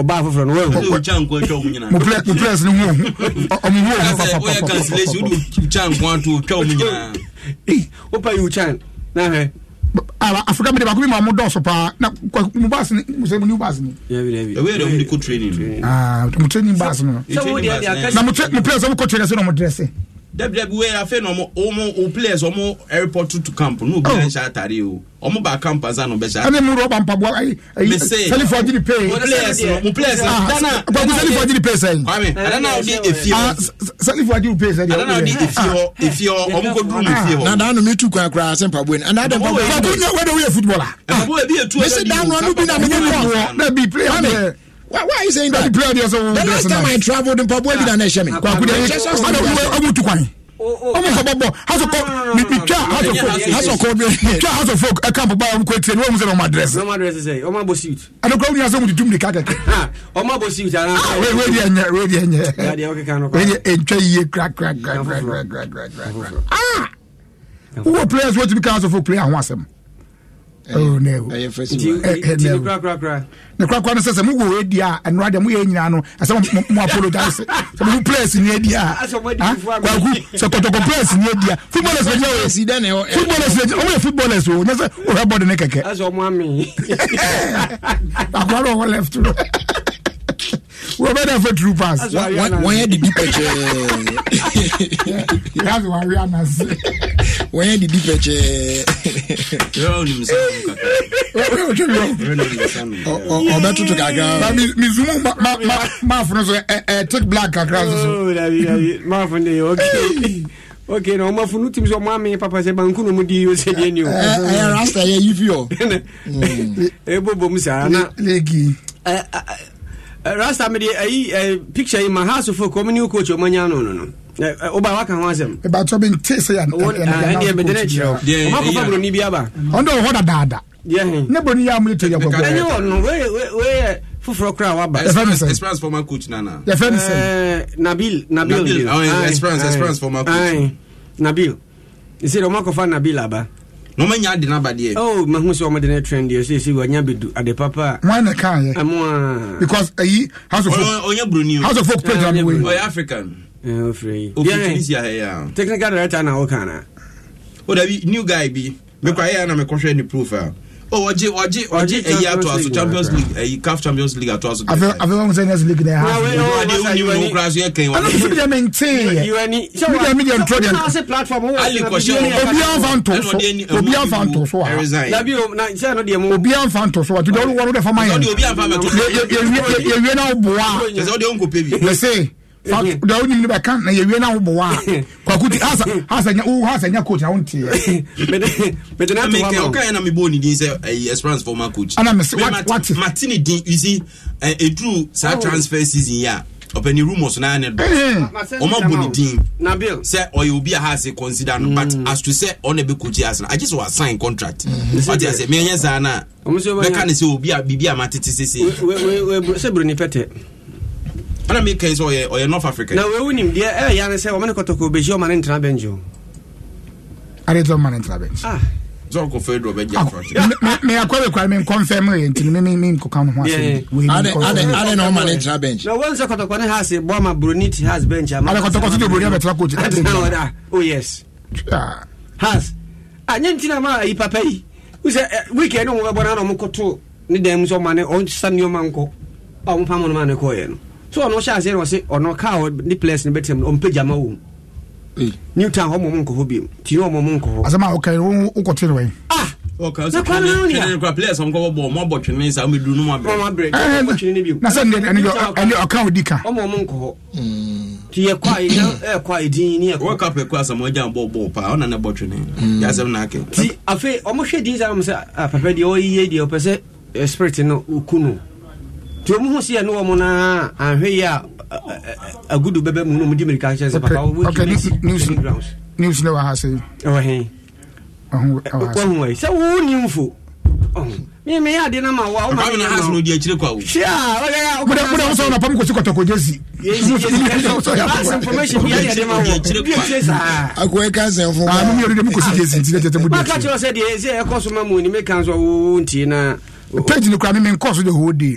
ɔbaa foforɔ no wɔyɛ hɔ. wukyan nkɔ ɛtwa ɔmu nyinaa. mo players mo players ni hu ɔmu hu ɔmu papa. wɔyɛ cancellation wodi wukyan nkɔ ato ɔtwa ɔmu nyinaa. wopa yi wukyan n'ahɛ. afrika mi de baako mi maa mo dɔɔso paa na mu baasi ni mu sɛ mu ni ah, baasi ni. ewu yɛrɛ mu ni ko training. aa mu training baasi ni. na mu players mu ko training sɛ na mu dɛsɛ dẹbidẹbi wo yẹra fẹ na ọmọ ọmọ players ọmọ airport to camp n'o bí oh. ẹn ṣe atare o ọmọ bá camp asa n'o bẹ ṣe atare. ẹni mi rọba mpaboa ayi ayi sẹlifọ jiri pe. mo players mo players ah, dana. gbogbo sẹlifọ jiri pe sẹyin. kwami adana awo efi hɔ. sẹlifọ jiri pe sẹyin. adana awo efi hɔ ah, efi hɔ ọmọ ko duru mi efi hɔ. Ah, na danu mi tu kura kura sẹ mpaboa ni ẹnna dẹ mpaboa. mpaboa yẹ wo de wo yẹ mpaboa bi yẹ tu ọjọ di mesi danu ọnu bi na mi ni mọ why, are you saying that? The last time I traveled in Papua, yeah. didn't shame me. I'm too quiet. ọmọ sọ bọbọ house of folk mi mi twa house of folk house of folk mi twa house of folk ẹ kàn bọ báyọ̀ nkọ etí ẹ ní wọ́n mu sẹ́ni ọmọ adrẹ́sì. ọmọ adrẹ́sì sẹ́yìn ọmọ abọ suit. adokoro ni asọ́mu tuntun mi kákẹ́. ọmọ abọ suit ara. wéé wéé di ẹ̀yẹ wéé di ẹ̀yẹ. wéé di ẹ̀ntwẹ́ yíyẹ krakrakrakrakrakrakrak. ah wúwo players wọ́n ti bí ká house of folk play àwọn asẹ́mu. Oh, eh, eh, ne korakora no sɛ sɛ mowɔ ɛdi a ɛnora deɛ moyɛ nyinaa no ɛsɛ mo apologise sɛ mo players ne adi akwaku ah, sɛ kɔtɔkɔ players ne adi a footballers o. footballers bɛgyɛ ɔmo yɛ footballers o nyɛ sɛ wohwɛ bɔde ne kɛkɛ akora no ɔwɔ left no wɔbɛda fɛ true pass wɔyɛ didi pɛkyɛɛ yɛase wɔawe anase wɔyɛ didi pɛkyɛɛ ɔbɛtoto so eh, eh, eh, black kakra oh, ok na funu papa banku [LAUGHS] mm. na di rasta fi na. rasta ayi picture yi ma ha asofo coach No, woba eh, waka ho asɛm ɛbatɔ bi nte sɛ yɛnɛdeɛ mede buroni bi aba ɔnde wɔ dadaada ne buroni yɛ amoyɛ tɔyɛ kɔkɔɛnyɛ wɔ foforɔ koraa waba esperance sɛ eh, nabil nabil oh, esperance esperance nabil aba oh, mahu sɛ ɔmde no trend deɛ sɛsɛ wanya bɛdu ade papa a eh, wan african technical director na woka na o dabi new guy bi mekɔ ayɛ na mekɔhwɛ ne proof a ɔgye ɔgye ɔgye ɛyi ato aso champions league ɛyi caf champions league ato aso. afɛ afɛ wɔn sɛ nurse league na yɛ ha. adeɛ wo kura so yɛ kɛn wa. ɛna muso mi deɛ mi n ten yɛ mi deɛ mi deɛ n tura deɛ. ali kɔsɛ o obi an fan to so obi an fan to so wa. obi an fan to so wa tudɔ olu wɔri o de fama yɛ. yɛ yɛ yɛ yɛ n'aw bɔ wa. yɛ sɛ o de ye n ko pe bi. mɛ se da wonim ne bɛka na yɛwie no wobɔwɔ a kwako ti hasa nya coach na wonteɛna mebɔɔ ne din sɛ experience for former coach ana mate ne din usi ɛduru sa oh. transfer season ya a ɔpɛni rumors na ne do ɔma bɔ ne din sɛ ɔyɛ obi a hase consider no but mm. as to sɛ ɔna bɛ coach Arsenal agye sɛ wasign contract wate asɛ meɛnyɛ saa no a bɛka ne se obi a biribi a matete sese sɛ buroni pɛtɛ ana mi kan sɛ ɔyɛ north africa na wewu nim deɛ ɛyɛ yan sɛ ɔma ne kɔtɔkɔ ne ne zɔn ko fɛn dɔ bɛ jɛ fɔ. mɛ a ko bɛ kɔ mi nkɔnfɛn mi ye ntini mi mi ale ale n'o ma ne [LAUGHS] oh, ah. ah, eh, na wɔn sɛ kɔtɔkɔ ne a ma buroni ti ale kɔtɔkɔ ti buroni a bɛ tila k'o o so ɔno hyɛ aseɛ na ɔse ɔno kaa ne players no bɛtɛm no ɔmpɛ gyama wɔ mu new town hɔ mɔmɔ nkɔhɔ biom tini wɔ mɔmɔ nkɔhɔ asɛm a wokɛ wokɔte no wai ɔka odi ka ɔmɔmɔ nkɔhɔ nti yɛkɔ a yɛkɔ a ɛdin ne yɛkɔ wɔka pɛ kɔ asɛm ɔgya bɔɔbɔɔ paa ɔna ne bɔtwene yɛasɛm no akɛ nti afei ɔmɔhwɛ din sɛ m sɛ papa deɛ ɔyeyɛ deɛ ɔpɛ sɛ spirit no ɔku no nti ɔmu ho seɛ ne wɔ mu no ahwɛ yi a agudu bɛbɛ mu no mudi mirika kyɛ sɛ papa news ne waha sɛ ɔhe wahu ai sɛ wo ni mfo meyɛ ade no ma wowmnahasnodi akyire kwawowodewosanapam kɔsi kɔtɔkɔgyesiaka kyerɛ sɛ deɛ sɛ ɛkɔ so ma mu nimeka so wo ntie na page no kora me menkɔ so the whole day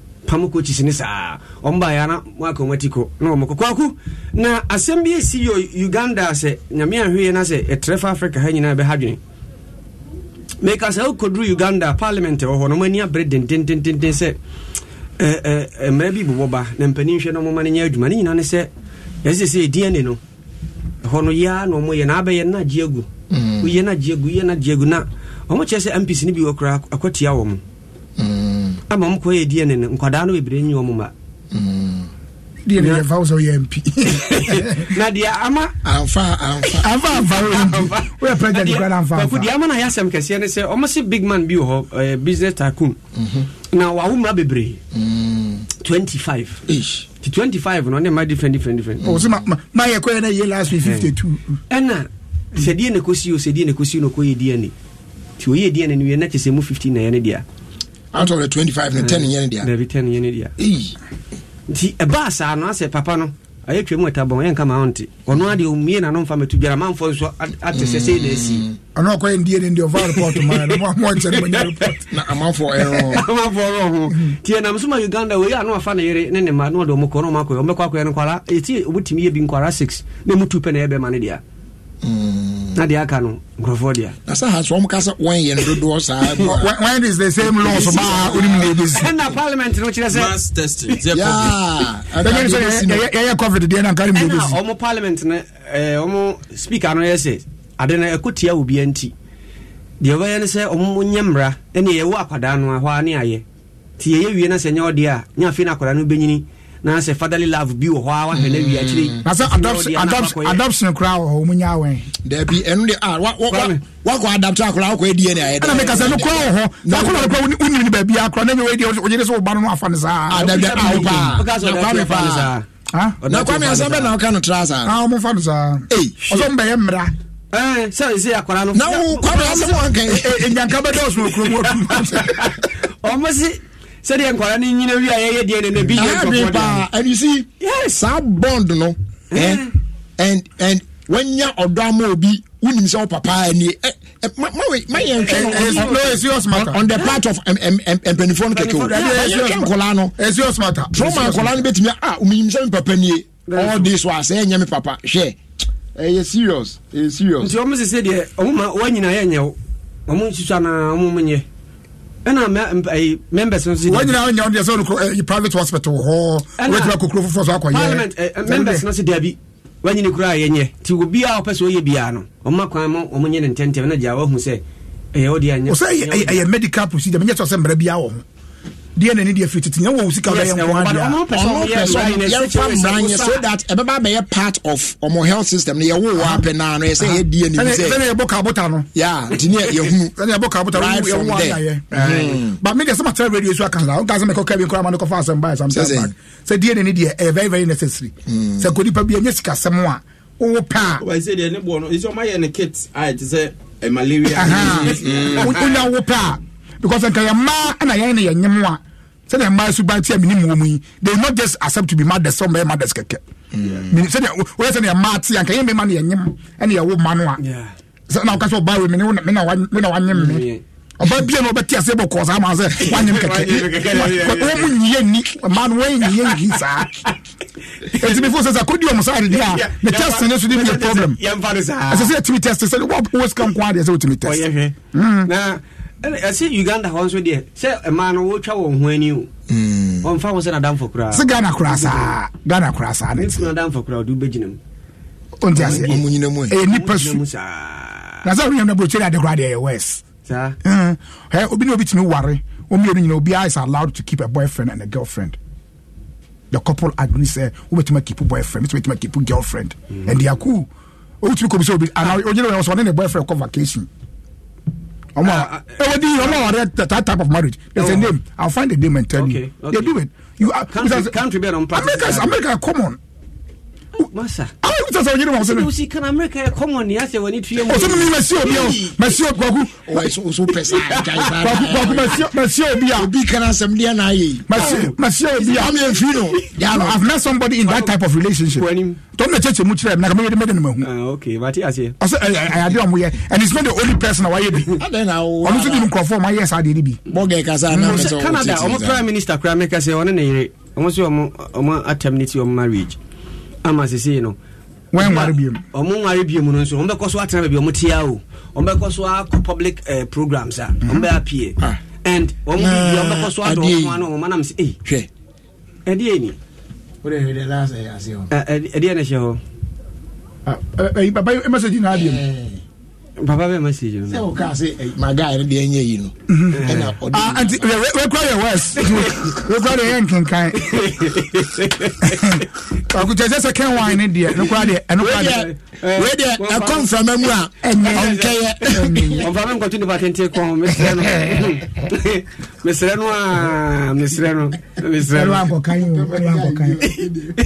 pam coaches ne saa ɔmbaeɛ na moaka ɔmatiko na ɔmɔkɔ kwaako na asɛm bi ɛsi yɛ uganda sɛ nyame ahweɛ na sɛ ɛtrɛfa africa ha nyinaa bɛha dwene meka sɛ wokɔduru uganda parliament wɔ hɔ no mani aberɛ dendendenden sɛ mmara bi bobɔ ba na mpani hwɛ no ɔmoma no nyɛ adwuma ne nyina ne sɛ ɛsɛ sɛ ɛdiane no ɛhɔ no yɛa na ɔmɔyɛ na abɛyɛ no agye agu woyɛ no agye agu yɛ no agye agu na ɔmo kyerɛ sɛ mpc no bi wɔ koraa akwatia wɔ mo mm ama ɔmo kɔ yɛ dna no nkwadaa no bebree nyi ɔmo ma ne fa so ye mp na dia ama afa afa afa we woyɛ president kora na amfako deɛ ama no ayɛ asɛm kɛseɛ ne sɛ ɔmo si big man bi wɔ uh, eh, business tycoon mm-hmm. na wa mmara bebree mm. 25 Ish. ti 25 no ne ma different different different oh, so ma, ma, ma yɛ kɔyɛ na yɛ last week 52 eh. ɛna sɛ deɛ na kɔsi o sɛ deɛ na kɔsi no ne ti nti ɔyɛ dna ne wiɛ na kese mu 15 na ye ne dia out of the 25 ne 10 yɛne dea baabi 10 yɛne dea nti ɛbaa saa no asɛ papa no ayɛ twam ɛtabɔn yɛnka ma wonte ɔno adeɛ ɔmmie na no mfa mɛto biara mamfɔ so ate sɛ sɛ na asi ɔno ɔkɔyɛ ndie ne ndeɛ ɔfa report ma no moankyɛ no manya report eh, na amanfoɔ ɛrɔamanfoɔ rɔ ho nti ɛnam so uganda wei a na wafa ne yere ne ne ma na ɔde ɔmokɔ na ɔmakɔyɛ ɔmɛkɔ akɔyɛ no kwara ɛti ɔbɛtumi yɛ bi nkwara 6 na mu tu pɛ na ɛbɛma ne deɛ Mm. na deɛ aka no nkurɔfoɔ deɛ na sɛ ha so ɔmka sɛ wɔnyɛ no dodoɔ saawhen [LAUGHS] is the same [LAUGHS] parliament no kyerɛ sɛyɛyɛ covid deɛ na nkare mbɛbɛsi parliament no eh, ɔmo speaker no yɛ sɛ ade no nti deɛ ɔbɛyɛ no sɛ mmara yɛwɔ akwadaa no a hɔ a ne ayɛ nti yɛyɛ wie no sɛ nyɛ ɔdeɛ a nyɛ afei no akwadaa no bɛnyini Mm. na sɛ fatherly love bi wɔ hɔ a wahwɛ no awie akyire nasɛ adoption koraa wɔ hɔ mu nya wɛn daabi ɛno de ah, wakɔ adapte akora wakɔ adi ne ayɛdɛna meka sɛ no kora wɔ hɔ na kora no kora wonim no baabi akora na nyɛ wogyere sɛ woba no no afa no saa dabi awo paa na kwame asɛm bɛ na woka no tra saa ɔmomfa ah, no saa ɔsɛ mbɛyɛ mmara eh, sɛsɛ akwara no na wo kwame asɛm wanka eh, eh, nyanka bɛdɔɔso wɔ kurom [LAUGHS] ɔmo se sɛdeɛ nkwara no nyina wi a yɛyɛ deɛ nana bi yɛ paa and you see yes saa bond no eh, and and wanya ɔdɔ ama obi wonim sɛ wo papa ani on the part of mpanifoɔ eh, eh, no kɛkɛ yɛhwɛ nkɔlaa no troma nkɔlaa no bɛtumi a womenyim sɛ me papa nie all this wa sɛ ɛnyɛ me papa hwɛ ɛyɛ serious ɛyɛ serious nti ɔmo sɛ sɛ deɛ ɔmo ma wanyina yɛnyɛ wo ɔmo nsusu anaa ɔmo mo nyɛ ɛna members nso nyinaa ɔnya ɔde sɛ ɔnukuro private hospital hɔ wɔbɛtumi akokuro foforɔ so akɔyɛ parliament eh, eh, members eh, no se dabi wanyini kura a yɛnyɛ nti obiaa ɔpɛ sɛ ɔyɛ biaa no ɔma kwan ma ɔmo nyɛ ne ntɛntɛm na gyaa wahu sɛ ɛyɛ wode anyɛ sɛ ɛyɛ medical procedure menyɛ sɛ sɛ mmara biaa wɔ ho deɛ na ne deɛ firi tete yɛwɔ wo sika wobɛyɛ ɔno pɛ sɛ yɛmfa mmara nyɛ so that ɛbɛba bɛyɛ part of ɔmɔ health system no yɛwo wɔ ah. apɛ naa no yɛsɛ ah. yɛdi anim sɛsɛne yɛbɔ kabota no ya nti ne [LAUGHS] yɛhunu sɛne yɛbɔ kabota noyɛwoayɛ hmm. but medeɛ sɛ matera radio so aka sa woka sɛ mɛkɔka bi nkora ma no kɔfa asɛm baɛ samsɛ deɛ na ne deɛ ɛyɛ very very necessary hmm. sɛ kɔnipa bi ɛnyɛ sikasɛm a wowɔ pɛ a sɛ deɛ ne boɔ no ɛsɛ ɔmayɛ ne kit a ɛte sɛ malaria hmm. wonya wo pɛ a because nka yɛ mmaa ɛna yɛn ne yɛ nyem a sɛdeɛ mmaa so ba ti a mi ni mu wɔn yi they not just accept to be mothers some bɛyɛ mothers kɛkɛ sɛdeɛ wɔyɛ sɛdeɛ mmaa ti a nka yɛn mmarima ne yɛ nyem ɛna yɛ wo mma no a sɛna ɔka sɛ ɔbaa wɔ mi ni mi na wa nyem mi ɔbaa bia na ɔbɛte ase bɔ kɔɔ saa ma sɛ [LAUGHS] wanyem kɛkɛ wɔn mu nyiye ni mmaa no wɔn nyiye nyi saa ɛti [LAUGHS] before sɛ sɛ kodi ɔmo saa adeɛ a ne test ne so de bi yɛ problem ɛsɛ sɛ ɛtumi test sɛ wɔn always kan kwan adeɛ sɛ ɔtumi test ɛna ɛsɛ uganda hɔ nso deɛ sɛ ɛmaa no wotwa wɔn ho ani o mm. ɔmfa ho sɛ nadamfo koraa sɛ ghana koraa saa ghana koraa saa ne tiri nadamfo koraa ɔde wobɛgyina mu ɔnti aseɛ ɔmo nyina mu ɛyɛ eh, nipa su na sɛ woyam no brɔkyɛre ade koraa deɛ ɛyɛ wes ɛ eh, eh, obi ne obi tumi ware ɔmmienu nyina obiara is allowed to keep a boyfriend and a girlfriend the couple agree sɛ wobɛtumi akipu boyfriend wobɛtumi akipu girlfriend mm. and they are cool wobɛtumi kɔbi sɛ obi anaa ah. ɔgyere wɔ sɛ ɔne ne boyfriend kɔ vacation Oma, uh, uh, eh, that, that, that type of marriage. There's oh. a name. I'll find the name and tell okay, you. Okay. They do it. You are, country, country, America, America, come on. masa ayi wuta sa onyini ma ɔsɛnɛ ɔsi kan amerika yɛ kɔngɔ ni asɛ wɔ ni tuyɛ mu ɔsɛnɛ mi ma si obi a ma si obi kwaku ɔsɔ pɛ sa kwaku kwaku ma si obi a obi kana asɛm diɛ n'a ye ma si ma si obi a ɔmi efi no yalɔ i have met somebody in that type of relationship tɔn bɛ kyekye mu kyerɛ mi na kama yɛrɛ mɛdɛ ni ma hu ɔsɛ ɛyɛ ɛyɛ adi ɔmu yɛ and it's not the only person wa yɛ bi ɔno ah, so di nkurɔfoɔ ma yɛ saa deɛ ni bi. bɔgɛ kasa anamisa mm, o ti ti ti ta canada ɔmo prime minister kura mi kasɛ ɔne ne yere ɔmo so ɔmo ɔmo attempt ne ti ɔmo marriage ama sesei no wọn nware biem ọmụ nware biem no nso ọmụ bɛkɔ so atena baabi ọmụ tia o ọmụ bɛkɔ so akɔ public uh, programs a ọmụ mhm. bɛ apie ah. and ọmụ bi ọmụ bɛkɔ so adọ ọmụ anọ ọmụ anam sị ee hwɛ ɛdi yɛ ni. o de hwɛ de lansa yɛ ase hɔ. Eh, ɛdi yɛ na ɛhyɛ hɔ. ayi ah, papa eh, yi message na abiem papa bɛ message no. sɛ o kaa sɛ ma guy no deɛ n yɛ yi no. ɛna ɔde. aa nti wekura yɛ west wekura de yɛ nkenkan ɔkutu ɛsɛ sɛ kɛn wine ne deɛ ne kura deɛ ɛne kura deɛ. wei deɛ ɛkɔ nframa mu a ɔnkɛyɛ. ɔnframa nkɔtu nipa kente kɔn mesrɛ no mesrɛ no aa mesrɛ no mesrɛ no. ɛlò abɔkan yi o ɛlò abɔkan yi.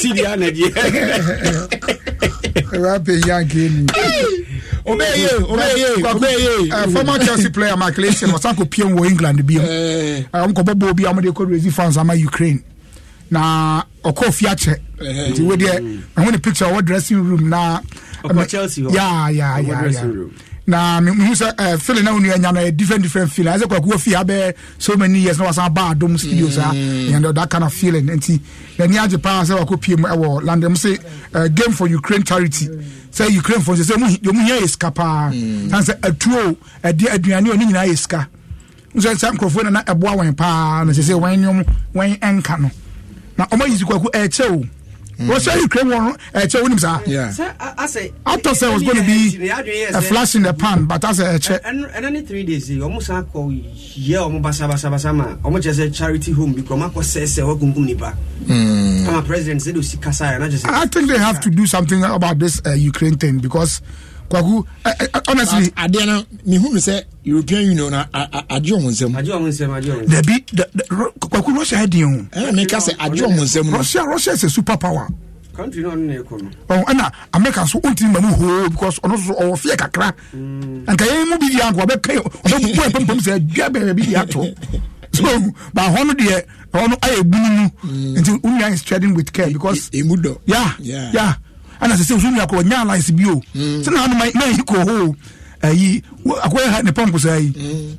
siria na deɛ [LAUGHS] rapid yankee eh? ni obeye eh, obeye obeye eh, former chelsea player mark leeson ɔsan kɔ pm wɔ england bi mu ɔmo kɔ bɔbɔ obi a ɔmo de kɔ ama ukraine na ɔkɔ fi akyɛ nti wo deɛ ɛho ne picture ɔwɔ dressing room na ɔkɔ um, chelsea hɔ yaa yaa yaa na mehu sɛ uh, eh, fili na wonua nya no different different feeling ɛsɛ kwakuwa fie abɛɛ so many years na wasan ba adom studio saa ɛyɛndɛ mm. uh, that kind of feeling nti n'ani agye paa sɛ wakɔ pie mu ɛwɔ london se uh, eh, game for ukraine charity sɛ ukraine fo sɛ yɛmu hia yɛ sika paa mm. san sɛ atuo ɛde aduane ɔne nyinaa yɛ sika nso sɛ nkurɔfoɔ no na ɛboa wɔn paa na sɛ sɛ wɔn nneɛm wɔn ɛnka no na ɔma yi sikwaku ɛɛkyɛ o was sure Ukraine won uh, eh, che wonim sa yeah sir i say i thought say was eh, going to be eh, a flash in the pan but as a check. and any 3 days almost I call ye omo basa basa basa ma omo charity home because I ko say say wa gungum ni ba a hmm. president said o oh, sika sa na just i think they have to do something about this uh, Ukraine thing because kwaku eh, eh, eh, honestly ah, adeɛ no mehu no sɛ european union agye ɔho nsɛm dabi kwaku russia adin ho meka sɛ agye ɔho nsɛm russia russia is a super power oh, ɛna america nso wontimi ma mu hoo because ɔno so ɔwɔ feɛ kakra anka mm. yɛn mu bi di anko ɔbɛka ɔbɛbubɔ ɛpampam sɛ adua bɛɛ bi di ato [LAUGHS] so ba hɔ no deɛ ɔno ayɛ bunu mu mm. nti wo is treading with care e, e, because e, yeah yeah, yeah ana sɛ sɛ wosu nua kɔ ɔnya alliance bio mm. sɛ na anoma na yi kɔ hoo ayi akɔyɛ ha ne pɔmpo saa yi mm.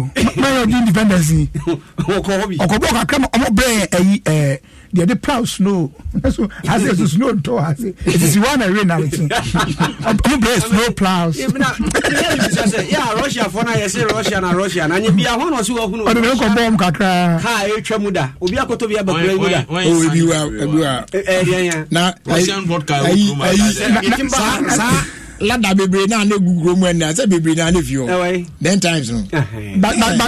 o mẹ́rin ọdún independence ni ọkọ̀ bọ́ kakra ọmọ bẹ́ẹ̀ ẹ̀yí ẹ̀ deɛ de plow snow ɛso ase ɛso snow ntɔ ase esisi wa na rain na ɛkyin ɔmo bere snow plows. yà russia fɔ náà yɛ sɛ russia na russia na nye bi ahɔn ɔsi wɔ kunu. ɔdun bɛ kɔ bɔm kakra. kaa etwa mu da obi akoto bi abakura mu da. o ebi wa ebi wa. ɛɛ diɛ yan. na ayi ayi saa saa lada bebree naa ne gu kurom ɛnna sɛ bebree naa ne fi ten times no.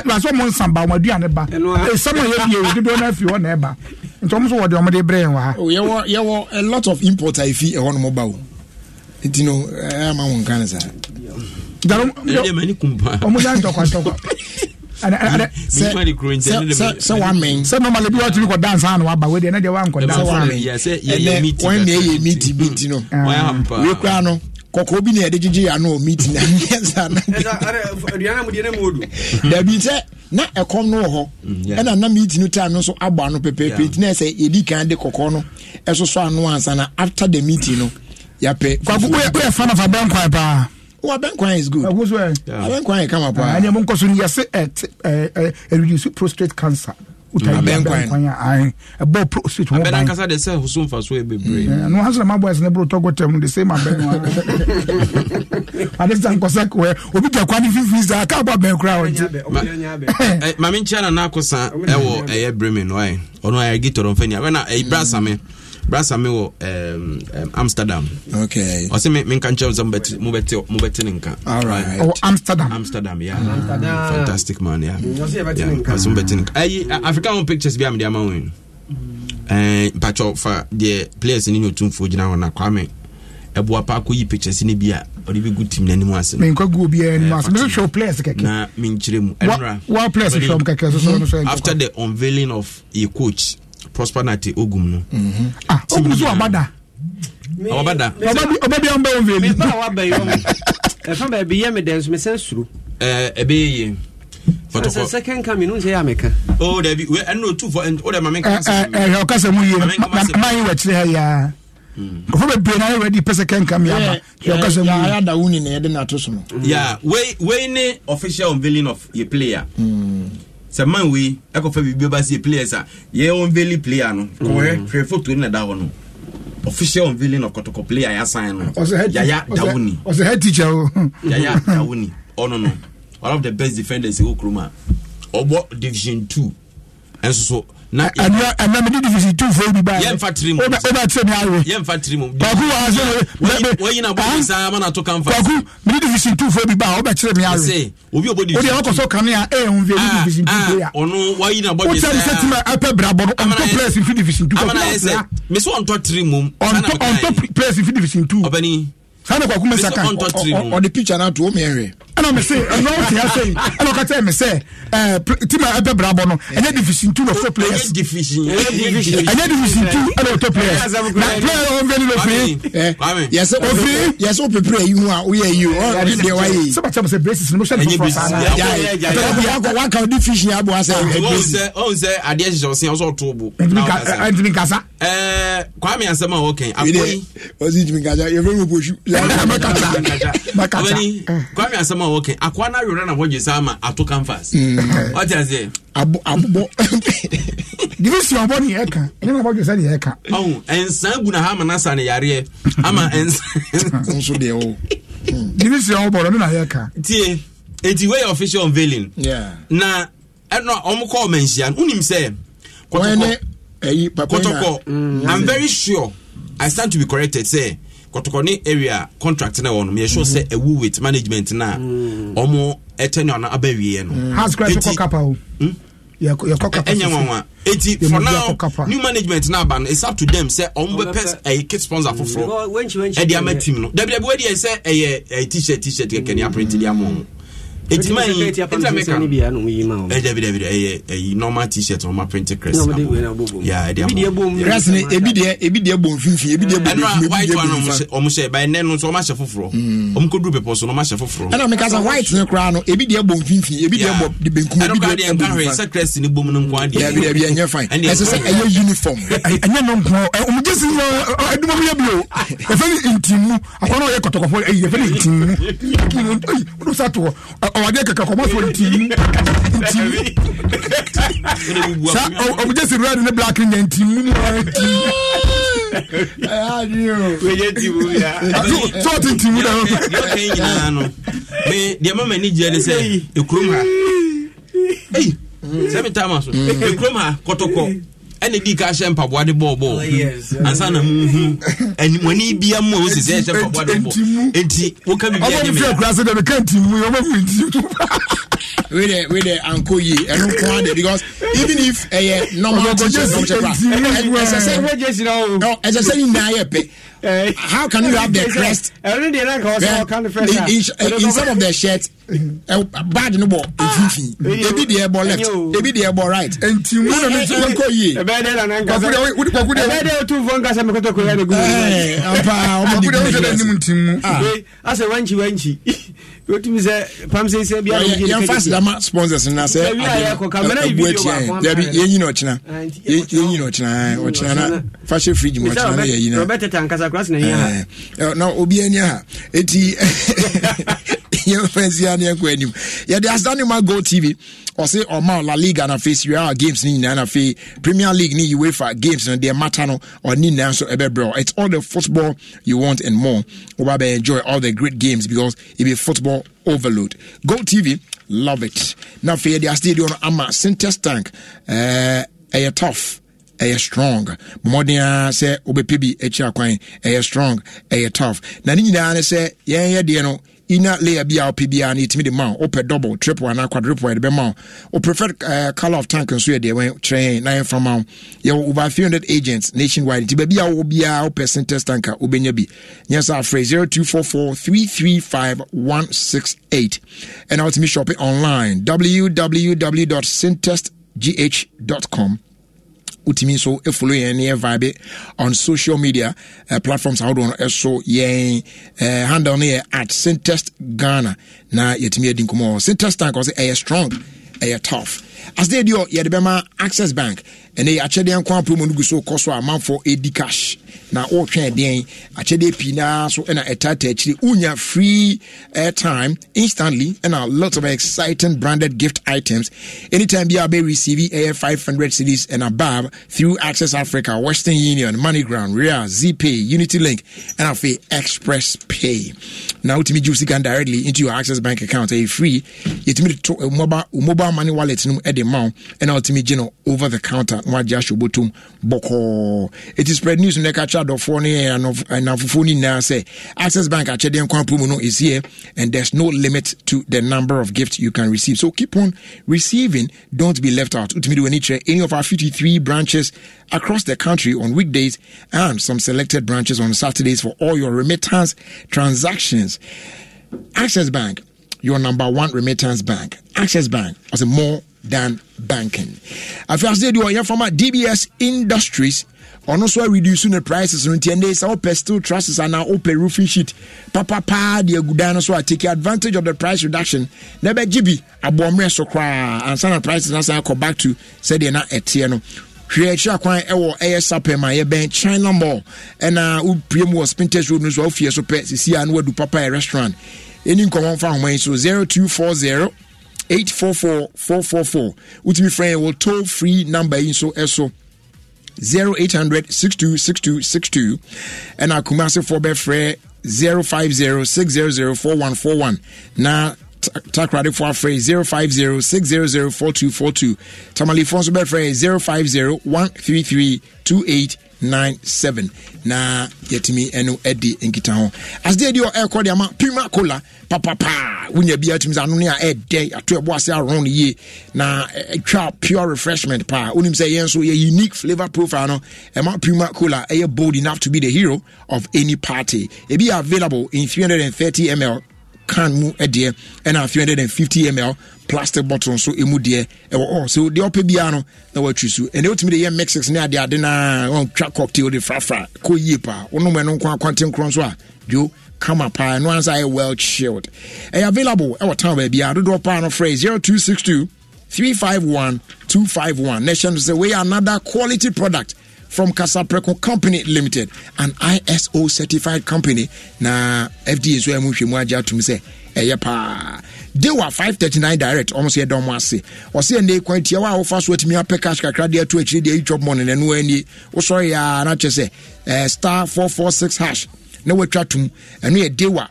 baso mo nsan ba wɔn aduane ba esam a yɛ fie dodoɔ naa fi hɔ na ɛba nti wɔn nso wɔ deɛ wɔn de brɛ yɛn wɔ yɛwɔ yɛwɔ a lot of import a efi ɛhɔ nom ba o nti no ɛyɛ ama wɔn nkan saa. jalo ɔmo yan tɔkwa tɔkwa. [LAUGHS] sɛ wamen sɛ nomale bi watumi kɔ dan saa waba wedeɛ na deɛ wankɔ dan saa ɛnɛ wɔn na ɛyɛ meeti bi nti no wekura no kɔkɔɔ bi na yɛde gyegye yɛ ano meat na [LAUGHS] [LAUGHS] dabi sɛ na ɛkɔm no wɔ hɔ mm, ɛna na meat no time no nso abɔ ano pɛpɛɛpɛ nti na ɛsɛ yɛdi kan de kɔkɔɔ no ɛsosɔ ano ansa na after the meeting no yɛpɛ woyɛ fan of abɛnkwan paa wa abɛnkwan is good abɛnkwan yɛ kama paa ɛnea mo nkɔ so no yɛse reduce prostate cancer wotbɛnkwanɛbɔswitbɛnankasa de sɛ so mfa so ɛbebree eh, no hasɛ ma boys ne bro tɔgɔ tɛm de sɛ ma bɛn ade sa nkɔsɛ kɛ obi gya kwane fifiri saa ka bɔ bɛn koraa ɔgye mame nkyia nana akosa ɛwɔ ɛyɛ bremi no ɛ ɔno ayɛ gitɔrɔmfani a wɛna ɛyibra eh, same brasa me wɔ um, um, amsterdam okay. ɔsɛ menka nkyerɛ sɛ mobɛte ne nka amsterdam yeah. mm. amsterdam. fantastic man yeah. Uh, africa pictures bi a mede ama wo mpatwɔ fa deɛ players ne ne ɔtumfoɔ gyina hɔ na kwame ɛboa pa akɔyi pictures no bi a ɔde bɛgu tim no ase menkɔgu players na mu wa players so so no after the unveiling of a coach prosperity ogum no. Mhm. Ah, ogum so abada. ɔbada. Ah, ɔba bi ɔn bɛ wɔn fɛli. mipa awa bɛ yɔn ɛfɛn bɛɛ bi yɛ mi dɛ nsumɛsɛn suru. ɛɛ ɛbɛ yɛ yen. fɔtɔkɔ second kan mi n'u se y'a mɛ kan. o dabi o ɛn n'o tu fɔ o de ma min kan. ɛɛ ɛɛ o ka sɛ mun ye maa yi wɛ tiɲɛ ya. ɔfɔ bɛ bɛn n'ayɛ wɛrɛ di pɛsɛ kɛ mi a ma yɛ ɔka sɛ mun wuni ni ɛdi na to sɔn. yaa wei wei ni official unveiling of ye player. Mm sɛ man wei ɛkɔfa biribi ba sɛ players a yɛwɔ nveli player no mhm. kɔhwɛ hwɛ foto no na da hɔ no official unveiling of kɔtɔkɔ player yɛasan no yaya dawoni ɔsɛ head teacher o [LAUGHS] yaya dawoni ɔno no one of the best defenders ɛwɔ kurom a ɔbɔ division two ɛnso so na ɛnɛ ɛnɛ mi di divisi tu fo bi ba yɛ nfa tiri mu o bɛ tiri mi awo yɛ nfa tiri mu kɔku wa se lɛbi wɔyina bɔ mi sa mana to kan fa kɔku mi di divisi tu fo bi ba o bɛ tiri mi awo obi o bɔ divisi o de yɛ kɔsɔ kan ya e yɛn fi divisi tu fo ya ɔno wɔyina bɔ mi sa o cɛ ti ɛpɛ bira bɔ no ɔntɔ pɛrɛsi fi divisi tu amana yɛ sɛ misi pɛrɛsi fi divisi tu ɔbɛni sanni kɔku mi sa kan ɔde picture na to o mi yɛ ɛna mese ɛnɔ wote ha sɛi ɛna ɔka kyerɛ me sɛ tim a ɛbɛ brabɔ no ɛnyɛ division two na ɔtɔ players ɛnyɛ division two ɛna ɔtɔ players na player ɔmfɛni no ofiri ofiri yɛsɛ wopepere ayi ho a woyɛ ayi o deɛ wayɛ sɛ bakyɛ m sɛ braces no mohyɛ ne fofo saa waka wode fish yɛ aboa sɛ sɛ adeɛ hyehyɛ wo sea wo sɛ ɔto bo ntimi nkasa kwame asɛm a wɔkɛn akɔyi ɔsi ntimi nkasa yɛfrɛ mu posu mɛkasa kwame asɛm ama wɔkɛ akoa no awerɛ na wɔgye saa ma ato canvas ɔte mm. aseɛ abobɔ [LAUGHS] divisi ɔbɔ ne yɛka ne na bɔdwe sɛ ne yɛka ɛnsa gu na ha ama no asa ne yareɛ ama mm. ɛnsanso [LAUGHS] deɛ wo mm. divisi ɔbɔ no ne na yɛka tie enti wei official unveiling na ɛno ɔmo kɔɔ manhyia no wonim sɛ kɔtɔkɔ i'm very sure i stand to be corrected sɛ kɔtɔkɔne area contract na ɛwɔ no meyɛ sure sɛ mhm. ɛwu with management na mm. ɔmo ɛtɛnua no aba wieɛ no mm. house crash kɔ kapa o hmm? ɛnyɛ nwanwa eti for now new management na aba no it's up to them sɛ ɔmo bɛpɛ ɛyɛ kit sponsor mm. foforɔ ɛde ama team no dabi dabi wɛdi yɛ sɛ ɛyɛ ɛyɛ t-shirt t-shirt kɛkɛ ni aprint di ama ɔmo ɛti eh, eh, eh, yi normal t-shirt ɔma print crest ebi deɛ bɔ mfimfin ebi deɛ bɔ mfimfin ebi deɛ bɔ mfimfin ɔmo hyɛ ba ɛnɛ no nso ɔmo ahyɛ foforɔ ɔmo hmm. kɔ duro pepɔ so no ɔmo ahyɛ foforɔ ɛna mi kasa white ne koraa no ebi deɛ bɔ mfimfin ebi deɛ bɔ benkum ebi deɛ bɔ nfa sɛ crest ne bom ne nko adi dabi dabi ɛnyɛ fine ɛsɛ sɛ ɛyɛ uniform ɛnyɛ no nko ɔmo gye si yɛ ɛduma mi yɛ bi o yɛfɛ ni ntimu akɔnɔ yɛ kɔtɔkɔfɔ yɛfɛ ni ntimu awadeɛ kɛkɛ kɔmɔ sɔ ntii ntii sa ɔmugye si red ne black nyɛ ntii mu mu ntii sɛ ɔte ntii mu da nyinaa no me deɛ ma m'ani gyeɛ ne sɛ ɛkurom ha ei sɛ metama so ɛkurom ha kɔtɔkɔ ɛna di ka hyɛ mpaboa de bɔɔ bɔɔ oh, ansa na mu hu mɔni bia mu a wosi sɛ ɛhyɛ mpaboa de bɔ enti woka bibi ɛni mi. ɔmɔ mi fi ɛkura sɛ dɛmɛ kɛntì mu yɛ ɔmɔ mi nti. wey de wey de anko yi ɛnu kɔn ade because even if ɛyɛ normal teacher normal teacher ɛsɛ sɛ ɛsɛ sɛ nyinaa yɛ pɛ. Eh, how can you have the crest? Eh, in some of the shirts, eh, bad no ah, more. Ebi the airborne left, ebi the airborne right. Nti mu na mi ti wọn kọ I'm Kwakude wuli kwakude. you de o tu fọ nkasa mi kọtọ kọ ya de gu. Ọba ọmọ nìkan yẹn. Kwakude o sẹ ẹni mu ti mu. Ase wanchi wanchi. Wotumi sɛ pam sɛ sɛ biara obi yɛn fa sidama sponsors na sɛ abu akyi yɛn dabi yɛn yi na ɔkyina yɛn yi na ɔkyina ɔkyina na fa se fridge mu ɔkyina na yɛ yi na. Robert tata nkasa akora sena ɛyɛ ha eh, eh, [LAUGHS] na obia ni ha ɛti yɛmfɛnsia ne Yeah, they yɛde asdane ma go tv or ma la league You are games no nyinaa na premier league ni uefa games no deɛ mata no ɔne na so ɛbɛbrɛ it's all the football you want and more woba bɛ enjoy all the great games because it be football overload go tv love it na afei yɛde asdeɛ deɛ ɔno ama sintest tank Eh, uh, tough ɛyɛ strong mmɔden a sɛ wobɛpɛ bi akyira kwan ɛyɛ strong ɛyɛ tough na ne nyinaa ne sɛ yɛnyɛ deɛ no ina layer bi a wopɛ biara no yɛtumi de ma wo wopɛ double triple anaa quadruple yɛde bɛma wo wo preferred uh, color of tank nso yɛ deɛ wɛ kyerɛ na yɛmfa ma wo yɛwɔ over 300 agents nationwide nti baabi a wowɔ biara wopɛ syntex tank a wobɛnya bi nyɛ sɛ afrɛ 0244 335 168 ɛna wotumi shopping online www syntestgh com wotumi nso follow yɛn ne yɛ vibe on social media uh, platforms ahodoɔ no ɛso yɛn uh, handle no yɛ at syntest ghana na yɛtumi adi nkɔmmɔ syntest tank ɔ sɛ ɛyɛ strong ɛyɛ tough asdeɛ deɛ yɛde bɛma access bank ɛne yɛ akyɛdeɛ nko a promo no gu so kɔ so a amanfoɔ ɛdi cash na wotwɛn deɛn akyɛdeɛ pii naa so ɛna ɛtaataa akyiri wonya free airtime instantly ɛna lot of exciting branded gift items anytime bi a wobɛreceive ɛyɛ 500 cities and above through access africa western union moneygram rea zpay unity link and afei express pay na wotumi gye sika directly into your access bank account ɛyɛ free yɛtumi de to uh, mobile mobile money wallet no mu ɛde ma wo ɛna wotumi gye no over the counter na wagye ahyɛ obotom bɔkɔɔ ɛti spread news no ɛka kyerɛ adɔfoɔ no yɛ anafofoɔ no nyinaa sɛ access bank akyɛdeɛ nkwa promo no is here and there's no limit to the number of gifts you can receive so keep on receiving don't be left out wotumi de w'ani kyerɛ any of our 53 branches across the country on weekdays and some selected branches on saturdays for all your remittance transactions access bank your number one remittance bank access bank as a more than banking afei ase you are from a dbs industries ɔno nso areduce ne prices no nti ɛnde sɛ wopɛ steel trusses anaa wopɛ roofing sheet papapaa de agu dan no so a take advantage of the price reduction na ɛbɛgye bi aboɔmmerɛ so koraa ansa na prices no asan akɔ back to sɛdeɛ na ɛteɛ no hwɛ akyiri akwan ɛwɔ ɛyɛ sapɛm a yɛbɛn china mall ɛna wopue mu wɔ spintex road no so a wofie so pɛ sisi a na wadu papa yɛ restaurant ɛni nkɔmmɔ mfa ahoma yi so four 844 444 wotumi frɛ yɛ wɔ toll free number yi nso ɛso 0800 626262 ɛna akumasefoɔ bɛfrɛ 050 600 4141 na takradefoɔ afrɛ 050 600 4242 tamalefoɔ nso bɛfrɛ 050 133 28 nine seven na yɛtumi ɛno ɛdi nkita ho asedeɛ deɛ ɛrekɔ deɛ ama pima kola papapa wonya bia tumi sɛ ano ne a ɛdɛ ato ɛbɔ ase aron no yie na ɛtwa eh, pure refreshment paa wonim sɛ yɛn nso yɛ unique flavor profile no ɛma puma cola ɛyɛ bold enough to be the hero of any party ebi yɛ available in 330 ml can mu deɛ ɛna 350 ml plastic bottle nso ɛmu deɛ ɛwɔ hɔ so deɛ ɔpɛ biara no na watwi so ɛne wotumi de yɛ mixes ne ade ade naa ɔntwa cocktail de frafra kɔ yie paa wonom ɛno nko akwante nkorɔ nso a dwo kama paa ɛno ansa ayɛ well chilled ɛyɛ available ɛwɔ town baabiaa dodoɔ paa no frɛ 0262 351 251 na ɛhyɛ no sɛ wei another quality product from Casapreco Company Limited, an ISO certified company. Na FD is where we agya to me say ɛyɛ paa de wa five thirty nine direct ɔmo sɛ ɛdɔm ase ɔsɛ ɛnna ekwan tia wa awofa so atumi apɛ cash kakra de ato akyire deɛ etwa bɔ ne nanu ani wosɔre yaa n'akyɛ sɛ ɛɛ star four Star 446 hash na watwa tum ɛno yɛ de wa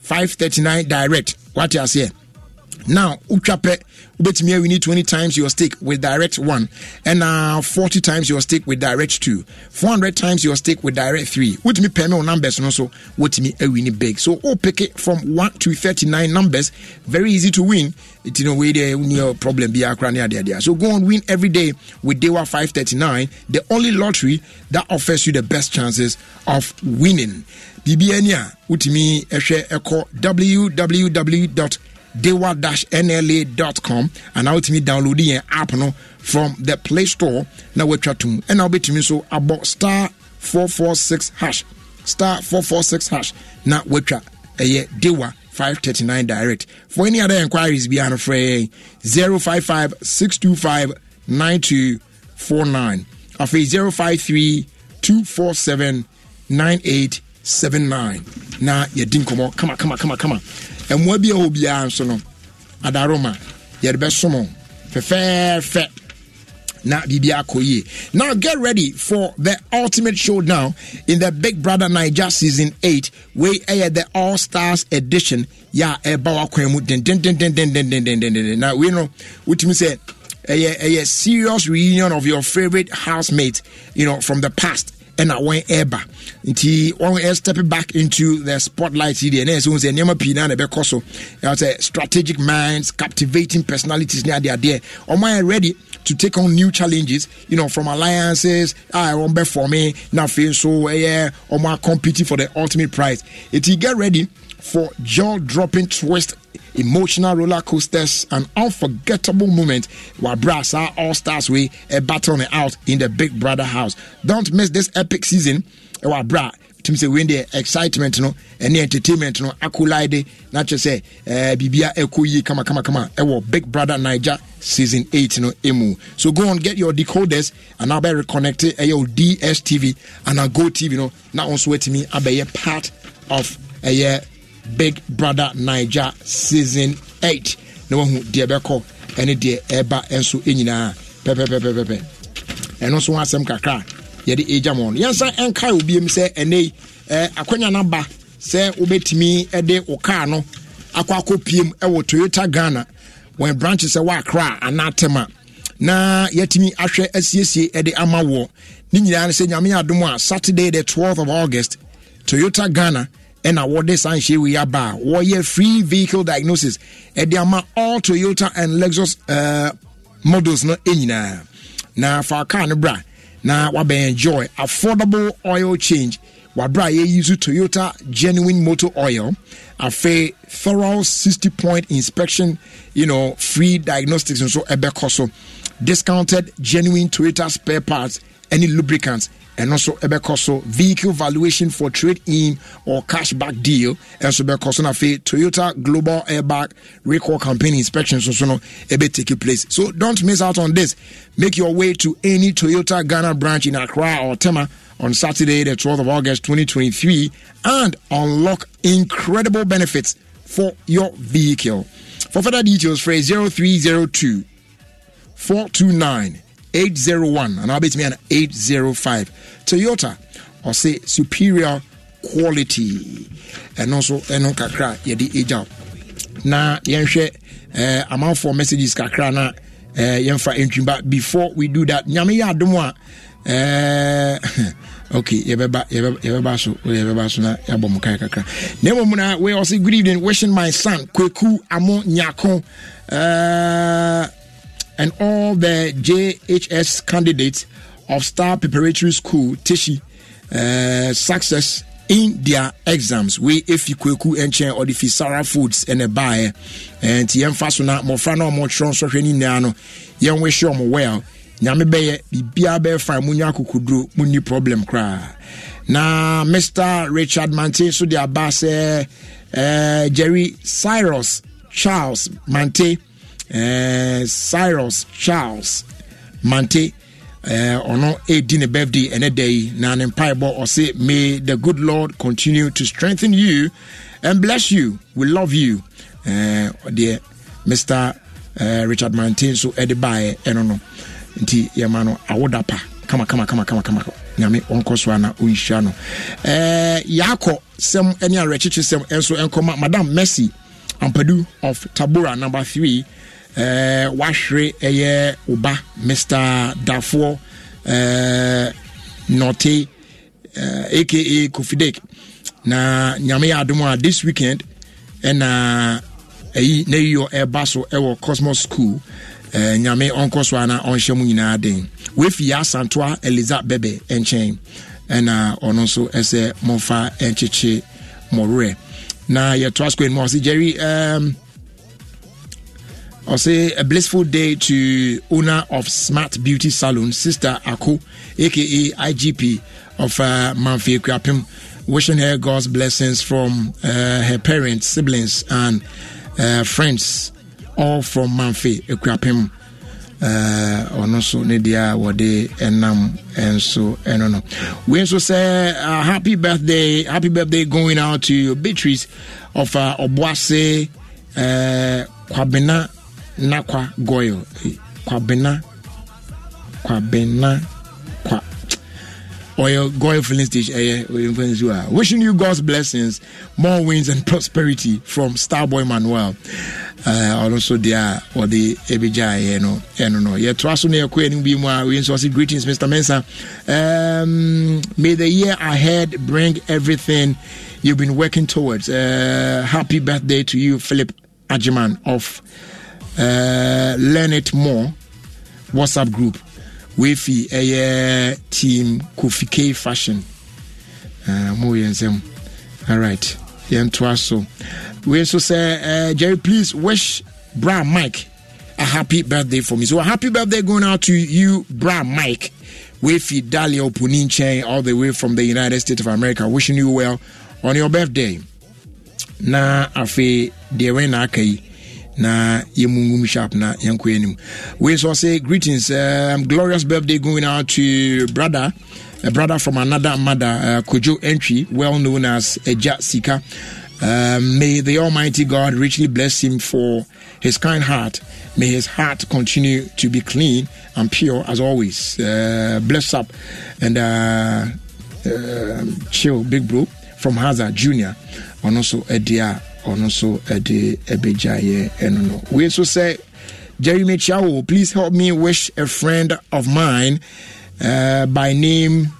five thirty nine direct you aseɛ now wotwa pɛ. wobɛtumi need 20 times your stake with direct 1 ɛna uh, 40 times your stake with direct 2 400 times your stake with direct 3 wotumi me wo numbers no so wotumi winny big so pick it from 1 to 39 numbers very easy to win nti no there, deɛ woni problem biaa kora ne there. so go on win every day with dewa 539 the only lottery that offers you the best chances of winning biribiaa ni a wotumi ɛhwɛ ɛkɔ www dewa-nla.com and now me download the app no from the play store na watwa to and now me so about star 446 hash star 446 hash now na watwa ɛyɛ dewa 539 direct for any other inquiries be on free 055 625 9249 afei 053 247 9879 on come on come on come on mmoa bi a ɛwɔ biara nso no adaroma yɛde bɛsom fɛfɛɛfɛ na biribi akɔ yie now get ready for the ultimate showdown in the big brother niger season 8 wei ɛyɛ the all stars edition yɛ a ɛba wakwan mu dendendendendendendendenden na wei no wotumi sɛ ɛyɛ ɛyɛ serious reunion of your favorite housemate you know from the past And ɛna ever ɛreba nti one step back into the spotlight yi deɛ ɛnɛɛsɛ sɛ nneɛma pii naa na ɛbɛkɔ so I sɛ strategic minds captivating personalities they are there. Am I ready to take on new challenges you know from alliances I wɔn bɛ for me. Nothing. So yeah, am I competing for the ultimate prize you get ready for jaw dropping twist emotional roller coasters, and unforgettable moments while brass are all stars way a battle out in the Big Brother house. Don't miss this epic season. while bra tumi sɛ when the excitement no any entertainment no akolide na a sɛ eh, biribia ɛkɔ yie kamakamakama ɛwɔ big brother niger season 8 no emu so go on get your decoders and I'll be ɛyɛ o dstv and I'll go tv no I'll be a part of eh, year. big brother niger season 8 na wahu deɛ bɛkɔ ɛne deɛ ɛba nso nyinaa pɛpɛpɛpɛpɛ ɛno nso ho asɛm kakra yɛde ɛgya mɔ no yɛnsa ɛnkae obiam sɛ ɛnɛ yi eh, akwanya no ba sɛ wobɛtumi de wo kaa no akɔ akɔ piem ɛwɔ toyota ghana wɔn branch sɛ wɔakra anatema tem a na yɛtumi ahwɛ asiesie de ama woɔ ne nyinaa no sɛ nyame adom a saturday the 12 of august toyota ghana ɛna wɔde saa nhyɛ wei aba a wɔyɛ free vehicle diagnosis ɛde ama all toyota and lexus uh, models no nyinaa na fa car no bra na wabɛn enjoy affordable oil change wabra yɛyi so toyota genuine motor oil afei thorough 60 point inspection you know, free diagnostics nso ɛbɛkɔ so discounted genuine toyota spare parts Any lubricants and also ebekoso vehicle valuation for trade in or cashback deal ɛnso bɛkɔ so na afei toyota global airbag recall campaign inspection so so no take place so don't miss out on this make your way to any toyota ghana branch in accra or tema on saturday the 12th of august 2023 and unlock incredible benefits for your vehicle for further details phrase 0302 429 801 and I'll be to 805 Toyota or say superior quality and also eno kakra yedi agya na yenhwe eh amount for messages kakra na eh yemfa entry but before we do that nyame ya adom a eh [LAUGHS] okay yɛbɛba yɛbɛba so yɛbɛba so na yɛabɔ mu kan kakra na mmom na we also good evening wishing my son kweku amo nyako uh, and all the JHS candidates of Star Preparatory School, Tishi, uh, success in their exams wei efi kwaku enche or fi sara foods ɛna baeɛ nti yɛmfa so na mofano no a wɔtwerɛ nsɔhwɛ no nyinaa no yɛnwɛhyɛ ɔmo well nyame bɛyɛ biribiaa bɛyɛ fa mu nya akokoduro mu problem kra. na mr richard mante nso de aba uh, jerry cyrus charles mante Eh, cyrus charles mante ɔno eh, uh, ɛdi ne birthday ɛnɛ da yi na ne mpaebɔ ɔse may the good lord continue to strengthen you and bless you we love you eh, deɛ mr richard mante nso ɛde e baeɛ ɛno e no nti yɛma no awoda pa kamakamakamakama nyame ɔnkɔ so na ɔnhyia no yaakɔ sɛm ne awerɛkyekye sɛm ɛnso ɛnkɔma madam mercy ampadu of tabora number three Eh, wahwere ɛyɛ oba mr dafoɔ eh, nɔte aka eh, kofidek na nyame yɛ adom a this weekend ɛna ɛyi na yiyɔ ɛba so ɛwɔ cosmos school eh, nyame ɔnkɔ so ana ɔnhyɛ mu nyinaa den wefi yɛ asantoa eliza bɛbɛ nkyɛn ɛna ɔno nso ɛsɛ mɔmfa nkyekye mɔwerɛ na yɛtoa square mu ɔse jerry um, I'll say a blissful day to owner of Smart Beauty Salon, Sister Ako, aka IGP of uh, Manfi Krapim, wishing her God's blessings from uh, her parents, siblings, and uh, friends, all from Manfi Krapim. ɔno uh, nso ne deɛ a wɔde ɛnam nso ɛno no uh, happy birthday happy birthday going out to beatrice of uh, ɔboase uh, kwabena na kwa goil kwabena kwabena kwa [TSK] oil goil filling station eh, eh, ɛyɛ wishing you god's blessings more wins and prosperity from starboy manuel ɔno uh, also there a the ɛbɛgya yɛ no ɛno eh, no yɛtoa so no yɛkɔ anim bi mu a So nso greetings mr mensa um, may the year ahead bring everything you've been working towards uh, happy birthday to you philip ajiman of uh, learn it more whatsapp group wefi a team kofi k fashion uh, mo yɛ all right yɛntoa so we also say, uh, jerry please wish bra mike a happy birthday for me so a happy birthday going out to you bra mike wefi dalia Puninche, all the way from the united states of america wishing you well on your birthday na afi de wɛn na na yɛmunwum sharp na yɛnkɔ anim We so say greetings um, glorious birthday going out to brother a brother from another mother uh, kojo entry well known as eja sika um, may the almighty god richly bless him for his kind heart may his heart continue to be clean and pure as always uh, bless up and uh, uh, chill big bro from hazard junior and also edia ɔno nso ɛde ɛbɛgyaeɛ ɛno no wei nso sɛ jeremy chiao please help me wish a friend of mine uh, by name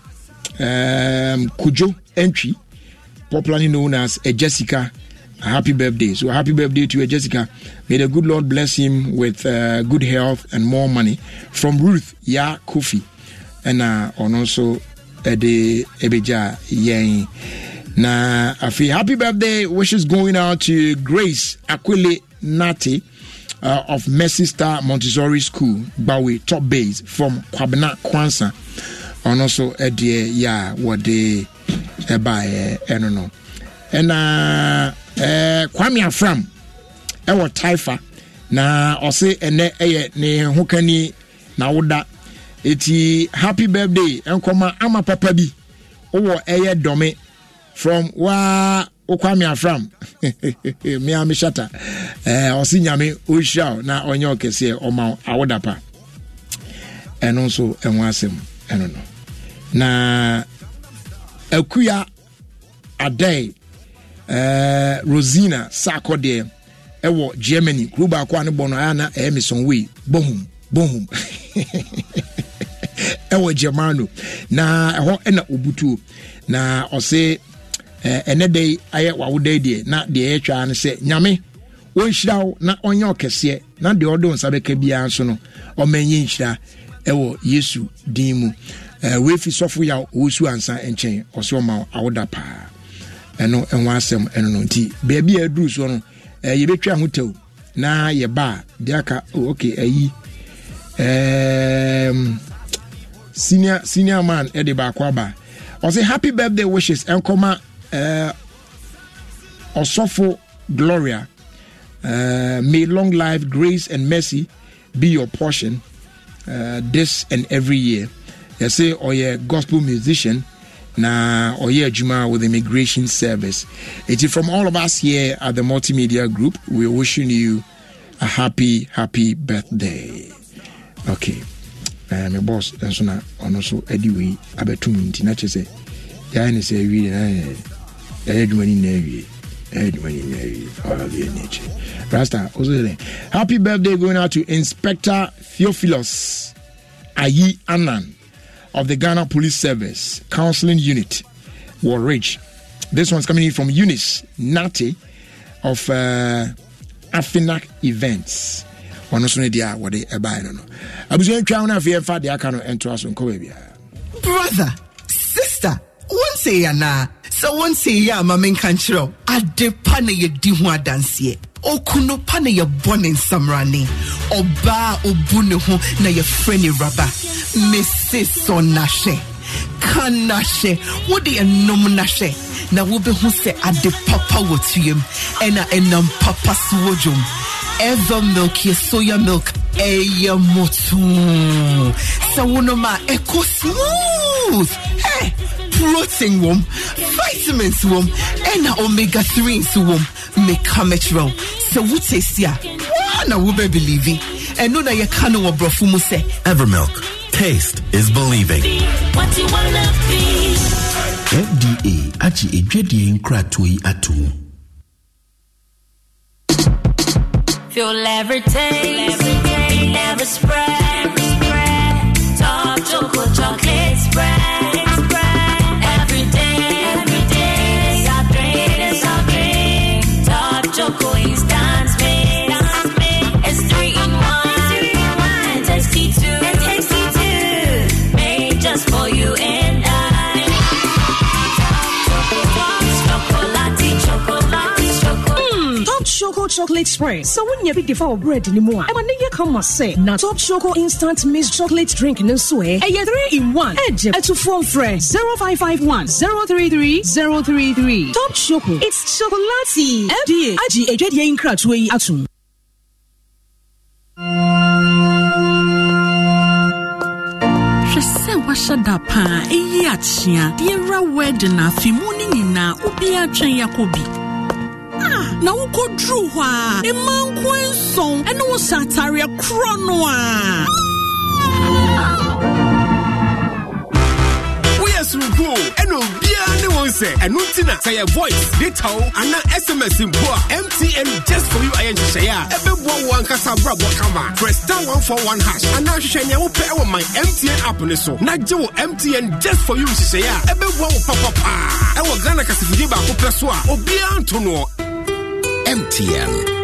um, kujo entry popularly known as a jessica a happy birthday so happy birthday to a jessica may the good lord bless him with uh, good health and more money from ruth ya kofi ɛna ɔno uh, nso ɛde ɛbɛgya yɛn na feel happy birthday wishes going out to grace akwile nati uh, of mercy star montessori school Bowie top base from kwabena kwansa ɔno nso deɛ yɛ a wɔde ɛbaeɛ ɛno no ɛna eh, kwame afram ɛwɔ taifa na ɔse ɛnɛ ɛyɛ ne ho kani na woda ɛti happy birthday nkɔma ama papa bi wowɔ ɛyɛ dɔme from waa okwami afram [LAUGHS] mea me shata ɔse eh, nyame ɔhyia na ɔnyɛ ɔkɛseɛ ɔma awoda pa ɛno nso ɛho asem ɛno no na akuya adai eh, rosina sakɔ deɛ ɛwɔ germany kuro baako a ne bɔ no ayɛ na ɛyɛ wei bohum bohum ɛwɔ [LAUGHS] germano na ɛhɔ ɛna obutuo na ɔse ɛnɛ da ayɛ wawoda deɛ na deɛ yɛtwa no sɛ nyame wɔnhyira wo na ɔnyɛ ɔkɛseɛ na deɛ ɔde wo nsa bɛka biara nso no ɔma nhyira ɛwɔ yesu din mu wefi sɔfo yaw ɔwɔsu ansa nkyɛn ɔsɛ ɔma awoda paa ɛno ɛho asɛm ɛno no nti baabi a ɛduru soɔ no yɛbɛtwa ho tɛw na yɛba a deɛ aka ok ayi um, senior, senior man ɛde baako aba ɔsɛ happy birthday wishes ɛnkɔma ɔsɔfo eh, gloria eh, may long life grace and mercy be your portion eh, this and every year oh, yeah, gospel musician na yeah, Juma with immigration service It is from all of us here at the multimedia group we're wishing you a happy happy birthday okay uh, my boss nso na ɔno nso adi wei abɛtum nti na kyerɛ sɛ yɛayɛ ne sɛ awie say, yɛ ɛyɛ adwuma no nyinaa rasta happy birthday going out to inspector theophilus ayi anan of the ghana police service counseling unit warridge this one's coming in from eunice nati of uh, afinac events wonsee anaa sɛ wonsee yɛ ama menka nkyerɛw ade pa na yɛdi ho adanseɛ oku no pa na yɛbɔ ne nsamrane ɔbaa a obu ne ho na yɛfrɛ ne raba mese sɔ nahwɛ ka na hyɛ wode ɛnom na hyɛ na wobɛhu sɛ ade papa wɔ tuam ɛna ɛnam papa so wɔ dwom ever milk yɛ soya milk ɛyɛ mmoto sɛ wonom a ɛkɔ smooth hey, protein wɔm vitamins wɔm ɛna omega 3 nso wɔm meka mɛkyerɛw sɛ wotesi a waa na wobɛbelieve ɛno na yɛka no wɔ borɔfo mu sɛ evermilk Taste is believing. FDA agye edwadie nkratoɔ yi ato mu. Feel every taste, every spread, spread. Top chocolate, spread, spread. Every day, every day, our dream, our dream. Top chocolate. chocolate spray. So when you be the bread anymore. I'm ma ne ye come say na top choco instant mixed chocolate drink ni so e. E ye 3 in 1. E je e to phone friend 0551 Top choco. It's chocolatey. FDA agi ejwe die in kra to yi atum. ahyɛ da paa ɛyi akyea deɛ na afei mu no nyinaa wobiaa na wokɔduru hɔ a ɛma nko nson ne wo hyɛ atareɛ korɔ no a ɛna obiara ne wɔn sɛ ɛno nti na sɛ yɛ voice data o ana sms mpo a mtn just for you ayɛ nhyehyɛeɛ a ɛbɛboa wo ankasa abrabɔ kama Presta star one four one hash ana ahwehwɛ nea wopɛ ɛwɔ man mtn app ne so na gye wo mtn just for you nhyehyɛeɛ a ɛbɛboa wo papapaa ɛwɔ ghana kasafidie baako pɛ so a obiara nto noɔ MTN.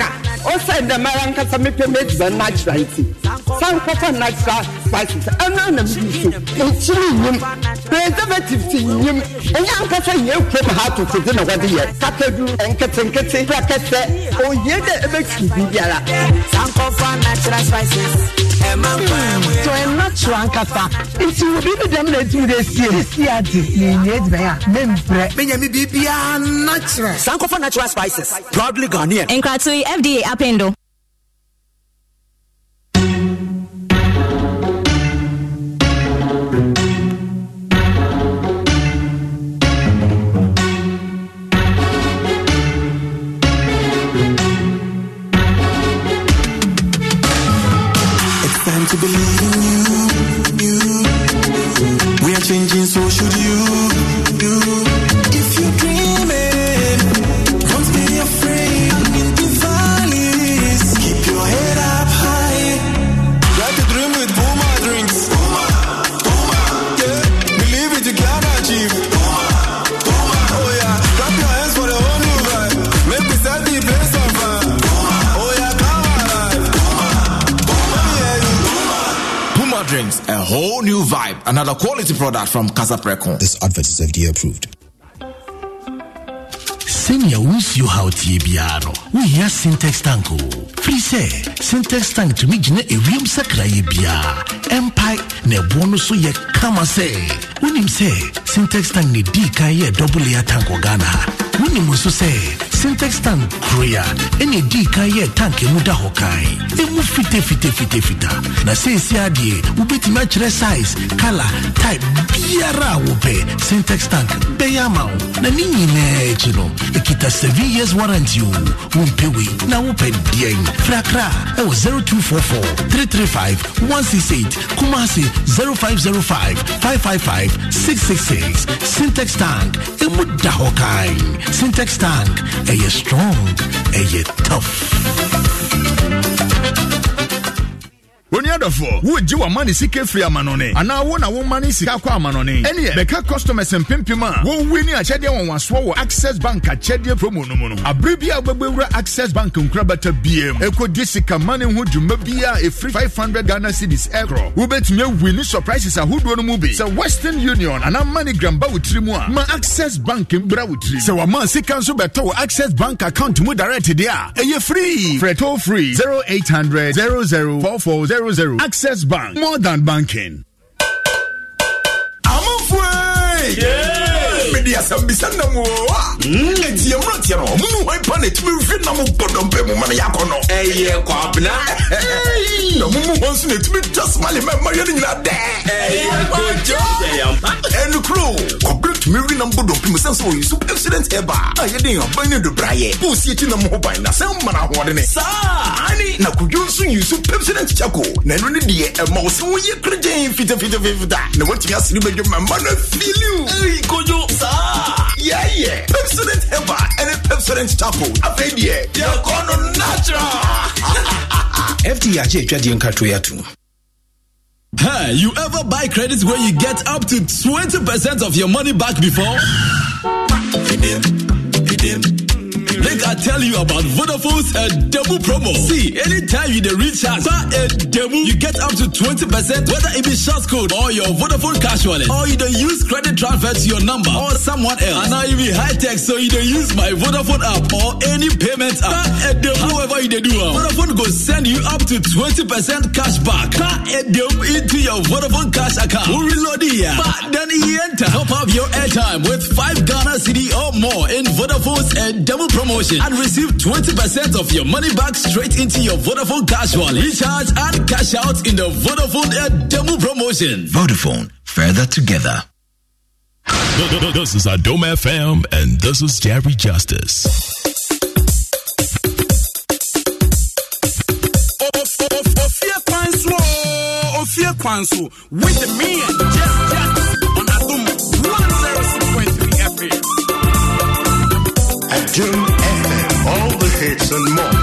aka ɔsɛ dɛm ara nkasa mepɛ m'aduane no akyerɛ nti san kɔfa natural spices ɛno anam bi so nkyiri nyim preservative ti nyim ɛnyɛ ankasa nyɛ kurom ha atotodze na wɔde yɛ kakadu nketenkete prakɛsɛ oyie dɛ ɛbɛtiri biribiara san kɔfa natural spices tɔ ɛ natural ankasa nti wo biribi dɛm na ɛtumi de sie esi ade yɛnyɛ aduane a memprɛ menyame biribiara natural sankɔfa natural spices proudly ghanaian nkratoyi FDA Apendo. to believe whole new vibe. Another quality product from Casa Precon. This advert is FDA approved. sɛnea wonsuo haw tie biara no wohia sintex tank o firi sɛ sintex tank tumi gyina ewiem sakrayɛ biara ɛmpae na ɛboɔ no so yɛ kama sɛ wonim sɛ sintex tank ne dii kan yɛ dɔbleya tank wɔ ghana ha wonim nso sɛ Syntex tank korea ɛna ɛdii kan yɛ tank emu da hɔ kan emu fitafitafitafita na seesi adeɛ wobɛtumi akyerɛ size kala type biara a wopɛ Syntex tank bɛyɛ ama wo na ne nyinaa akyi no ɛkita 7 years warranty o wompɛ wei na wopɛ deɛn frakra ɛwɔ 0244 335 168 kumase 0505 555 666 syntax tank emu da hɔ kan syntax tank and you're strong and you're tough. oni adɔfoɔ wogye wama ne sika firi amanɔne anaa wo na woma ne sika kɔ amanɔne ɛneɛ bɛka customers mpempem a wowi ne akyɛdeɛ wɔnwasoɔ wɔ access bank akyɛdeɛ promo no mu no abere bi a wobɛbɛwura access bank nkorabata bia mu ɛkɔdi sika ma ne ho dwuma bi a ɛfiri 500 ghana cedis ɛkorɔ wobɛtumi awi ne surprises ahodoɔ no mu bi sɛ western union anaa manigram ba wo tiri mu a ma access bank mbra wo tiri sɛ wama sika nso bɛtɔ wo access bank account mu direct deɛ a ɛyɛ free frɛ to free 0800 00 440 00 Access Bank, more than banking. I'm mede asɛm bisa nam a ɛtiɛ mmeranteɛ no ɔmo ne pa na ɛtumi mfi nam gbɔdɔmpɛ mu ma no yɛakɔ no ɛyɛ kwabena na mo hɔ nso na ɛtumi twa somale ma mmayɛ no nyinaa dɛ ɛyɛ kɔbere gonna atumi nam bodɔ pim sɛ nso wɔyi so excellent heba a yɛde aban ne dobraeɛ boosi akyi nam ho ban na sɛ mmana ahoɔdene saa ane na kodwo nso yi so pepsodent chako na ɛno ne deɛ eh, ɛma wo sɛ woyɛ koragyen fitafitafifita na woatumi asene bɛdwo ma mma no afiliw ei kodwo saa yɛyɛ pepsodent heba ɛne pepsodent chako afei deɛ yɛkɔ no natural [LAUGHS] fdagye atwadeɛ nkatoyɛ atom Hey, you ever buy credits where you get up to 20% of your money back before? Make I tell you about Vodafone's a double promo. See, anytime you the recharge, start a Double, you get up to 20% whether it be shop code or your Vodafone cash wallet, or you don't use credit transfer to your number or someone else. And now you be high tech, so you don't use my Vodafone app or any payment app. Buy a however you do. Um. Vodafone go send you up to 20% cash back. Buy a demo into your Vodafone cash account. We reload it yeah. But then he enter. Top up your airtime with 5 Ghana CD or more in Vodafone's a double promo promotion and receive 20% of your money back straight into your Vodafone cash wallet. Recharge and cash out in the Vodafone Air Demo promotion. Vodafone, further together. This is Adome FM and this is Jerry Justice. Fear Kwanso with me and Jeff Jack on Adum 107.3 FM. Adum hits and more.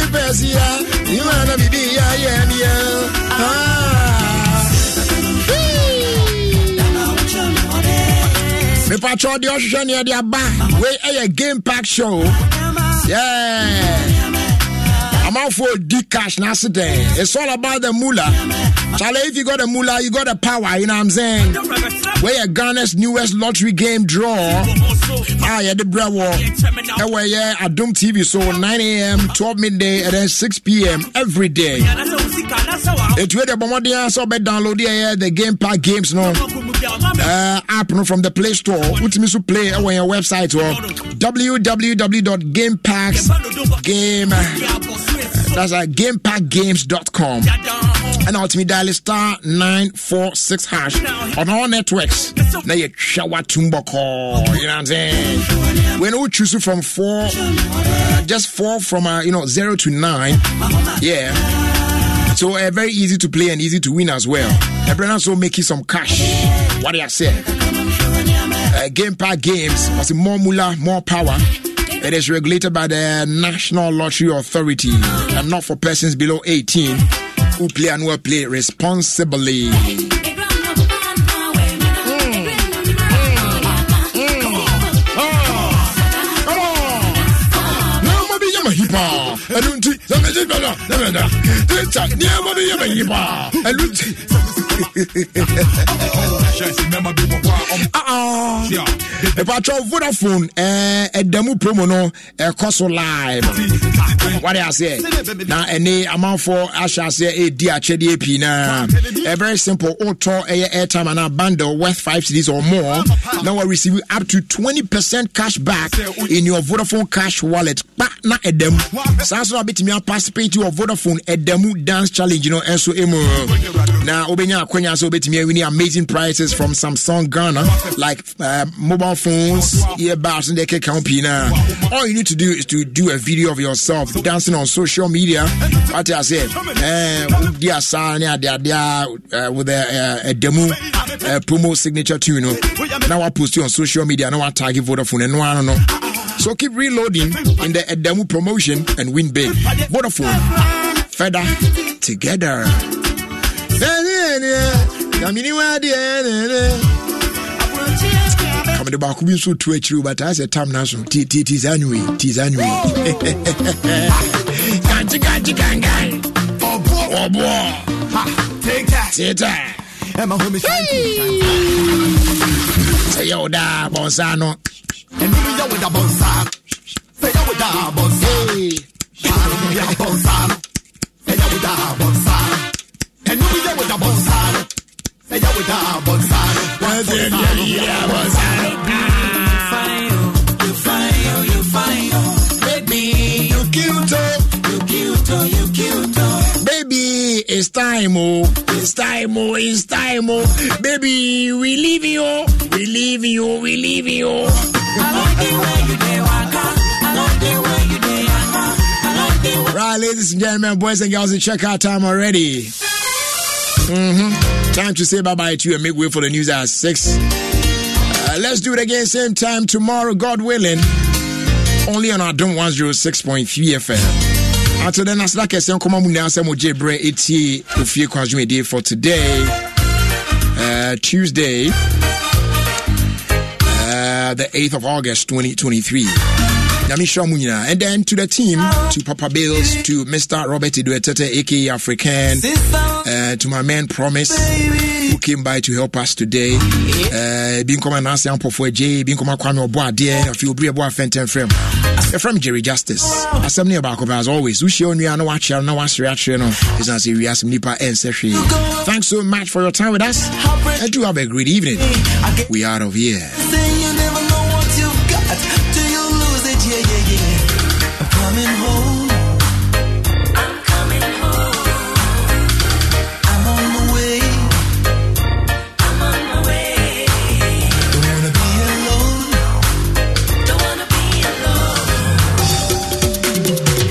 Ah. me Persia, you wanna be the I am the ocean near the bar. Eh, a game pack show. Yeah. amanfoɔ di cash na ase dɛ it's all about the moolah Charlie, if you got the moolah you got the power you know what I'm saying where Ghana's newest lottery game draw ah yeah the brewo ɛwɔ yeah Adum TV so 9 a.m 12 midday and then 6 p.m every day etu yɛ de bɔmɔden asɛ ɔbɛ download yɛ the game park games no. Uh, app no from the Play Store. Wotumi to play on eh, your website or oh. www.gamepacks Uh, that's uh, gamepackgames.com. And ultimately dial star nine four six hash on all networks. Now you shower tumbo call. You know what I'm saying? When we choose from four, uh, just four from uh, you know zero to nine. Yeah. So uh, very easy to play and easy to win as well. And eh, Brennan so make you some cash. What do I say? Uh, game pack games was more mula, more power. It is regulated by the National Lottery Authority and not for persons below 18 who play and will play responsibly. Hmm. Hmm. Hmm ɛnu nti na mɛ ti bɛ na na mɛ yɛ bɛ yi paa ɛnu nti. ɛpatwɛ uh-uh. vodafone ɛda eh, eh, mu promo no ɛkɔ eh, so live wade aseɛ na ɛne amanfoɔ ahyɛ aseɛ ɛdi akyɛdeɛ pii na ɛ very simple wotɔ ɛyɛ airtime anaa bundle worth 5 cities or more na wareceive up to 20% cash back in your vodafone cash wallet pa na ɛda mu saa so na wobɛtumi aparticipate wɔ vodafone ɛda mu dance challenge no ɛnso mu na wobɛnya akwanya so wobɛtumi awini amazing prices from samsung ghana like uh, mobile phones earbuds and they can pin all you need to do is to do a video of yourself dancing on social media what i say uh, eh, eh, with a, a, eh, a demo a promo signature tune. you know now i post you on social media now i tag you vodafone and no i don't know so keep reloading in the demo promotion and win big. Vodafone, Feather, together. deɛ nyamene wa deɛ nene kamede baako bi nso tu akyiri but asɛ tam no so ti saa ne wei ti saa ne wei kankye kankye kankan ɔboɔ teta sɛ yɛ wo daa bɔnsa no Hey. And you be there with a bonsan. And you with a bonsan. What's in your ear, bonsan? You fine, you fine, Baby, you cute, oh. You cute, oh, you cute, oh. Baby, it's time, oh. It's time, oh, it's time, oh. Baby, we leave you, we leave you, we leave you. I like the way you do Right, ladies and gentlemen, boys and girls, it's checkout time already. Mm-hmm. Time to say bye bye to you and make way for the news at 6. Uh, let's do it again, same time tomorrow, God willing. Only on our Dome 106.3 FM. Until then, as like I said, come on, now, some of J. Bray, it's here, if for today, uh, Tuesday, uh, the 8th of August, 2023. Nyamisha And then to the team, to Papa Bills, to Mr. Robert Iduetete, aka African, uh, to my man Promise, who came by to help us today. Uh, being come and ask for J, being come and Kwame Oboade, a few Briabo Fenton Frame. From Jerry Justice. Assembly about as always. Ushi Onuano Watcher, no Wasri Achino, It's as we ask Nipa and Seshi. Thanks so much for your time with us. And do have a great evening. We out of here.